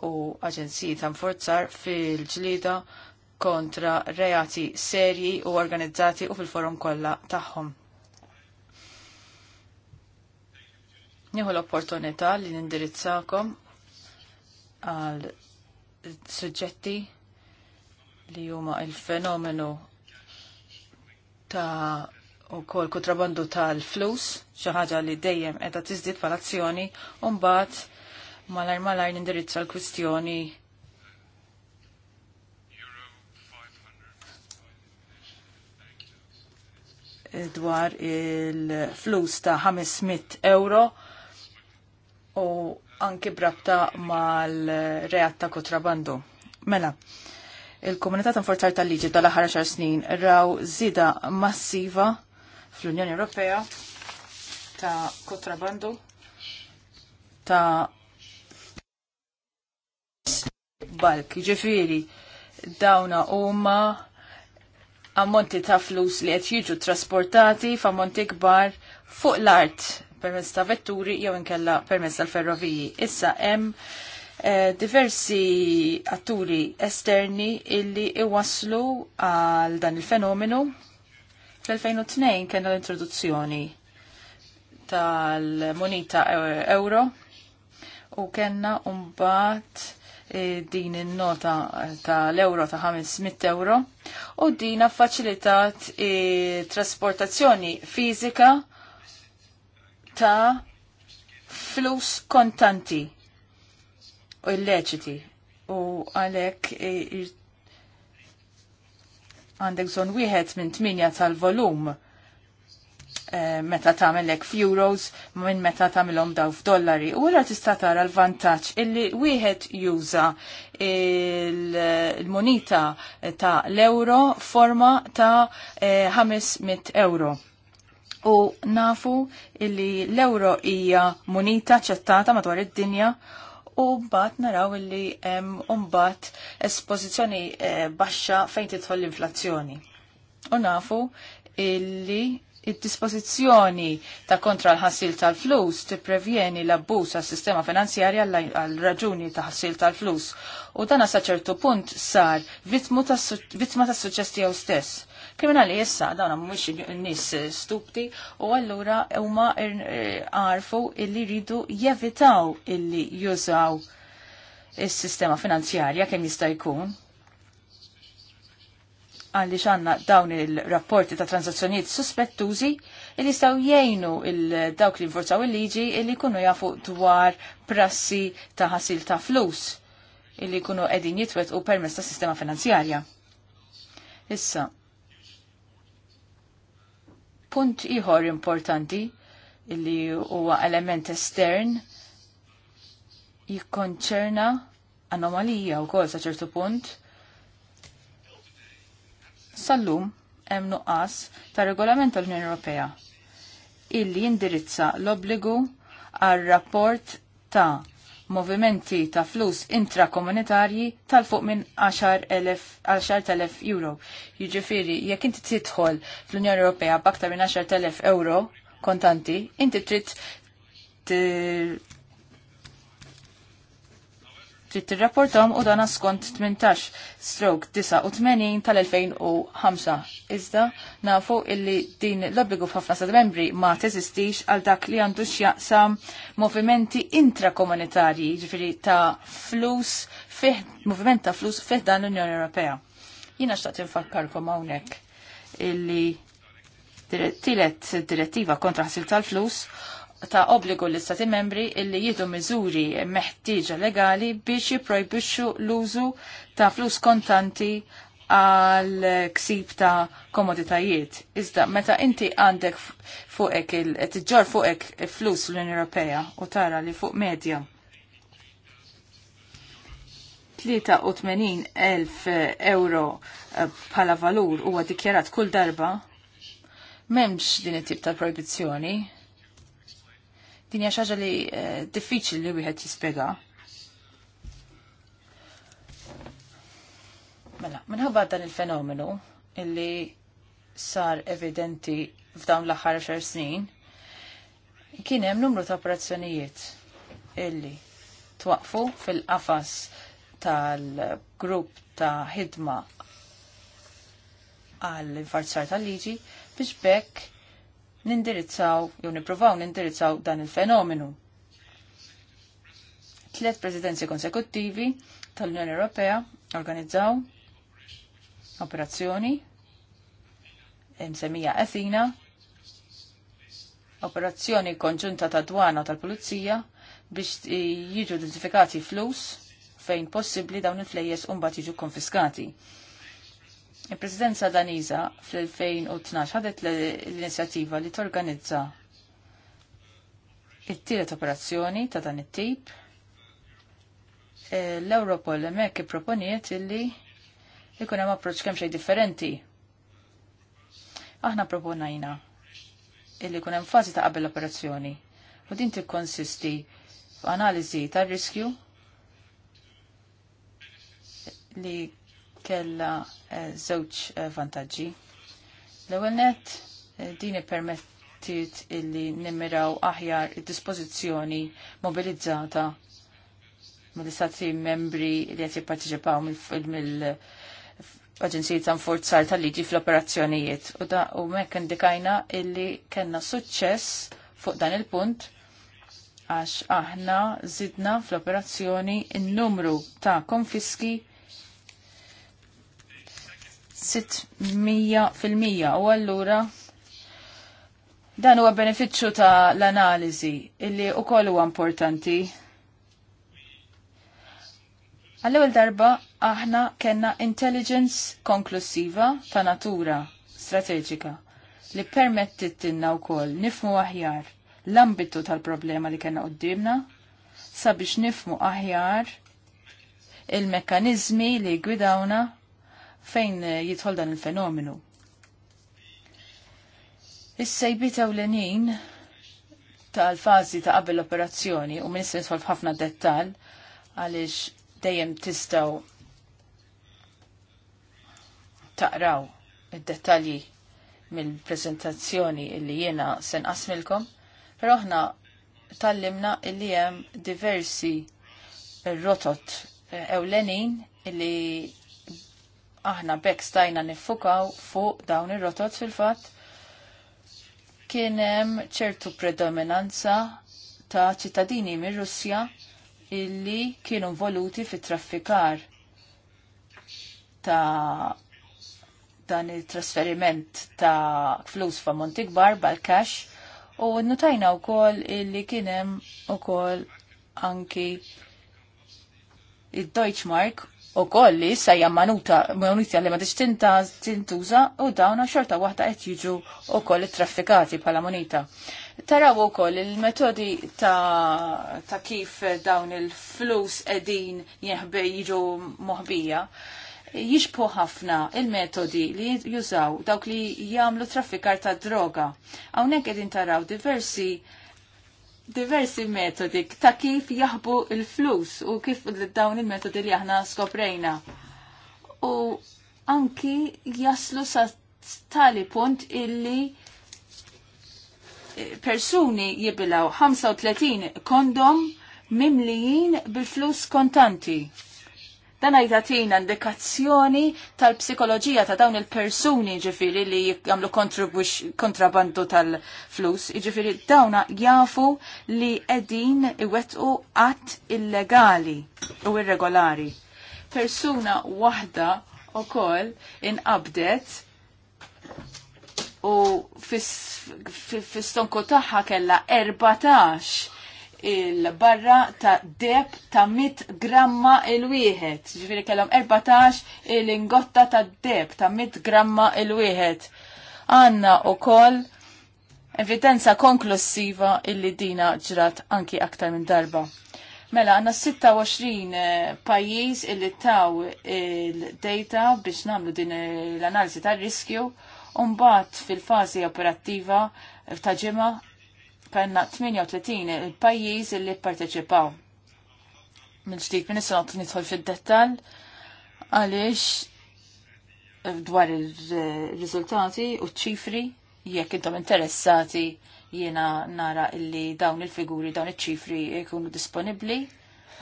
S2: u Aġenziji ta' Forzar fil-ġlida kontra reati serji u organizzati u fil-forum kollha tagħhom. Nieħu l-opportunità li nindirizzakom għal suġġetti li huma il-fenomenu ta' u kol kontrabandu tal-flus, xaħġa li dejjem edha tizdit pal-azzjoni, un-bat malar malar nindirizza l-kwistjoni dwar il-flus ta' 500 euro u anki brabta mal-reat ta' kontrabandu. Mela, il-komunità ta' forzar tal-liġi tal-aħħar xar snin raw zida massiva fl-Unjoni Ewropea ta' kontrabandu ta' balk, ġifiri, dawna huma ammonti ta' flus li qed jiġu trasportati f'ammonti kbar fuq l-art permezz ta' vetturi jew inkella permezz tal-ferroviji. Issa hemm eh, diversi atturi esterni illi iwaslu għal dan il-fenomenu. Fl-2002 kena l-introduzzjoni tal-monita e- euro u kena umbat eh, din il-nota tal-euro ta' 500 euro u din affaċilitat eh, trasportazzjoni fizika ta' flus kontanti u illeċiti u għalek e, għandek zon wieħed minn tminja tal-volum e, meta tagħmellek f'euros minn meta tagħmilhom daw f'dollari. U ra tista' tara l-vantaġġ illi wieħed juża il-monita ta' l-euro forma ta' 500 e, euro u nafu illi l-euro hija munita ċettata madwar id-dinja u mbagħad naraw illi hemm mbagħad espożizzjoni eh, baxxa fejn tidħol l-inflazzjoni. U nafu illi il dispożizzjoni ta' kontra l-ħassil tal-flus tipprevjeni l-abbuż għas sistema finanzjarja għal raġuni ta' ħassil tal-flus u dan sa ċertu punt sar vittma ta' suċċess tiegħu stess. Kriminali issa dawn mhumiex nies stupti u allura huma er-, er, għarfu illi jridu jevitaw illi jużaw is-sistema finanzjarja kemm jista' jkun għalli xanna dawn il-rapporti ta' transazzjoniet suspettużi il jistaw jgħinu il-dawk li nforzaw il-liġi illi kunu jafu dwar prassi ta' ħasil ta' flus illi kunu edin jitwet u permess ta' sistema finanzjarja. Issa, Punt ieħor importanti illi huwa element estern jikkonċerna anomalija wkoll sa ċertu punt. Sallum hemm nuqqas ta' regolament tal-Unjoni Ewropea illi jindirizza l-obbligu għal rapport ta' movimenti ta' flus intrakomunitarji tal-fuq minn 10.000 euro. Jiġifieri, jekk inti tidħol fl-Unjoni Ewropea b'aktar minn 10.000 euro kontanti, inti trid trid tirrapportom u dan skont 18 stroke 89 tal-2005. Iżda nafu illi din l-obbligu f'ħafna sad membri ma teżistix għal dak li għandu x'jaqsam movimenti intrakomunitarji, ġifieri ta' flus fih, moviment ta' flus fih dan l-Unjoni Ewropea. Jiena xtaqt infakkarkom hawnhekk illi tilet direttiva kontra ħsil tal-flus ta' obbligu l-istati membri illi jidu miżuri meħtieġa legali biex jiprojbixxu l-użu ta' flus kontanti għal ksib ta' komoditajiet. Iżda, meta inti għandek fuqek il-tġor fuqek flus l-Unjoni Ewropea u tara li fuq medja 83.000 euro eh, bħala valur huwa dikjarat kull darba, memx din it-tip ta' proibizzjoni, Din hija xaġa li eh, diffiċli li wieħed jispjega. Mela, minħabba dan il-fenomenu illi sar evidenti f'dawn l-aħħar xar snin, kien hemm numru ta' operazzjonijiet illi twaqfu fil-qafas tal-grupp ta' ħidma għall infarzar tal-liġi biex bekk nindirizzaw, jew niprovaw nindirizzaw dan il-fenomenu. Tlet prezidenzi konsekuttivi tal-Unjoni Ewropea organizzaw operazzjoni msemmija Athena, operazzjoni konġunta ta' dwana tal-Pulizija biex jiġu identifikati flus fejn possibbli dawn il-flejjes mbagħad jiġu konfiskati. Il-Presidenza Daniza fl-2012 ħadet l-inizjattiva li torganizza il tielet operazzjoni ta' dan it-tip. Eh, L-Europol hemmhekk ipproponiet illi jkun hemm approċċ kemm xejn differenti. Aħna proponajna illi jkun hemm fażi ta' qabel l-operazzjoni u din tikkonsisti f'analiżi tar-riskju li kella eh, żewġ eh, vantaġġi. L-ewwel net eh, din permettiet illi nimmiraw aħjar id-dispożizzjoni mobilizzata mill-istati membri li qed jipparteċipaw mill aġenzijiet ta' Forzar tal-liġi fl-operazzjonijiet. U da u mek indikajna illi kellna suċċess fuq dan il-punt għax aħna zidna fl-operazzjoni n-numru ta' konfiski 600% fil-Mija u allura dan huwa benefiċċju ta' l-analiżi illi wkoll huwa importanti. Għall-ewwel darba aħna kellna intelligence konklusiva ta' natura strateġika li permettittinna wkoll nifmu aħjar l-ambitu tal-problema li kellna qoddimna sabiex nifmu aħjar il-mekkanizmi li gwidawna fejn eh, jidħol dan il-fenomenu. Is-sejbit ewlenin tal-fazi ta' qabel l-operazzjoni u minn nidħol f'ħafna dettal għaliex dejjem tistaw taqraw id-dettalji mill-prezentazzjoni illi jiena sen qasmilkom, però aħna tallimna illi hemm diversi rotot eh, ewlenin illi aħna bekk stajna nifukaw fuq dawn ir-rotot fil-fatt kien hemm ċertu predominanza ta' ċittadini mir-Russja illi kienu involuti fit-traffikar ta' dan il-trasferiment ta' flus fa' Montigbar bal-cash u notajna u kol illi kienem u kol anki il-Deutschmark u koll li issa hija manuta Munita li ma tixtinta tintuża u dawna xorta waħda qed jiġu wkoll it-traffikati bħala munita. Taraw ukoll il-metodi ta', ta kif dawn il-flus qegħdin jeħbej jiġu moħbija jixbu ħafna il-metodi li jużaw dawk li jagħmlu traffikar ta' droga. Hawnhekk qegħdin taraw diversi diversi metodi ta' kif jaħbu il-flus u kif dawn il-metodi li aħna skoprejna. U anki jaslu sa' tali punt illi persuni jibilaw 35 kondom mimlijin bil-flus kontanti. Dan għajtatina indikazzjoni tal-psikoloġija ta' dawn il-persuni ġifiri li jgħamlu kontrabandu tal-flus. Ġifiri dawna jafu li edin iwetqu għat illegali u irregolari. Persuna wahda u koll inqabdet u fis-stonku taħħa kella 14 il-barra ta' deb ta' 100 gramma il-wieħed. Ġifiri kellhom 14 il-ingotta ta' deb ta' 100 gramma il-wieħed. Għanna u koll evidenza konklusiva illi dina ġrat anki aktar minn darba. Mela, għanna 26 eh, pajjiż illi taw il-data biex namlu din l-analizi ta' riskju, unbat fil-fazi operattiva ta' ġimma penna 38 il-pajjiż li pparteċipaw. Minn ġdid minn issa nidħol fid-dettall għaliex dwar il-riżultati u ċifri jekk intom interessati jiena nara illi dawn il-figuri, dawn iċ-ċifri jkunu disponibbli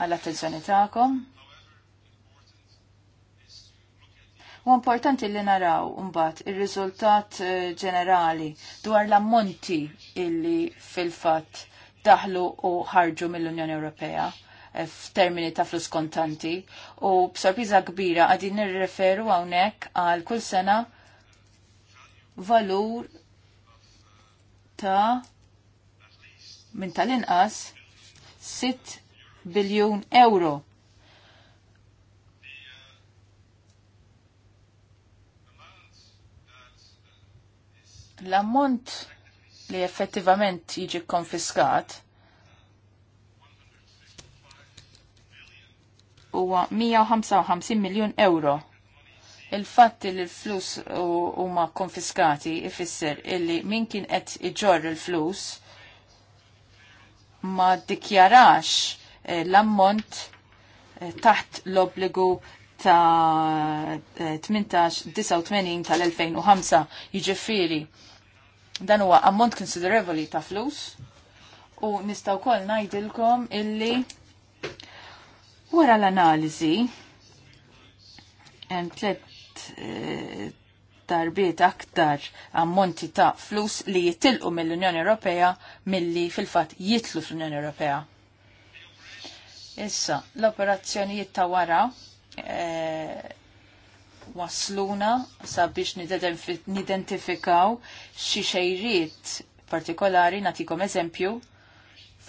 S2: għall-attenzjoni tagħkom. U importanti li naraw mbagħad ir-riżultat eh, ġenerali dwar l-ammonti illi fil-fatt daħlu u ħarġu mill-Unjoni Ewropea eh, f'termini ta' flus kontanti u b'sorpriża kbira għadin nirreferu hawnhekk għal kull sena valur ta' minn tal-inqas 6 biljun euro l-ammont li effettivament jiġi konfiskat huwa 155 miljon euro. Il-fatt li l-flus huma konfiskati ifisser illi min kien qed iġorr il-flus ma dikjarax eh, l-ammont eh, taħt l-obbligu ta' 18-89 tal-2005 jiġifieri dan huwa ammont konsiderevoli ta' flus u nistaw kol ngħidilkom illi wara l-analiżi hemm tliet eh, darbiet aktar ammonti ta' flus li jitilqu mill-Unjoni Ewropea milli fil-fatt jitlu fl-Unjoni Ewropea. Issa, l-operazzjonijiet ta' wara Eh, wasluna sabiex nidentifikaw xi xejriet partikolari natikom eżempju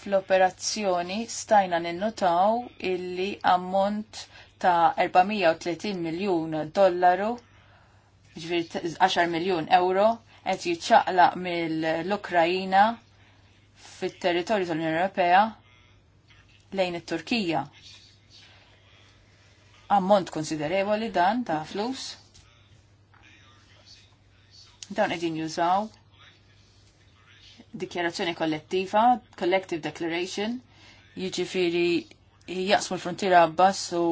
S2: fl-operazzjoni stajna ninnotaw illi ammont ta' 430 miljun dollaru 10 miljun euro qed jiċċaqlaq mill-Ukrajina fit-territorju tal-Unjoni Ewropea lejn it-Turkija ammont konsiderevoli dan ta' flus. Dawn qegħdin jużaw dikjarazzjoni kollettiva, collective declaration, jiġifieri jaqsmu l-frontiera bassu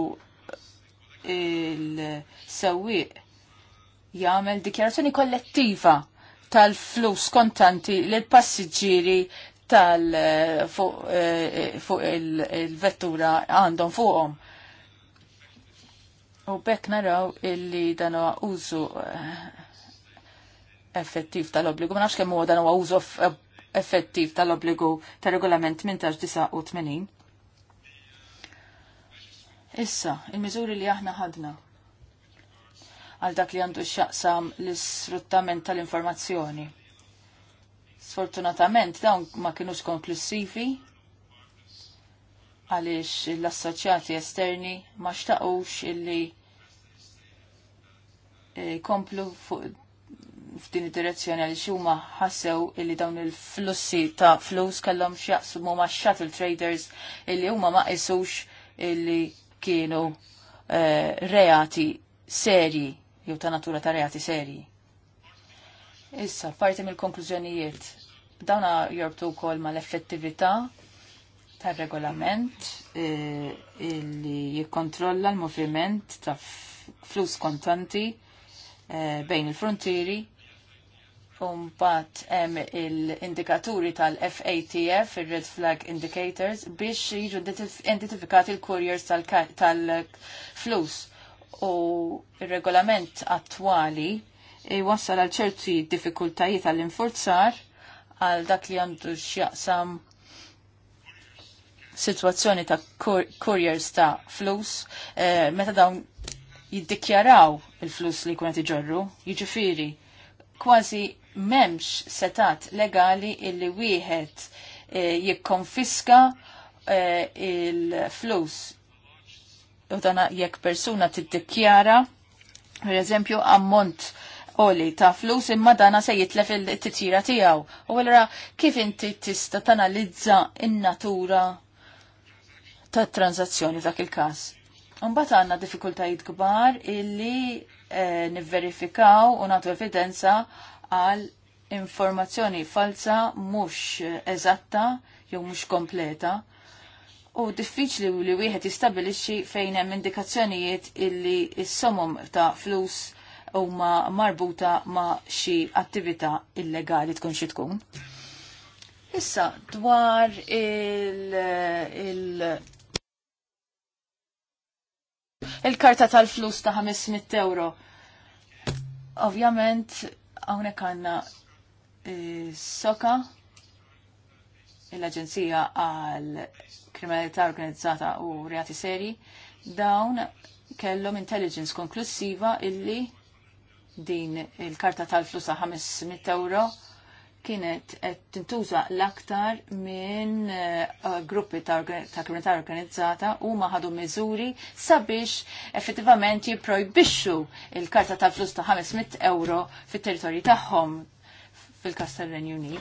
S2: il sewi jagħmel dikjarazzjoni kollettiva tal-flus kontanti lill passiġġieri tal eh, fuq eh, eh, il-vettura għandhom fuqhom. U bekk naraw illi dan huwa użu eh, effettiv tal-obbligu. Ma nafx kemm huwa dan huwa użu eh, effettiv tal-obbligu tar-regolament minn tax 1889. Issa, il-miżuri li aħna ħadna għal dak li għandu x'jaqsam l-isfruttament tal-informazzjoni. Sfortunatament dawn ma kienux konklusivi għaliex l-assoċjati esterni ma xtaqux illi eh, komplu f'din id-direzzjoni għaliex huma ħassew illi dawn il-flussi ta' flus kellhom x'jaqsmu ma' shuttle traders illi huma ma qisux illi kienu eh, reati serji jew ta' natura ta' reati serji. Issa, parti mill-konklużjonijiet, dawna jorbtu wkoll mal effettività tal regolament e, illi jikkontrolla l-moviment ta' flus kontanti e, bejn il-frontieri u mbagħad hemm l-indikaturi tal-FATF, ir-Red Flag Indicators, biex jiġu identifikati l-couriers tal-flus. U il regolament attwali jwassal e, għal ċerti diffikultajiet għall-infurzar għal dak li għandu x'jaqsam situazzjoni ta' couriers ta' flus, eh, meta dawn jiddikjaraw il-flus li kunet iġorru, jiġifiri, kważi memx setat legali illi wieħed eh, jikkonfiska eh, il-flus. U dana jekk persuna tiddikjara, per eżempju, ammont oli ta' flus imma dana se jitlef il-titjira tijaw. U għallra kif inti tista tanalizza in-natura ta' tranzazzjoni dak il-każ. Mbagħad għandna diffikultajiet kbar illi eh, nivverifikaw u nagħtu evidenza għal informazzjoni falsa mhux eżatta jew mhux kompleta. U diffiċli li wieħed jistabilixxi fejn hemm indikazzjonijiet illi s-somom ta' flus huma marbuta ma' xi attività illegali tkun xi tkun. Issa dwar il-, il il-karta tal-flus ta' 500 euro. Ovvjament, hawnhekk għandna eh, soka l-Aġenzija għal Kriminalità Organizzata u Reati Seri dawn kellhom intelligence konklusiva illi din il-karta tal-flus ta' 500 euro kienet qed tintuża l-aktar minn eh, gruppi ta' kriminalità organizzata u ma ħadu miżuri sabiex effettivament jipprojbixxu il-karta ta' flus ta' 500 euro fit-territorju tagħhom fil-Kastell Renju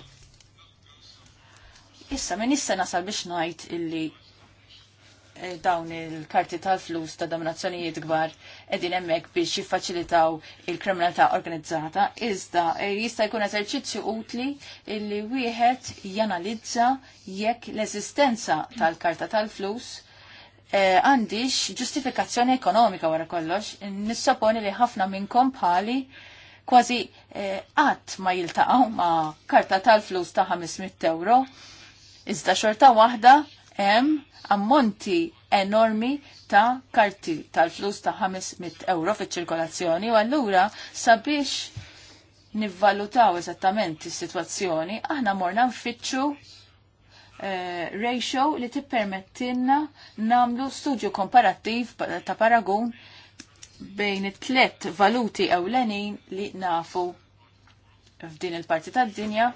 S2: Issa minn issa nasal biex ngħid illi dawn il-karti tal-flus ta' dominazzjonijiet gbar edin emmek biex jiffaċilitaw il-kriminalità organizzata, iżda e, jista' jkun eżerċizzju utli illi wieħed janalizza jekk l-eżistenza tal-karta tal-flus e, għandix ġustifikazzjoni ekonomika wara kollox, nissaponi li ħafna minnkom kompali kważi e, qatt ma jiltaqgħu ma' karta tal-flus ta' 500 euro, iżda xorta waħda hemm ammonti enormi ta' karti tal-flus ta' 500 euro fiċ ċirkolazzjoni u allura sabiex nivvalutaw eżattament is-sitwazzjoni aħna morna nfittxu eh, ratio li tippermettilna namlu studju komparattiv ta' paragun bejn it-tlet valuti ewlenin li nafu f'din il-parti tad-dinja,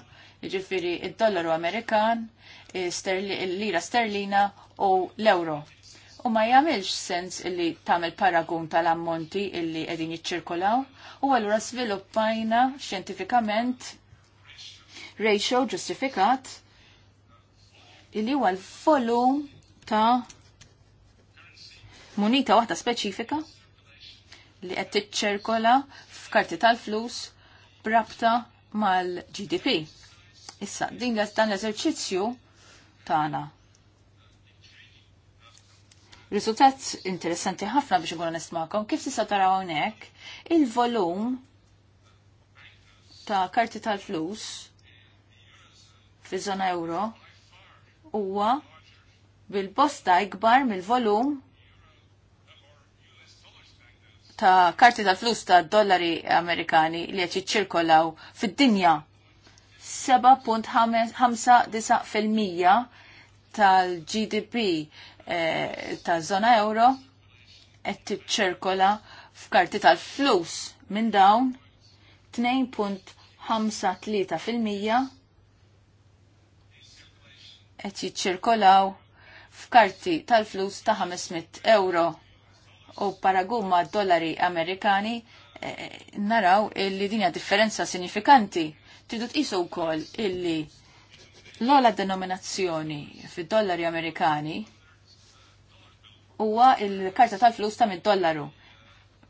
S2: jiġifieri id-dollaru Amerikan, Eh, l-lira sterlina u l-euro. U ma jgħamilx sens illi tagħmel paragun tal-ammonti illi qegħdin jiċċirkolaw u allura sviluppajna xjentifikament ratio ġustifikat illi huwa l-volum ta' munita waħda speċifika li qed tiċċerkola f'karti tal-flus brabta mal-GDP. Issa, din dan l-eżerċizzju tagħna. Riżultat interessanti ħafna biex ikunu nismakom, kif tista' taraw hawnhekk il-volum ta' karti tal-flus fi żona euro huwa bil-bosta ikbar mill-volum ta' karti tal-flus ta' dollari amerikani li qed jiċċirkolaw fid-dinja 7.59% tal-GDP eh, ta' zona euro qed tiċċirkola f'karti tal-flus minn dawn 2.53% qed jiċċirkolaw f'karti tal-flus ta' 500 euro u paraguma dollari Amerikani eh, naraw li dinja differenza sinifikanti tidu tqisu wkoll illi l-ola denominazzjoni fid-dollari Amerikani huwa il-karta tal-flus ta' mid-dollaru.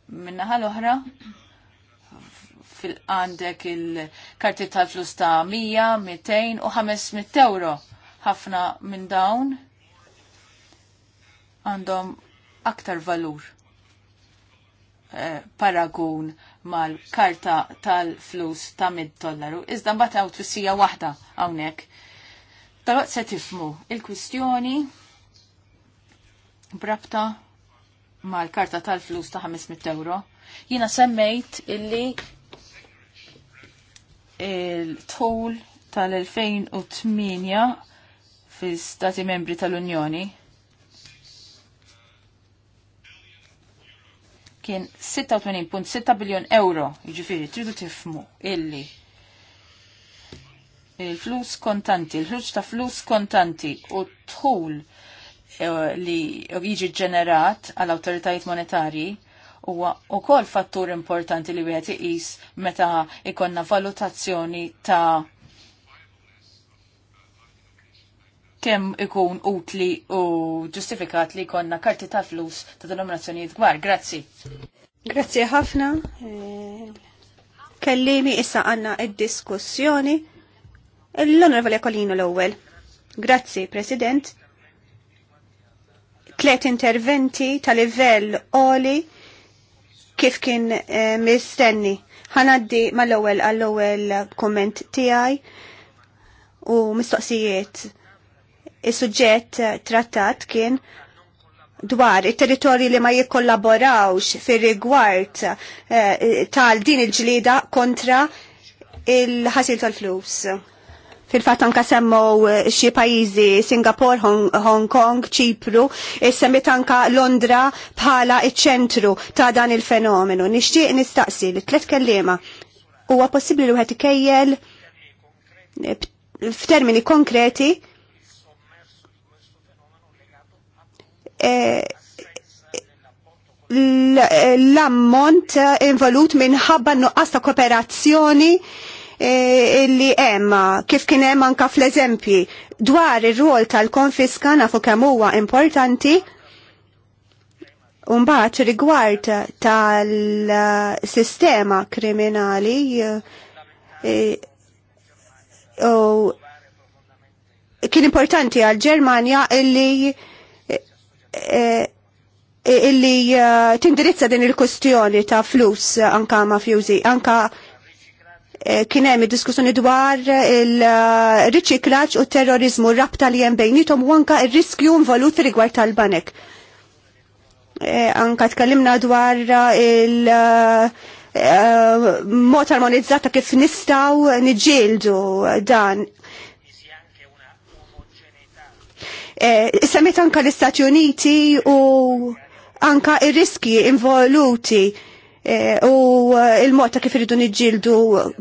S2: Minnaħa l-oħra fil-għandek il-karti tal-flus ta' 100, 200 u 500 euro. Ħafna minn dawn għandhom aktar valur. Eh, paragun mal-karta tal-flus ta' mid-dollaru. Iżda mbagħad hawn twissija waħda hawnhekk. Dalwaqt se tifmu il-kwistjoni brabta mal-karta tal-flus ta' 500 euro. Jina semmejt illi il-tul tal-2008 fi stati membri tal-Unjoni kien 86.6 biljon euro, jiġifieri tridu tifmu illi il-flus kontanti, il-ħruġ ta' flus kontanti u tħul eh, li jiġi ġenerat għal awtoritajiet monetarji huwa kol fattur importanti li wieħed iqis meta ikonna valutazzjoni ta' kem ikun utli u ġustifikat li konna karti ta' flus ta' denominazzjonijiet gwar. Grazzi.
S3: Grazzi ħafna. Kellimi issa għanna id-diskussjoni. l onorevoli Kolino l-ewwel. Grazzi, President. Tlet interventi ta' livell oli kif kien eh, mistenni. Ħanaddi mal-ewwel għall-ewwel komment tiegħi u mistoqsijiet is-suġġett eh, trattat kien dwar it-territorji li ma jikkollaborawx fir rigward eh, tal din il-ġlida kontra il-ħasil tal-flus. Fil-fat anka semmu eh, xie pajizi Singapore, Hong, Hong Kong, Ċipru, e semmit tanka Londra bħala il ċentru ta' dan il-fenomenu. Nixtieq nistaqsi li tlet kellima. Huwa possibbli li wieħed ikejjel f'termini konkreti l-ammont involut minħabba nuqqas ta' kooperazzjoni eh, li hemm kif kien hemm anka fl-eżempji dwar ir-rol tal-konfiska nafu kemm huwa importanti Umbat rigward tal-sistema kriminali eh, eh, kien importanti għal-Ġermanja illi Eh, eh, illi eh, tindirizza din il-kustjoni ta' flus anka mafjużi, anka kienem diskussjoni dwar il-riċiklaċ u terrorizmu rabta li jembejnietom u anka il-riskju involut rigward tal-banek. Anka tkellimna dwar il- mod armonizzata kif nistaw niġildu dan Eh, Semmet anka l-Istati Uniti u anka il riski involuti eh, u eh, il-mod ta' kif irridu niġġieldu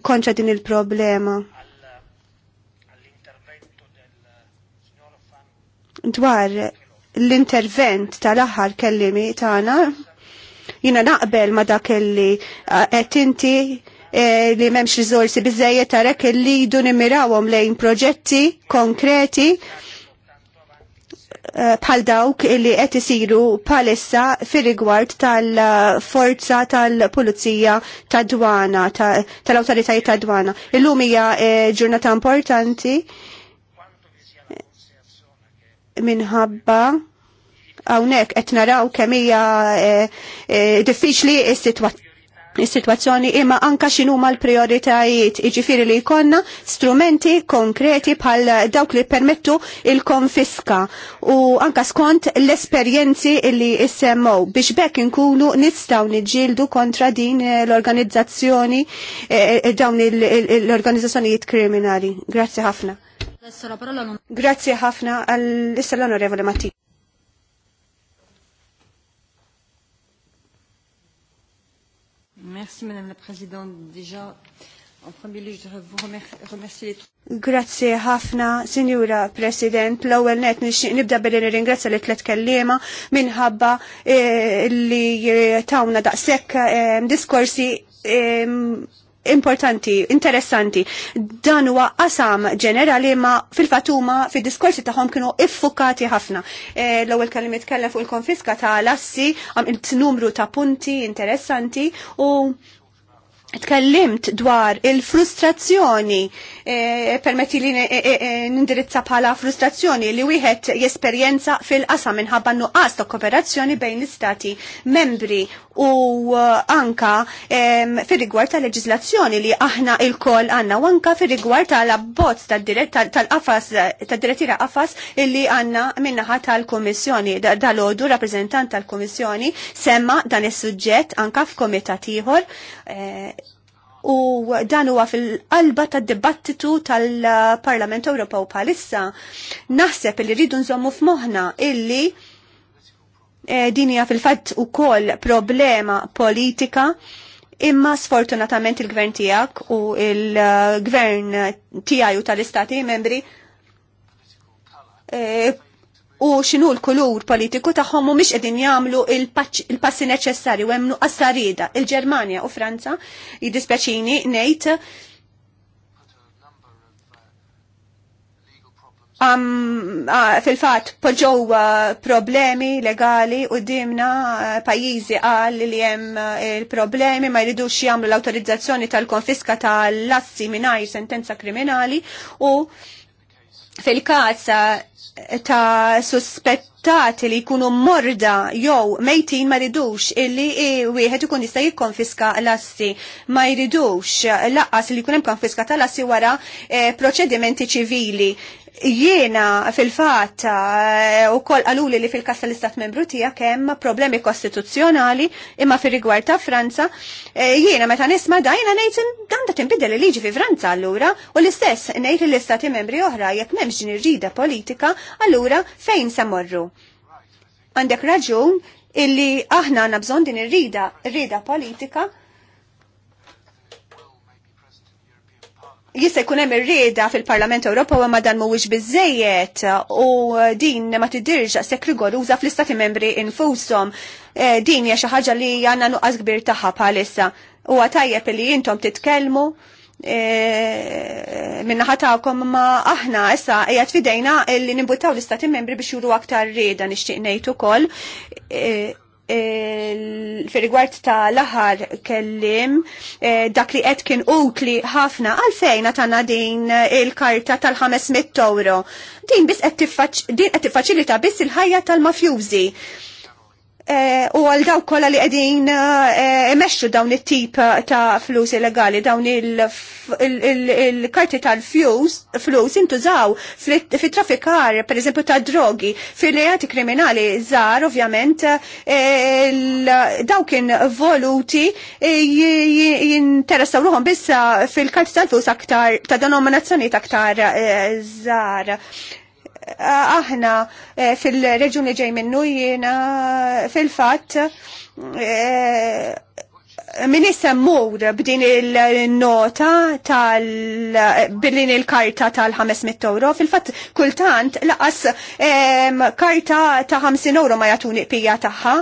S3: kontra din il-problema. Dwar l-intervent tal-aħħar kellimi tagħna, jiena naqbel ma dak li qed inti li m'hemmx riżorsi biżejjed tarek li jdu nimmirawhom lejn proġetti konkreti Eh, bħal dawk li qed isiru bħalissa fir-rigward tal-forza tal-pulizija tad-dwana, tal-awtoritajiet tad-dwana. Illum hija eh, ġurnata importanti minħabba hawnhekk qed naraw kemm hija eh, diffiċli s-sitwazzjoni is-sitwazzjoni imma anka x'inhuma l-prioritajiet iġifieri li jkollna strumenti konkreti bħal dawk li permettu il-konfiska u anka skont l-esperjenzi li issemmew biex bekk inkunu nistgħu niġġieldu kontra din eh, l-organizzazzjoni eh, eh, dawn l-organizzazzjonijiet kriminali. Grazzi ħafna. Grazzi ħafna għall-issa l-onorevole Matti. Merci Madame la Présidente. Déjà, en premier lieu, je voudrais vous remercier, les Grazie ħafna, Sinjura President. L-ewwel net nixtieq nibda billi nirringrazzja li tliet kelliema minħabba eh, li eh, tawna daqshekk eh, diskorsi importanti, interessanti. Dan huwa qasam ġenerali ma fil-fatuma fid-diskorsi tagħhom kienu iffukati ħafna. E, l-ewwel kellim jitkellem fuq il-konfiska ta' lassi, għam numru ta' punti interessanti u tkellimt dwar il-frustrazzjoni Eh, permetti li eh, eh, nindirizza bħala frustrazzjoni li wieħed jesperjenza fil-qasam minħabba nuqqas ta' kooperazzjoni bejn l-istati membri u anka fil-rigward ta' leġislazzjoni li aħna il-koll għanna u anka fil-rigward ta' abbozz tal-qafas tad-direttiva qafas li għanna minnaħa tal-Komissjoni dal-għodu rappresentant tal-Komissjoni semma dan is-suġġett anka f'komitat ieħor u dan huwa fil-qalba tad-dibattitu tal-Parlament Ewropew bħalissa. Naħseb li rridu nżommu f'moħħna illi e, din dinja fil-fatt ukoll problema politika imma sfortunatament il-gvern tijak u il-gvern tijaj tal-istati membri e, u xinu l-kulur politiku taħħom u miex edin jamlu il-passi neċessari u jemnu assarida il-Germania u Franza jidispeċini nejt um, fil-fat poġow problemi legali u dimna pajizi għal li jem il-problemi ma jridux jamlu l-autorizzazzjoni tal-konfiska tal-lassi minajr sentenza kriminali u fil-każ ta' suspettati li jkunu morda jew mejtin ma ridux illi wieħed ikun jista' jikkonfiska l-assi ma jridux laqqas li jkun hemm konfiska tal-assi wara eh, proċedimenti ċivili Jiena fil-fat eh, u koll għaluli li fil kassa l istat membru tija kem problemi kostituzzjonali imma fil rigward ta' Franza. Eh, jiena meta nisma dajna jiena danda għanda timbidel li liġi fi Franza allura u l-istess nejt l-istati membri oħra jekk memx ġinirġida politika allura fejn samorru. Għandek raġun illi aħna għanna bżon din irrida rida politika jista' jkun hemm ir-rieda fil-Parlament Ewropew ma dan mhuwiex biżejjed u din ma tidirx sekk rigoruża fl-istati membri infushom. Eh, din hija xi ħaġa li għandna nuqqas kbir tagħha bħalissa. Huwa tajjeb li intom titkellmu eh, minn ħatakom ma aħna issa hija fidejna li nimbuttaw l-istati membri biex juru aktar rieda nixtieq ngħid ukoll e, fil rigward ta' laħar kellim eh, dak li qed kien utli ħafna għalfejn tagħna din eh, il-karta tal-500 euro. Din biss qed tiffaċilita biss il-ħajja tal-mafjużi. Eh, u għal daw kolla li għedin emesċu eh, dawn it-tip eh, ta' flus illegali, dawn il-karti tal-flus intużaw fit-trafikar, per eżempju, ta' drogi, fi lejati kriminali zar, ovvjament, dawkin voluti jinteressaw ruħom bissa fil-karti tal-flus aktar, ta' danominazzjoni aktar zar aħna eh, fil-reġuni ġej minnu jiena fil-fatt eh, min mur b'din il-nota tal b'din il-karta tal-500 euro fil-fatt kultant laqas karta ta' 50 euro ma jatuni pija taħħa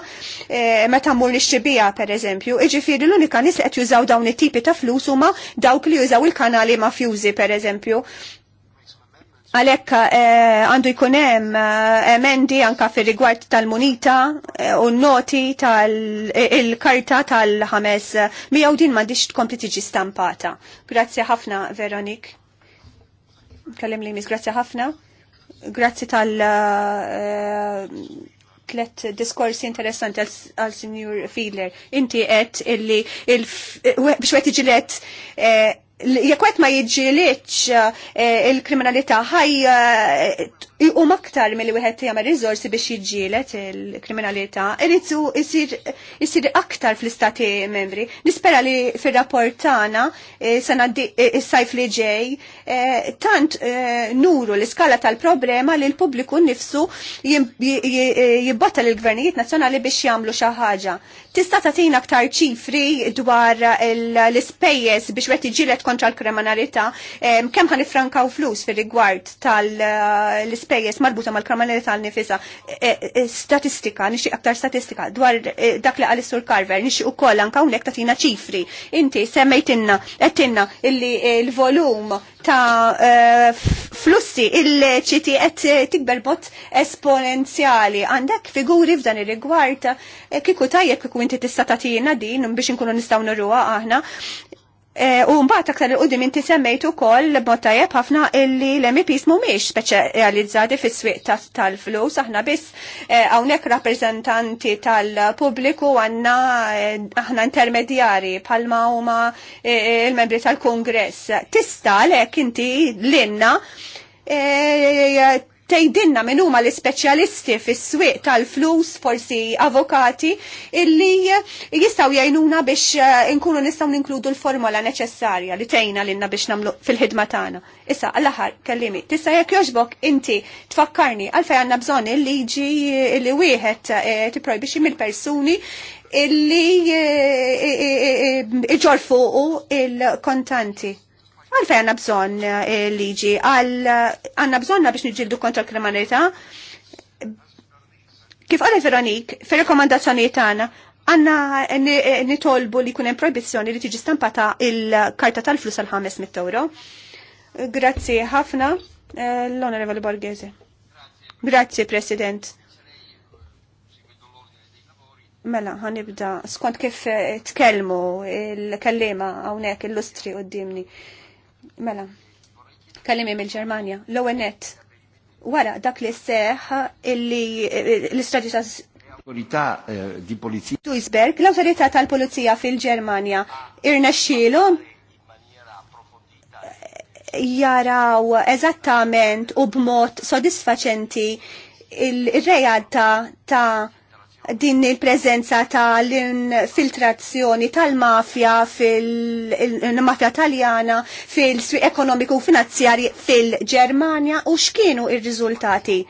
S3: eh, meta mmur nixxibija per eżempju iġifieri l-unika nies qed jużaw dawn it-tipi ta' flus huma dawk li jużaw il-kanali mafjuzi per eżempju Għalhekk eh, għandu jkunem jkun hemm eh, emendi anka fir rigward tal-munita eh, u noti tal-karta tal-ħames miegħu din m'għandix tkompli tiġi stampata. Grazzi ħafna Veronik. Kallim li mis grazzi ħafna. Grazzi tal- let tlet diskorsi interessanti għal Sinjur Fiedler. Inti qed illi biex wet iġilet jekk ma jiġġielitx eh, il-kriminalità ħaj eh, u maktar mill wieħed jagħmel riżorsi biex jiġġielet il-kriminalità, irid isir aktar fl-istati membri. Nispera li fir-rapport tagħna eh, eh, is-sajf li ġej eh, tant nuru l-iskala tal-problema li l-pubbliku nnifsu jibbatta l gvernijiet nazzjonali biex jagħmlu xi ħaġa. Tista' tagħtina aktar ċifri dwar l-ispejjeż biex wieħed iġġielet kontra l-kriminalità, kemm ħanifrankaw flus fir-rigward tal-ispejjeż l marbuta mal tal nifisa e, e, statistika, nixi aktar statistika dwar e, dak li għalissur sur Carver, nixi ukoll anka hawnhekk tagħtina ċifri. Inti semmejtinna għettinna illi l-volum ta' flussi il-ċiti qed tikber bot esponenzjali. Għandek figuri f'dan ir-rigward kiku tajjeb kiku inti tista' tatina din biex inkunu nistgħu nirruha aħna E, u mbagħad aktar il-qudiem inti semmejt ukoll b'mod tajjeb ħafna illi l-MPs mhumiex speċjalizzati fis-swieq tal-flus, aħna biss e, hawnhekk rappreżentanti tal-pubbliku għandna e, aħna intermedjari bħalma huma il-membri tal-Kungress. Tista' lek inti l-inna tejdinna minn huma l-ispeċjalisti fis-swieq tal-flus, forsi avokati, illi jistaw jgħinuna biex eh, inkunu nistgħu ninkludu l-formola neċessarja li tgħinna lilna biex nagħmlu fil-ħidma tagħna. Issa għall-aħħar kellimi, tista' jekk jogħġbok inti tfakkarni għalfejn għandna bżonn il-liġi li wieħed eh, tipprojbixxi mill-persuni illi eh, iġorfuqu il-kontanti. Għalfej għanna bżon eh, liġi, eh, għanna bżonna biex nġildu kontra kriminalità. Kif għalli Veronik, fil rekomandazzjoni tagħna, għanna eh, nitolbu li kunem proibizzjoni li tiġi stampata il-karta tal-flus għal 500 euro. Grazzi ħafna l-Onorevole Borghese. Grazzi, President. Mela, għanibda, skont kif tkellmu il-kellima għawnek, il-lustri għoddimni. Mela, Kallim mill-Ġermanja, l onet net. Wara dak li seħ illi l-istraġi ta'
S2: Autorità eh, di polizia.
S3: Duisberg, l-autorità tal-polizija fil-Ġermanja xilu? jaraw eżattament u b'mod sodisfaċenti il-rejata ta' din il-prezenza tal-infiltrazzjoni tal-mafja fil-mafja taljana fil-swi ekonomiku finanzjari fil-Germania u xkienu il-rizultati?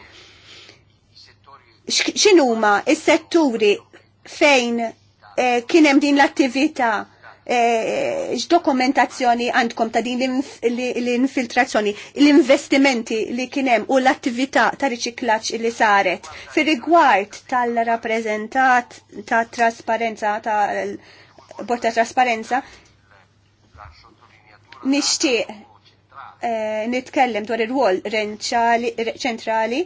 S3: X'inhuma s setturi fejn eh, kien kienem din l-attività? Eh, x'dokumentazzjoni għandkom ta' din l-infiltrazzjoni, l-investimenti li kienem u l-attività ta' riċiklaċ li saret fir rigward tal-rappreżentat ta' trasparenza ta' borta trasparenza nixtieq eh, nitkellem dwar ir-rwol ċentrali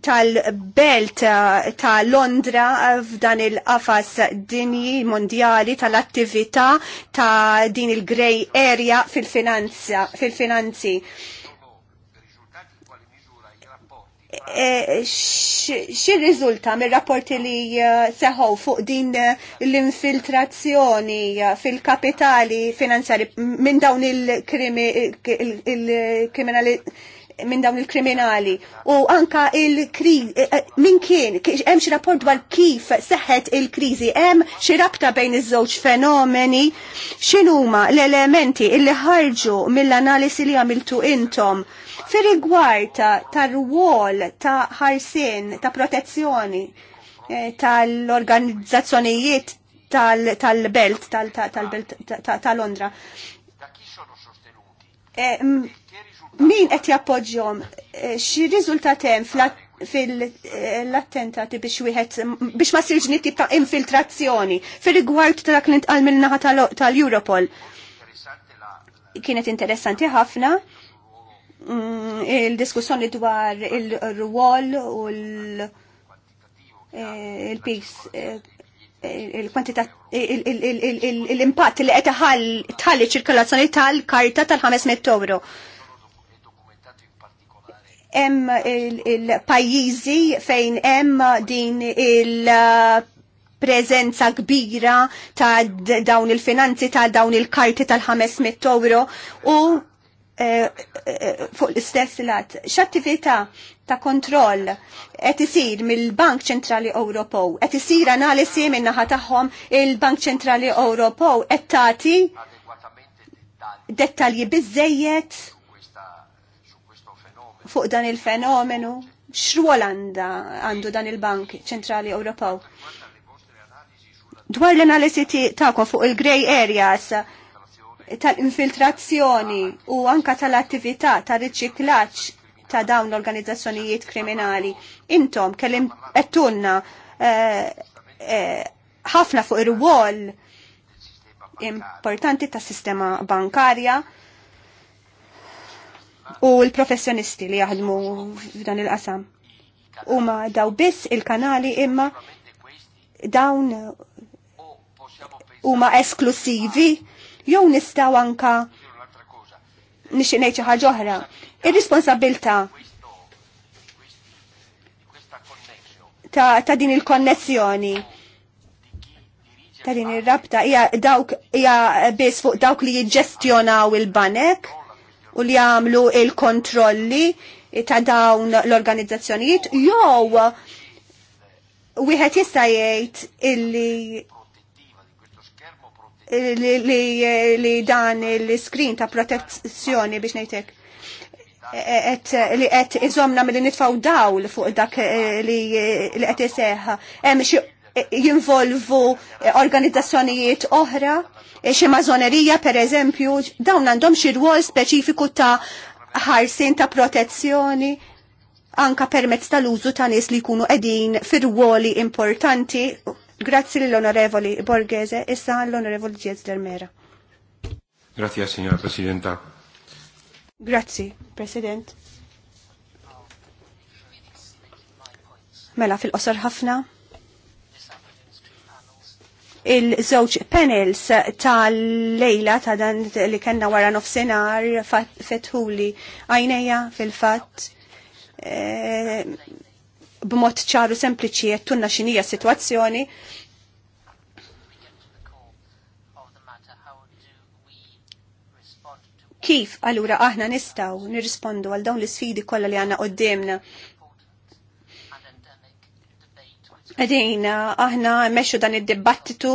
S3: tal-belt eh, ta' Londra eh, f'dan il-qafas dinji mondjali tal-attività ta' din il-grey area fil-finanza fil-finanzi. Eh, Xie rizulta mir-rapporti li seħħu fuq din l-infiltrazzjoni fil-kapitali finanzjari minn dawn il-kriminali il kriminali minn dawn il-kriminali u anka il-kriz eh, eh, min kien hemm xi rapport dwar kif seħħet il-kriżi hemm xi rabta bejn iż-żewġ fenomeni x'inhuma l-elementi li ħarġu mill-analisi li għamiltu intom fir-rigward tar-rwol ta' ħarsien ta' protezzjoni eh, tal-organizzazzjonijiet tal-belt tal-belt ta' Londra min qed jappoġġjom eh, xi riżultat hemm fil-attentati biex wieħed biex ma sirġ tip ta' infiltrazzjoni fir-rigward ta' dak li ntqal mill-naħa tal-Europol. Kienet interessanti ħafna mm, il-diskussjoni dwar eh, eh, il ruwol u l-pis l-impatt li qed tħalli ċirkolazzjoni tal-karta tal-500 euro hemm il-pajjiżi fejn hemm din il- uh, prezenza kbira ta' dawn il-finanzi ta' dawn il-karti tal-500 euro u e, e, fuq l-istess lat. X'attività ta' kontroll qed isir mill-Bank Ċentrali Ewropew, qed isir analisi min-naħa tagħhom il-Bank Ċentrali Ewropew qed tagħti dettalji biżejjed fuq dan il-fenomenu? X'rwol għandu dan il-Bank Ċentrali Ewropew? Dwar l-analisi ta'kom fuq il-grey areas tal-infiltrazzjoni u anka tal-attività ta' riċiklaġġ ta' dawn l-organizzazzjonijiet kriminali, intom kellim qedtunna eh, eh, ħafna fuq ir-wol importanti ta' sistema bankarja u l-professjonisti li jaħdmu f'dan il-qasam. Huma daw biss il-kanali imma dawn huma esklusivi jew nistgħu anka nixi ngħid xi ħaġa oħra. Ir-responsabilità ta', ta din il-konnessjoni ta' din ir-rabta hija dawk hija biss fuq dawk li jiġġestjonaw il-banek u li għamlu il-kontrolli ta' dawn l-organizzazzjonijiet jew wieħed jista' jgħid illi li, li, li dan l-screen ta' protezzjoni biex ngħidlek et, li qed iżomna mill nitfaw dawl fuq dak eh, li qed iseħħ hemm xi jinvolvu eh, organizzazzjonijiet oħra, eh, xi mażonerija pereżempju, dawn għandhom xi rwol speċifiku ta' ħarsin ta' protezzjoni anka permezz tal-użu ta' nies li jkunu qegħdin fir-ruoli importanti. Grazzi l-Onorevoli Borghese, issa l-Onorevoli Ġiez Dermera.
S2: Grazie, signora Presidenta.
S3: Grazzi, President. Mela fil-qosor ħafna, il-żewġ panels tal-lejla ta' dan li kena wara nofsenar fetħuli għajneja fil-fat eh, b'mod ċaru sempliċi jettunna xinija situazzjoni. Kif allura aħna nistaw nirrispondu għal dawn l-sfidi kollha li għanna qoddimna Għedin, aħna meċu dan id-dibattitu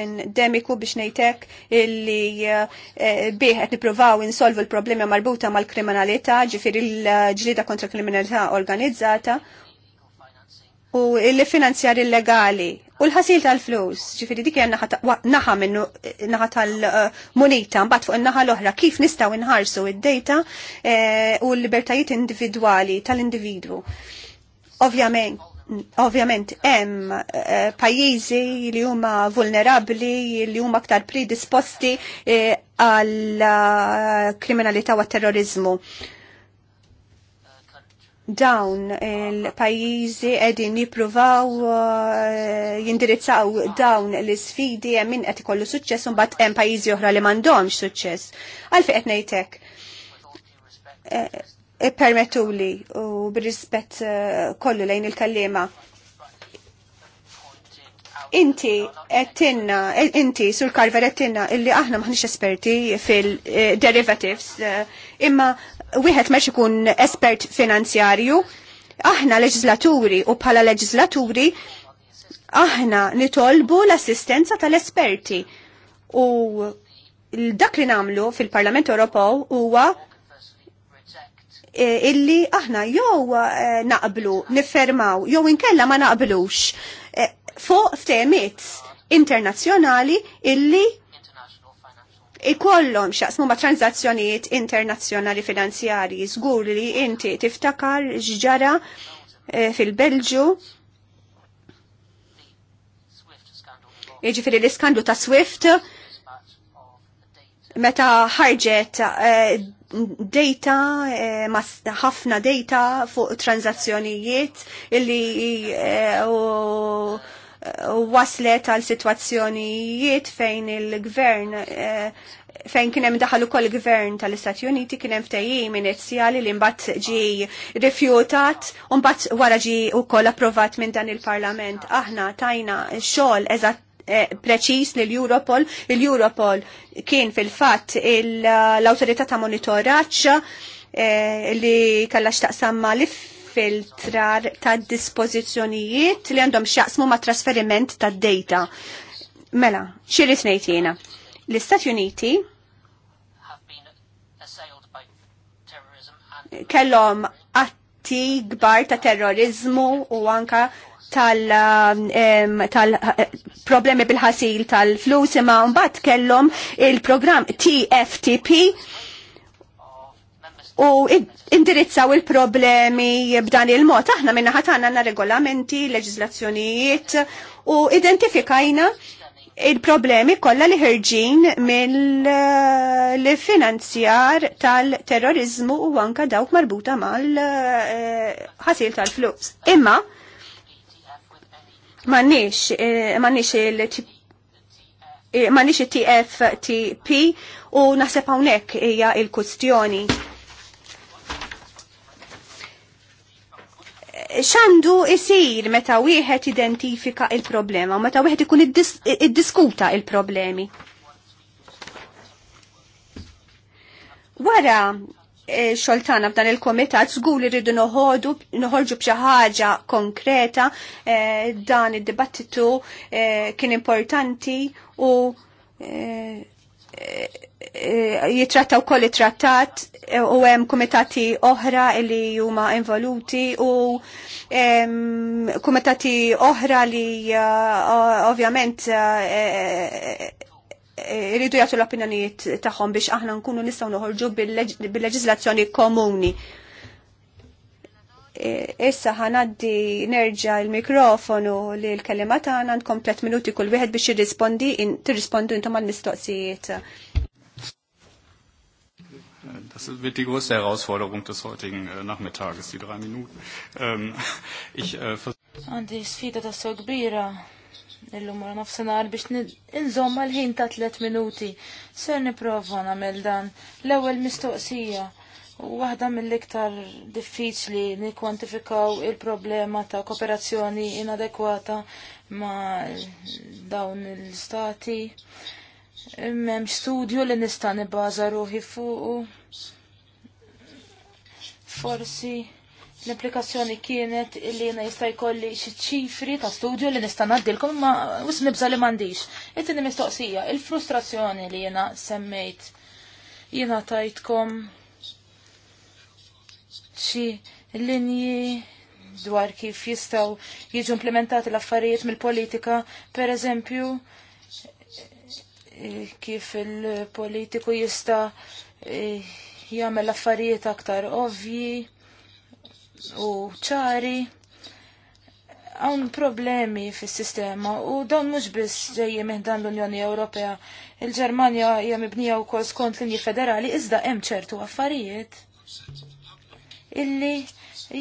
S3: endemiku biex nejtek illi eh, bih qed nippruvaw insolvu l-problemi marbuta mal-kriminalità, ġifieri l-ġlida kontra kriminalità organizzata u l-finanzjar illegali u l-ħasil tal-flus, ġifir dik hija naħa minnu naħa tal-munita, mbagħad fuq in-naħa l-oħra kif nistgħu nħarsu id-dejta eh, u l-libertajiet individwali tal-individwu. Ovvjament, Ovvjament hemm eh, pajjiżi li huma vulnerabbli, li huma aktar predisposti eh, għal eh, kriminalità u terrorizmu. Dawn il-pajjiżi eh, qegħdin jippruvaw jindirizzaw dawn l-isfidi hemm min qed ikollu suċċess u mbagħad hemm pajjiżi oħra li m'għandhomx suċċess. Għalfejn qed ngħidlek Permettuli u bir-rispett eh, kollu lejn il-kallima. Inti għettinna, eh, inti sur karver għettinna illi aħna maħnix esperti fil-derivatives, eh, imma wieħed meċ ikun espert finanzjarju, aħna leġislaturi u bħala leġislaturi aħna nitolbu l-assistenza tal-esperti u dak li namlu fil-Parlament Ewropew huwa Eh, illi aħna jew eh, naqblu, niffermaw, jew inkella ma naqblux eh, fuq ftemiet internazzjonali illi ikollhom xaqsmu ma' tranzazzjonijiet internazzjonali finanzjari Żgur li inti tiftakar x'ġara fil-Belġu Jiġifieri l-iskandlu ta' Swift meta ħarġet eh, data, eh, ħafna data fuq tranzazzjonijiet illi eh, waslet għal situazzjonijiet fejn il-gvern fejn kienem hemm daħal ukoll gvern tal-Istati Uniti kien hemm ftehim inizjali li mbagħad ġi rifjutat u mbagħad wara ġi wkoll approvat minn dan il-Parlament. Aħna tajna xogħol eżatt Eh, preċis li l-Europol. Il-Europol kien fil-fat l-autorità ta' monitoraċ eh, li kallax xtaqsam ma l-filtrar ta' dispozizjonijiet li għandhom xaqsmu ma' trasferiment ta' data. Mela, xirrit nejtina. L-Istati Uniti kellom atti gbar ta' terrorizmu u anka tal-problemi um, eh, bil-ħasil tal-flus imma mbagħad kellhom il-programm TFTP u indirizzaw il-problemi b'dan il-mod. Aħna minna ħatana għandna regolamenti, leġislazzjonijiet u identifikajna il-problemi kollha li ħerġin mill-finanzjar eh, tal-terrorizmu u anka dawk marbuta mal-ħasil eh, tal-flus. Imma, Manix, eh, manix il- eh, manix tftp u naħseb hawnhekk hija il kwistjoni xandu isir meta wieħed identifika il-problema u meta wieħed ikun iddiskuta il-problemi. Wara E, xoltana f'dan il-komitat żgur li rridu noħodu noħorġu b'xi ħaġa konkreta e, dan id-dibattitu e, kien importanti u jitrattaw kolli trattat u hemm kumitati oħra li huma involuti u kumitati oħra li ovvjament iridu jgħatu l-opinjonijiet tagħhom biex aħna nkunu nistgħu noħorġu bil-leġiżlazzjoni komuni. E, issa ħanaddi nerġa' l-mikrofonu li l-kelima tagħna għandkom tliet minuti kull wieħed biex jirrispondi tirrispondu intom għall-mistoqsijiet.
S1: Das wird die größte Herausforderung des heutigen äh, Nachmittages, die drei Minuten. Ähm, Ich, äh, Und die sfida ta' so kbira illum wara nafsenar biex inżomma l-ħin ta' tliet minuti. Ser nipprova nagħmel dan. L-ewwel mistoqsija. Waħda mill-iktar diffiċli nikkwantifikaw il-problema ta' kooperazzjoni inadekwata ma' dawn l-stati. M'hemmx studju li nista' nibbaża ruħi fuq. Forsi L-implikazzjoni kienet li jena jista' jkolli xi ċifri ta' studju li nista' ngħaddilkom ma us nibza li m'għandix. It-tieni mistoqsija, il-frustrazzjoni li jena semmejt jena tajtkom xi linji dwar kif jistaw jiġu implementati l-affarijiet mill-politika, per eżempju, kif il-politiku jista eh, jagħmel l-affarijiet aktar ovvji u ċari għan problemi fis sistema u dawn mux biss ġeji dan l-Unjoni Ewropea. Il-Ġermanja hija mibnija wkoll skont linji federali iżda hemm ċertu affarijiet illi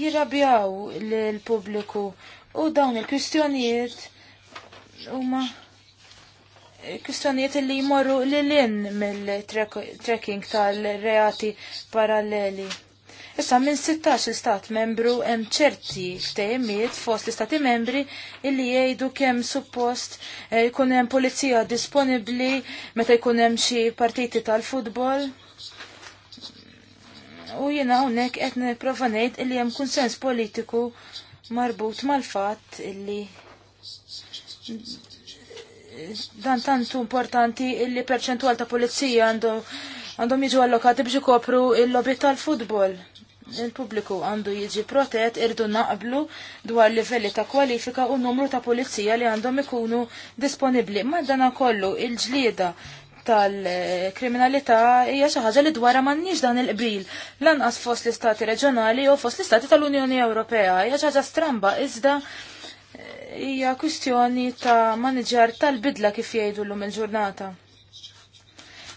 S1: jirabjaw l-pubbliku u dawn il-kwistjonijiet huma kwistjonijiet illi jmorru lil-in mill-trekking tal-reati paralleli. Issa minn 16 stat membru hemm ċerti ftehimiet fost l-istati membri illi jgħidu kemm suppost eh, jkun hemm pulizija disponibbli meta jkun hemm xi partiti tal-futbol. U jiena hawnhekk qed nipprova ngħid illi hemm kunsens politiku marbut mal-fatt illi dan tantu importanti illi perċentwal ta' pulizija għandhom għandhom jiġu allokati biex ikopru l lobby tal-futbol il-pubbliku għandu jiġi protet irdu naqblu dwar livelli ta' kwalifika u numru ta' pulizija li għandhom ikunu disponibbli. Ma dana kollu il-ġlieda tal-kriminalità hija xi ħaġa li dwar m'għandniex dan il-qbil lanqas fost l-istati reġjonali u fost l-istati tal-Unjoni Ewropea. Hija xi ħaġa stramba iżda eh, hija kwistjoni ta' maniġar tal-bidla kif jgħidu llum il-ġurnata.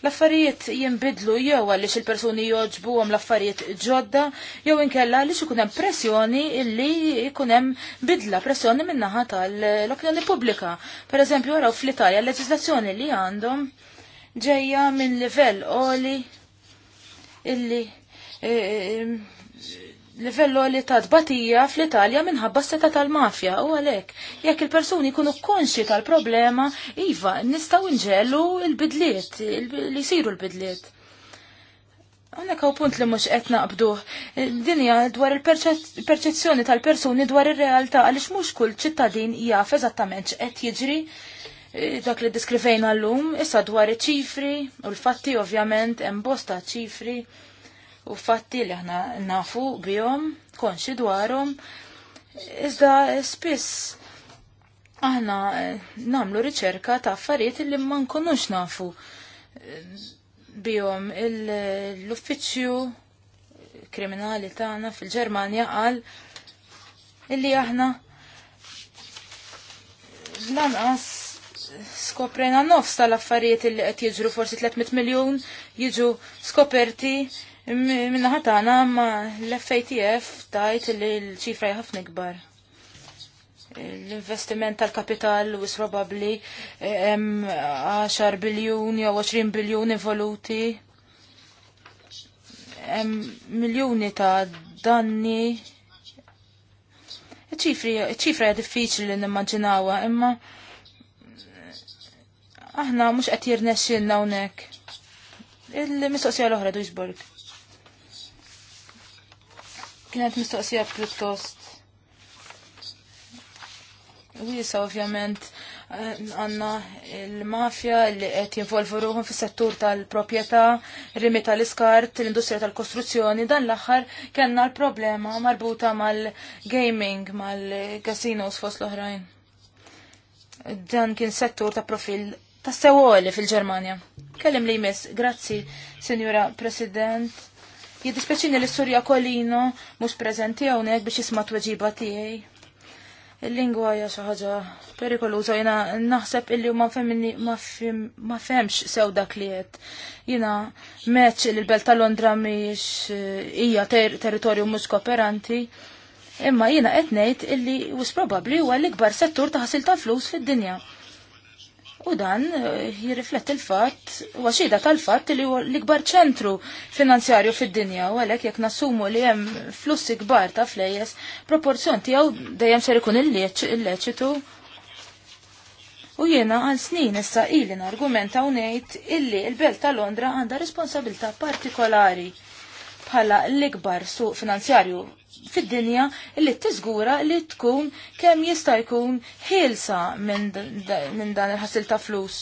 S1: L-affarijiet jinbidlu jew għaliex il-persuni joġbuhom l-affarijiet ġodda jew inkella għaliex ikun hemm pressjoni illi ikun hemm bidla pressjoni min-naħa tal-opinjoni pubblika. Pereżempju għaraw fl-Italja l leġizlazzjoni li għandhom ġejja minn livell oli illi eh, livello li ta' tbatija fl-Italja minħabba seta tal-mafja u għalek. Jekk il-persuni kunu konxi tal-problema, iva, nistaw nġellu il-bidliet, li siru l-bidliet. Għanna kaw punt li mux etna qabduħ. Dinja dwar il-perċezzjoni tal-persuni dwar il-realtà għalix mux kull ċittadin jaf eżattament x'qed jiġri eh, dak li diskrivejna l-lum, issa dwar iċ-ċifri, u l-fatti ovvjament, embosta ċifri u fatti li aħna nafu bihom, konxi dwarom, iżda eh, spiss aħna eh, namlu riċerka ta' affarijiet li ma nkunux nafu eh, bihom l-uffiċċju kriminali tagħna fil-Ġermanja qal illi aħna lanqas skoprejna nofs tal-affarijiet li qed jiġru forsi 300 miljun jiġu skoperti Minna ħatana ma l-FATF tajt li l-ċifra jħafna gbar. L-investiment tal-kapital u probabli 10 eh, biljun jew 20 biljoni voluti. Miljoni ta' danni. ċifra hija diffiċli li nimmaġinawha, imma aħna mhux qed nesċin hawnhekk. Il-mistoqsija l-oħra Duisburg. Kienet mistoqsija pjuttost. Wisa ovvjament għanna il-mafja li qed jinvolvu ruħum fis-settur tal-proprjetà, rimi tal-iskart, l-industrija tal-kostruzzjoni, dan l-aħħar kellna l-problema marbuta mal-gaming, mal-casinos fost l-oħrajn. Dan kien settur ta' profil ta' sewoli fil-Ġermanja. Kellim li jmiss, grazzi, Signora President Jidispeċini li s-surja kolino mux prezenti għonek biex jisma weġiba tiegħi. Il-lingwa hija xi ħaġa perikoluża jiena naħseb illi ma femminni ma femx sew dak li qed. Jiena meċ li l-Belt ta' Londra miex eh, hija territorju mhux kooperanti. Imma jiena qed ngħid illi was probably huwa l-ikbar settur ta' ħasil ta' flus fid-dinja. U dan eh, jirrifletti l-fatt, waxida tal-fatt li huwa l-ikbar ċentru finanzjarju fid-dinja u għalhekk jekk nassumu li hemm flussi kbar ta' flejes, proporzjon tiegħu dejjem ser ikun il-leċitu. U jiena għal snin issa ilin argumenta u ngħid illi l-Belt ta' Londra għandha responsabilità partikolari bħala l-ikbar suq finanzjarju fid-dinja li tiżgura li tkun kemm jista' jkun ħielsa minn dan il-ħasil ta' flus.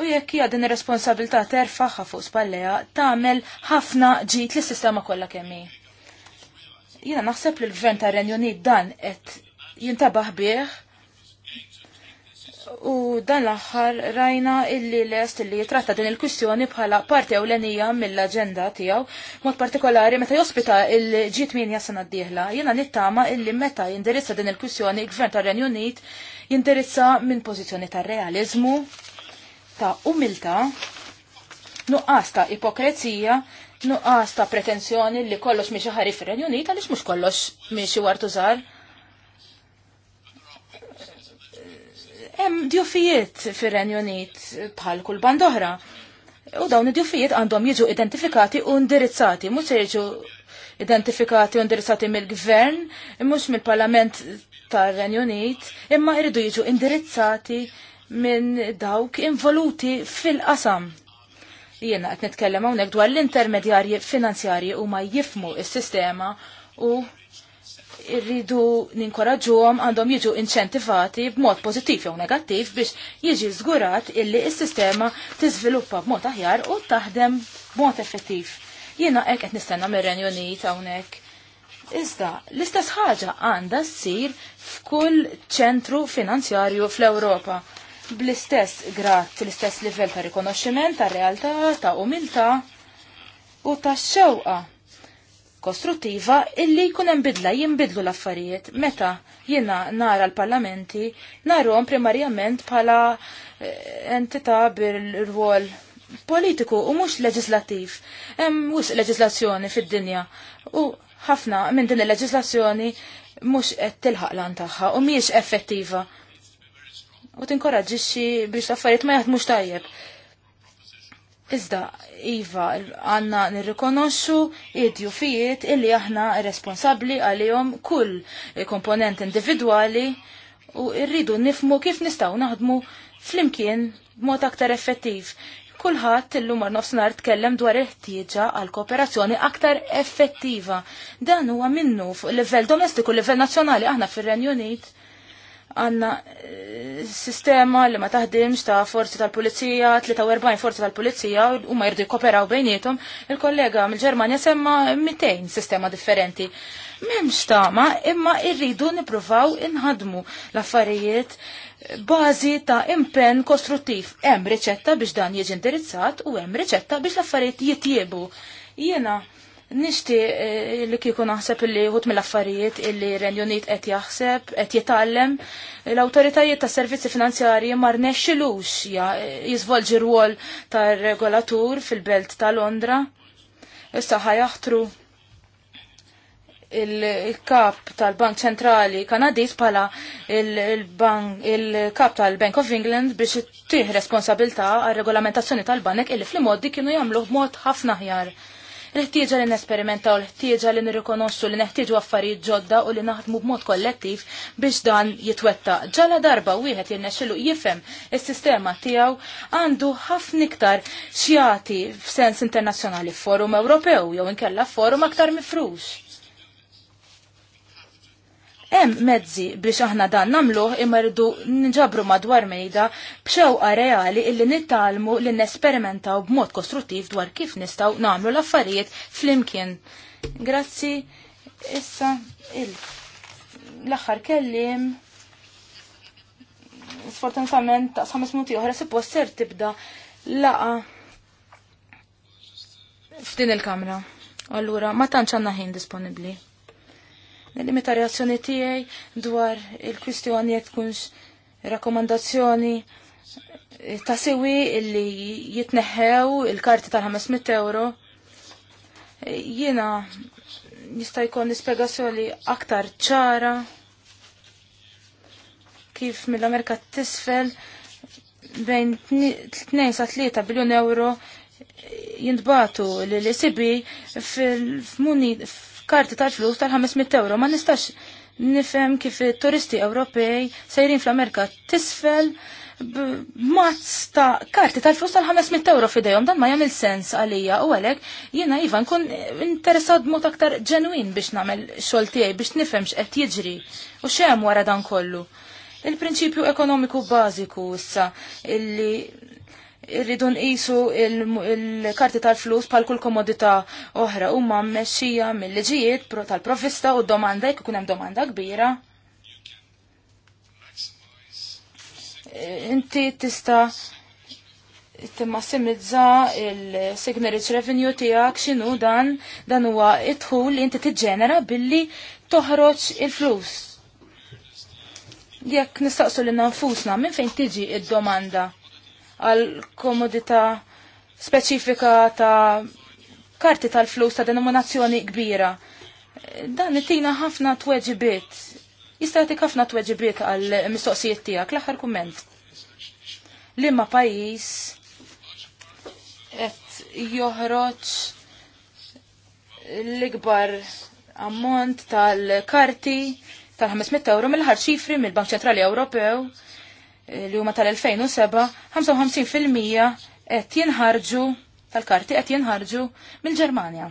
S1: U jekk hija din ir-responsabilità terfaħħa fuq spalleja tagħmel ħafna ġid lis sistema kollha kemm hi. Jiena naħseb li l-gvern tar-Renju Unit dan qed jintabaħ bih U dan l-aħħar rajna illi l-est illi tratta din il-kwistjoni bħala parti ewlenija mill-aġenda tiegħu, mod partikolari meta jospita il g min sena d-dieħla. Jiena nittama illi meta jindirizza din il-kwistjoni il-Gvern tar-Renju Unit jindirizza minn pożizzjoni ta' realizmu, ta' umilta, nuqqas ta' ipokrezija, nuqqas ta' pretenzjoni li kollox miexi ħarif ir-Renju Unit għaliex mhux kollox miexi wartużar. żgħar hemm djufijiet fir-Renju Unit bħal kull band oħra. U dawn id-djufijiet għandhom jiġu identifikati u indirizzati, mhux se jiġu identifikati u indirizzati mill-gvern, mhux mill-Parlament tar-Renju Unit, imma jridu jiġu indirizzati minn dawk involuti fil-qasam. Jiena qed nitkellem hawnhekk dwar l-intermedjarji finanzjarji huma jifmu s-sistema u Irridu ninkoraġuhom għandhom jiġu inċentivati b'mod pożittiv jew negattiv biex jiġi żgurat illi s-sistema tiżviluppa b'mod aħjar u taħdem b'mod effettiv. Jiena hekk qed nistenna mir-Renju Unit hawnhekk. Iżda, l-istess ħaġa għandha ssir f'kull ċentru finanzjarju fl-Ewropa bl-istess grat, l-istess livell ta' rikonoxximent, ta' realtà, ta' umiltà u ta' xewqa kostruttiva illi jkun hemm bidla jinbidlu l-affarijiet meta jiena nara l-parlamenti narhom primarjament bħala eh, entità bil-rwol politiku u mhux leġislattiv. Hemm wis leġislazzjoni fid-dinja u ħafna minn din il-leġislazzjoni mhux qed tilħaq lan tagħha u mhijiex effettiva. U tinkoraġixxi biex l-affarijiet ma jaħdmux tajjeb. Iżda, Iva, għanna nirrikonoxxu id fijiet illi aħna responsabli għalihom kull komponent individwali u rridu nifmu kif nistaw naħdmu flimkien mod aktar effettiv. Kulħadd illum mar nofsinhar tkellem dwar il-ħtieġa għal kooperazzjoni aktar effettiva. Dan huwa minnu fuq livell domestiku, livell nazzjonali aħna fir-Renju Unit għanna eh, sistema li ma taħdimx ta' forzi tal-pulizija, 43 forzi tal-pulizija, u ma jirdu jkoperaw bejnietom, il-kollega mill-Ġermanja semma 200 sistema differenti. Memx tama, imma irridu nipruvaw inħadmu l-affarijiet bazi ta' impen kostruttiv. Hemm riċetta biex dan jiġi indirizzat u hemm riċetta biex l-affarijiet jitjiebu. Jiena Nishti eh, li kiku naħseb li jħut mill-affarijiet illi Renjonit qed jaħseb, qed jitallem l-awtoritajiet ta' servizzi finanzjarji mar nexxilux jizvolġi rwol ta' regolatur fil-belt ta' Londra. Issa ħajaħtru il-kap tal-Bank Ċentrali Kanadis pala il-kap tal-Bank of England biex tih responsabilta għal regolamentazzjoni tal-banek illi fl-moddi kienu jamluħ mod ħafna ħjar l li nesperimentaw, l li nirrikonoxxu li neħtieġu affarijiet ġodda u li naħdmu b'mod kollettiv biex dan jitwetta. Ġala darba wieħed jirnexxilu jifhem is-sistema tiegħu għandu ħafna iktar xjati f'sens internazzjonali f'forum Ewropew jew inkella f'forum aktar mifrux Hemm mezzi biex aħna dan nagħmluh imerdu nġabru madwar mejda b'xewqa reali illi nittalmu li nesperimentaw b'mod kostruttiv dwar kif nistgħu nagħmlu l-affarijiet flimkien. Grazzi. Issa l-aħħar kellim sfortunatament ta' samis minuti oħra se ser tibda laqa f'din il-kamra. Allura, ma tantx għandna ħin disponibbli l-limita reazzjoni tiegħi dwar il-kwistjoni jekk tkunx rakkomandazzjoni ta' sewi illi jitneħew il-karti tal-500 euro. Jiena jista' jkun nispjegazzjoni aktar ċara kif mill-Amerika t-tisfel bejn 2 sa 3 biljon euro jintbatu l-ECB fil muni Karti tal-flus tal-500 euro. Ma nistax nifhem kif turisti Ewropej sejrin fl-Amerika tisfel mazz ta' karti tal-flus tal-500 euro fidejhom dan ma jamil sens għalija u għalhekk jiena iva nkun interessat b'mod aktar ġenwin biex nagħmel xogħol tiegħi biex nifhem x'qed jiġri u xem wara dan kollu. Il-prinċipju ekonomiku bażiku issa illi irridu nqisu il-karti tal-flus pal kull komodità oħra u ma mmexxija mill-liġijiet tal-provvista u domanda jekk ikun hemm domanda kbira. Inti tista' timmassimizza il-signature revenue tiegħek x'inhu dan dan huwa dħul li inti tiġġenera billi toħroġ il-flus. Jekk nistaqsu lil nfusna minn fejn tiġi id-domanda għal komodità speċifika ta' karti tal-flus ta' denominazzjoni kbira. Dan it-tina ħafna tweġibiet. Jista' jagħtik ħafna tweġibiet għal mistoqsijiet tiegħek l-aħħar kumment. Limma pajjiż qed joħroġ l-ikbar ammont tal-karti tal-500 euro mill-ħar ċifri mill-Bank Ċentrali Ewropew li huma tal-2007, 55% qed jinħarġu tal-karti qed jinħarġu mill-Ġermanja.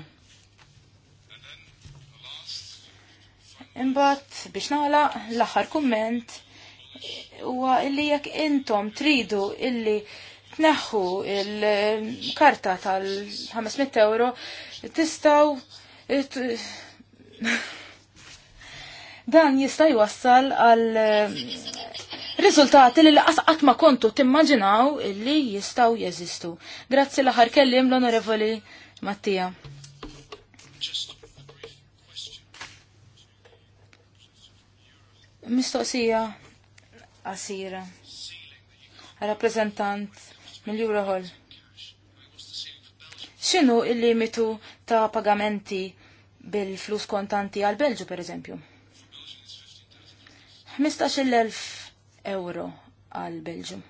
S1: Imbagħad biex nagħlaq l-aħħar kumment huwa illi jekk intom tridu illi tneħħu il-karta tal-500 euro tistaw dan jista' jwassal għal riżultati li laqas qatt ma kontu timmaġinaw illi jistgħu jeżistu. Grazzi l-aħħar kellim l-Onorevoli Mattia. Mistoqsija għasira. Rappresentant mill juraħol X'inhu il-limitu ta' pagamenti bil-flus kontanti għal Belġu per eżempju? 15.000 euro għal Belġu.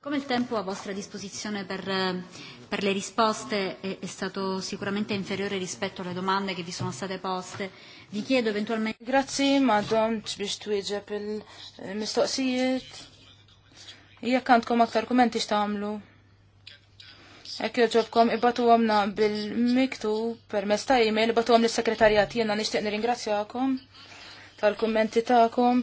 S2: Come il tempo a vostra disposizione per, eh, per le risposte è, è stato sicuramente inferiore rispetto alle domande che vi sono
S1: state poste, vi chiedo eventualmente... Grazie, ma domt biex per il-mistoqsijiet. Eh, Jekk għandkom aktar kumenti x'tagħmlu Ekk joġobkom ibbatu għamna bil-miktu per ta' e-mail, ibbatu għom l-sekretarjat jena nishtiq nir-ingrazzjakom tal-kommenti ta'kom.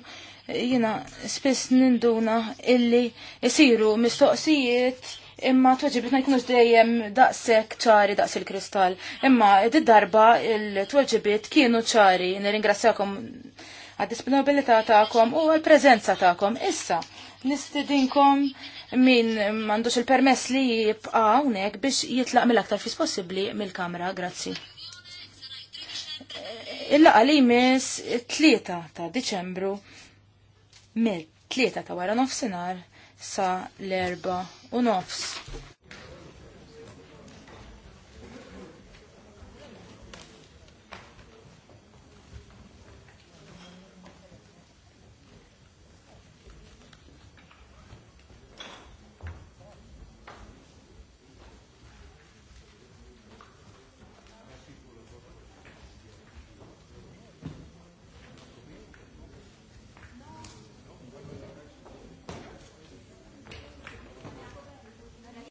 S1: Jena spiss ninduna illi jisiru mistoqsijiet imma tuħġib ma jkunux dejjem daqsek ċari daqs il-kristall. Imma id darba il-tweġibit kienu ċari, nir-ingrazzjakom għad-disponibilità ta'kom u għal-prezenza ta'kom. Issa, nistidinkom min m'għandux il-permess li jibqa' hawnhekk biex jitlaq mill-aktar fis possibbli mill-kamra. Grazzi. Il-laqa li jmiss tlieta ta' Diċembru mill tlieta ta' wara nofsinhar sa l-erba' u nofs.